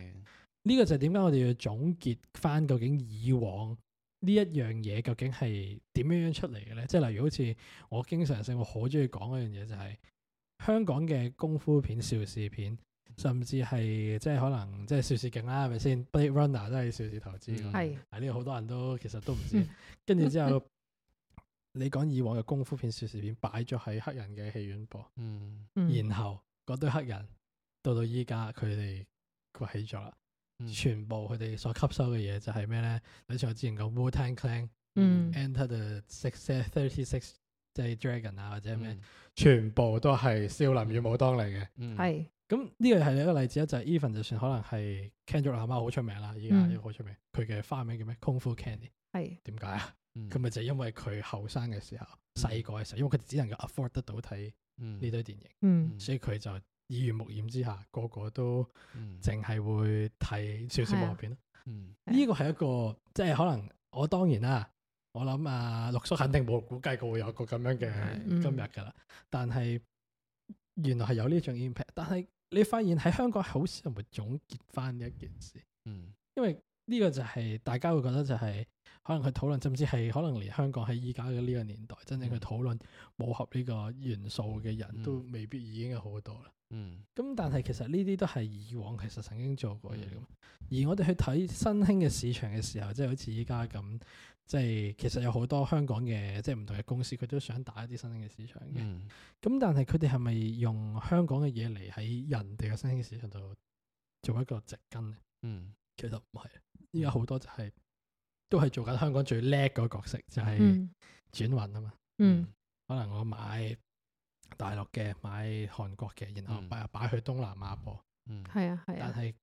呢個就係點解我哋要總結翻究竟以往呢一樣嘢究竟係點樣樣出嚟嘅咧？即係例如好似我經常性我好中意講一樣嘢，就係香港嘅功夫片、邵氏片，甚至係即係可能即係邵氏勁啦，係咪先？Blade Runner 都係邵氏投資，係係呢個好多人都其實都唔知，跟住 [laughs] 之後。 [laughs] 你講以往嘅功夫片、小時片擺咗喺黑人嘅戲院播，嗯嗯、然後嗰堆、嗯、黑人到到依家，佢哋崛起咗啦。嗯、全部佢哋所吸收嘅嘢就係咩咧？好似我之前講《Wu Tang Clan》，嗯，《Enter the Six Thirty Six》即係《Dragon》啊或者咩，嗯、全部都係少林與武當嚟嘅。係咁呢個係一個例子啦。就係、是、even 就算可能係 Candy Chocolate 媽好出名啦，依家呢個好出名，佢嘅花名叫咩？功夫 Candy 係點解啊？佢咪就因為佢後生嘅時候，細個嘅時候，因為佢只能夠 afford 得到睇呢堆電影，嗯嗯、所以佢就耳濡目染之下，個個都淨係、嗯、會睇少少默片咯。呢、嗯嗯嗯、個係一個即係、就是、可能，我當然啦，我諗啊，六叔肯定冇估計過會有個咁樣嘅、嗯、今日噶啦。但係原來係有呢種 impact，但係你發現喺香港好少人會總結翻呢一件事，嗯，因為。呢個就係、是、大家會覺得就係、是、可能佢討論，甚至係可能連香港喺依家嘅呢個年代、嗯、真正去討論武俠呢個元素嘅人、嗯、都未必已經有好多啦。嗯，咁但係其實呢啲都係以往其實曾經做過嘢咁。嗯、而我哋去睇新興嘅市場嘅時候，即係好似依家咁，即係其實有好多香港嘅即係唔同嘅公司，佢都想打一啲新興嘅市場嘅。咁、嗯、但係佢哋係咪用香港嘅嘢嚟喺人哋嘅新興市場度做一個植根呢？嗯，其實唔係。依家好多就係、是、都係做緊香港最叻嗰個角色，就係、是、轉運啊嘛。嗯嗯、可能我買大陸嘅，買韓國嘅，然後，嗯、然後擺去東南亞播。嗯、但係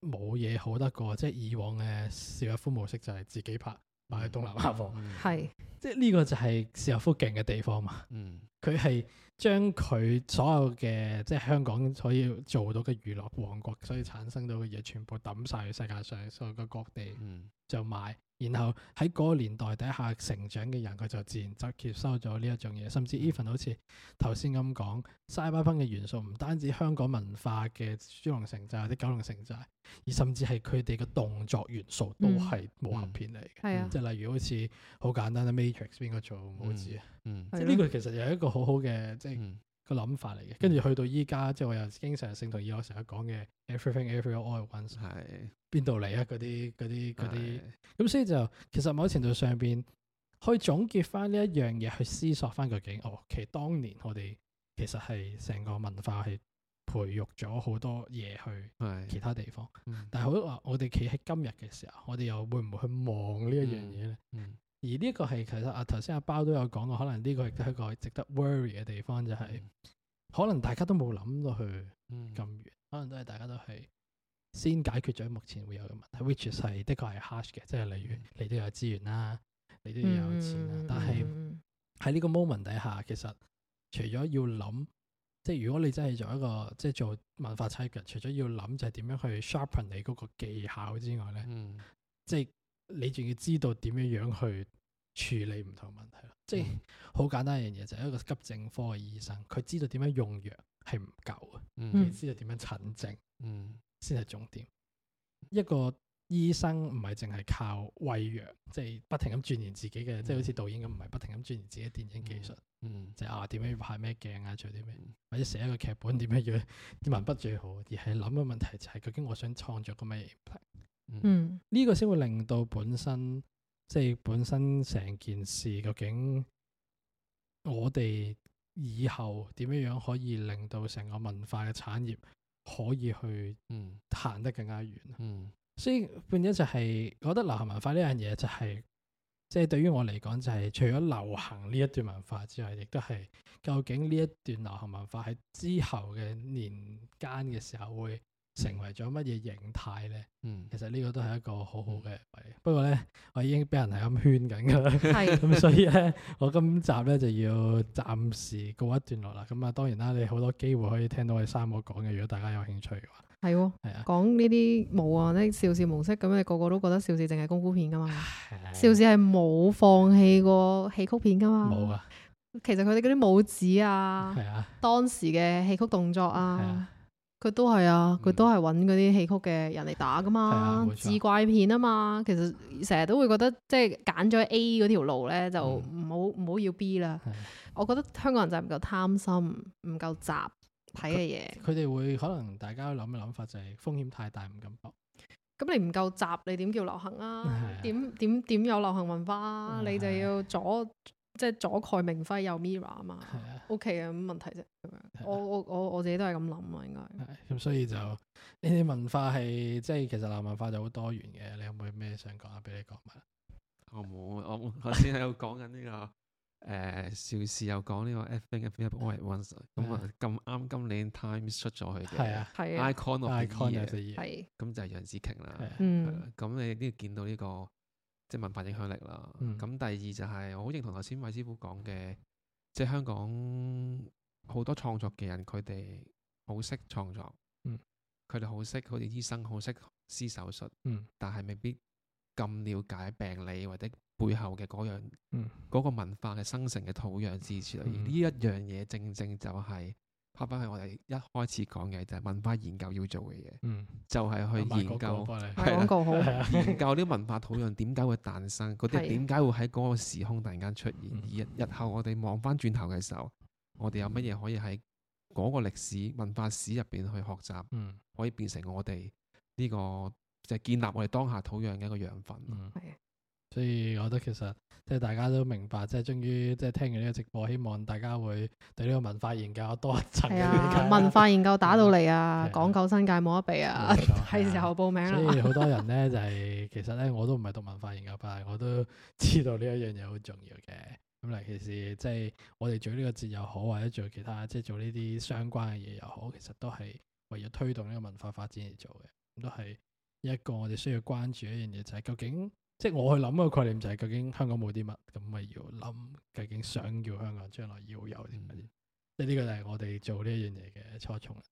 冇嘢好得過，嗯、即以往嘅邵逸夫模式就係自己拍。買東南亞貨，係、嗯、即係呢個就係士林福勁嘅地方嘛。嗯，佢係將佢所有嘅，即係香港所以做到嘅娛樂王國，所以產生到嘅嘢全部抌晒去世界上所有嘅各地，就買。嗯然後喺嗰個年代底下成長嘅人，佢就自然就接收咗呢一樣嘢，甚至 even 好似頭先咁講，嗯、cyberpunk 嘅元素唔單止香港文化嘅《豬籠城寨》或者《九龍城寨》，而甚至係佢哋嘅動作元素都係武俠片嚟嘅，嗯嗯、即係例如好似好簡單嘅《Matrix》，邊個做好似。啊？即係呢個其實又係一個好好嘅，即係、嗯。嗯個諗法嚟嘅，跟住去到依家，即係我又經常性同意我成日講嘅 Everything Everywhere All at Once，係邊度嚟啊？嗰啲嗰啲嗰啲，咁的所以就其實某程度上邊，可以總結翻呢一樣嘢去思索翻個景。哦，其實當年我哋其實係成個文化係培育咗好多嘢去其他地方，的但係好我哋企喺今日嘅時候，我哋又會唔會去望呢一樣嘢咧？而呢個係其實阿頭先阿包都有講過，可能呢個係一個值得 worry 嘅地方，就係、是、可能大家都冇諗到去咁遠，嗯、可能都係大家都係先解決咗目前會有嘅問題、嗯、，which 係的確係 harsh 嘅，即係例如你都有資源啦、啊，你都要有錢啦、啊，嗯、但係喺呢個 moment 底下，其實除咗要諗，嗯、即係如果你真係做一個即係做文化差別，除咗要諗就係點樣去 sharpen 你嗰個技巧之外咧，嗯、即係。你仲要知道點樣樣去處理唔同問題咯，即係好簡單一樣嘢就係一個急症科嘅醫生，佢知道點樣用藥係唔夠嘅，佢、嗯、知道點樣診症先係重點。嗯、一個醫生唔係淨係靠餵藥，即、就、係、是、不停咁鑽研自己嘅，即係好似導演咁，唔係不停咁鑽研自己嘅電影技術，嗯嗯、就啊點樣要拍咩鏡啊，做啲咩，嗯、或者寫一個劇本點樣要啲、嗯、文筆最好，而係諗個問題就係究竟我想創作個咩？嗯，呢個先會令到本身，即係本身成件事究竟我哋以後點樣樣可以令到成個文化嘅產業可以去，嗯，行得更加遠。嗯，嗯所以變咗就係，我覺得流行文化呢樣嘢就係，即係對於我嚟講就係，除咗流行呢一段文化之外，亦都係究竟呢一段流行文化喺之後嘅年間嘅時候會。成為咗乜嘢形態咧？其實呢個都係一個好好嘅，嗯、不過咧我已經俾人係咁圈緊㗎啦。係咁的、嗯，所以咧我今集咧就要暫時告一段落啦。咁啊，當然啦，你好多機會可以聽到我哋三個講嘅。如果大家有興趣嘅話，係喎的，啊的，講呢啲冇啊，啲邵氏模式咁，你個個都覺得邵氏淨係功夫片㗎嘛？邵氏係冇放棄過戲曲片㗎嘛？冇啊！其實佢哋嗰啲舞姿啊，當時嘅戲曲動作啊。的佢都係啊，佢、嗯、都係揾嗰啲戲曲嘅人嚟打噶嘛，志、嗯、怪片啊嘛，其實成日都會覺得即係揀咗 A 嗰條路咧，就唔好唔好要 B 啦。嗯、我覺得香港人就係唔夠貪心，唔夠雜睇嘅嘢。佢哋會可能大家諗嘅諗法就係、是、風險太大唔敢搏。咁你唔夠雜，你點叫流行啊？點點點有流行文化啊？你就要阻。即係左蓋明輝右 MIRROR 啊嘛，OK 啊，咁問題啫。我我我我自己都係咁諗啊，應該。咁所以就呢啲文化係即係其實南文化就好多元嘅。你有冇咩想講啊？俾你講埋。我冇，我頭先喺度講緊呢個誒，邵氏又講呢個 Everything Everywhere All at Once 咁啊，咁啱今年 Times 出咗佢嘅係啊，Icon of the Year 係咁就係楊紫瓊啦。嗯，咁你都要見到呢個？即係文化影響力啦。咁、嗯、第二就係、是、我好認同頭先魏師傅講嘅，即係香港好多創作嘅人，佢哋好識創作。佢哋好識，好似醫生好識施手術，嗯、但係未必咁了解病理或者背後嘅嗰樣嗰、嗯、個文化嘅生成嘅土壤之處。而呢、嗯、一樣嘢正正就係、是。翻返去我哋一開始講嘅就係文化研究要做嘅嘢，嗯，就係去研究，究啲文化土壤點解會誕生，嗰啲點解會喺嗰個時空突然間出現，日的日後我哋望翻轉頭嘅時候，我哋有乜嘢可以喺嗰個歷史、嗯、文化史入邊去學習，嗯，可以變成我哋呢、這個就係、是、建立我哋當下土壤嘅一個養分，的所以，我都其實即係大家都明白，即係終於即係聽完呢個直播，希望大家會對呢個文化研究多一層。啊、哎呀，文化研究打到嚟啊，講舊、嗯、新界冇一比啊，係、啊、時候報名啦。所以好多人咧就係、是、 [laughs] 其實咧我都唔係讀文化研究，但我都知道呢一樣嘢好重要嘅。咁尤其是即係我哋做呢個節又好，或者做其他即係做呢啲相關嘅嘢又好，其實都係為咗推動呢個文化發展而做嘅。咁都係一個我哋需要關注一樣嘢，就係、是、究竟。即係我去諗個概念，就係究竟香港冇啲乜，咁咪要諗究竟想要香港將來要有啲乜嘢？即係呢個就係我哋做呢一樣嘢嘅初衷啦。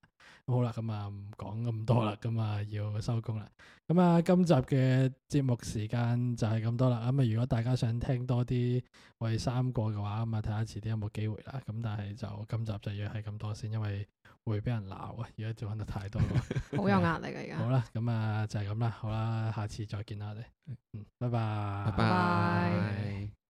好啦，咁啊唔講咁多啦，咁啊要收工啦。咁啊今集嘅節目時間就係咁多啦。咁啊如果大家想聽多啲我哋三個嘅話，咁啊睇下遲啲有冇機會啦。咁但係就今集就要係咁多先，因為。會俾人鬧啊！而家做翻得太多咯，好有壓力啊。而家，啊就是。好啦，咁啊就係咁啦，好啦，下次再見啦，你， [laughs] 嗯，拜拜，拜拜 bye。Bye bye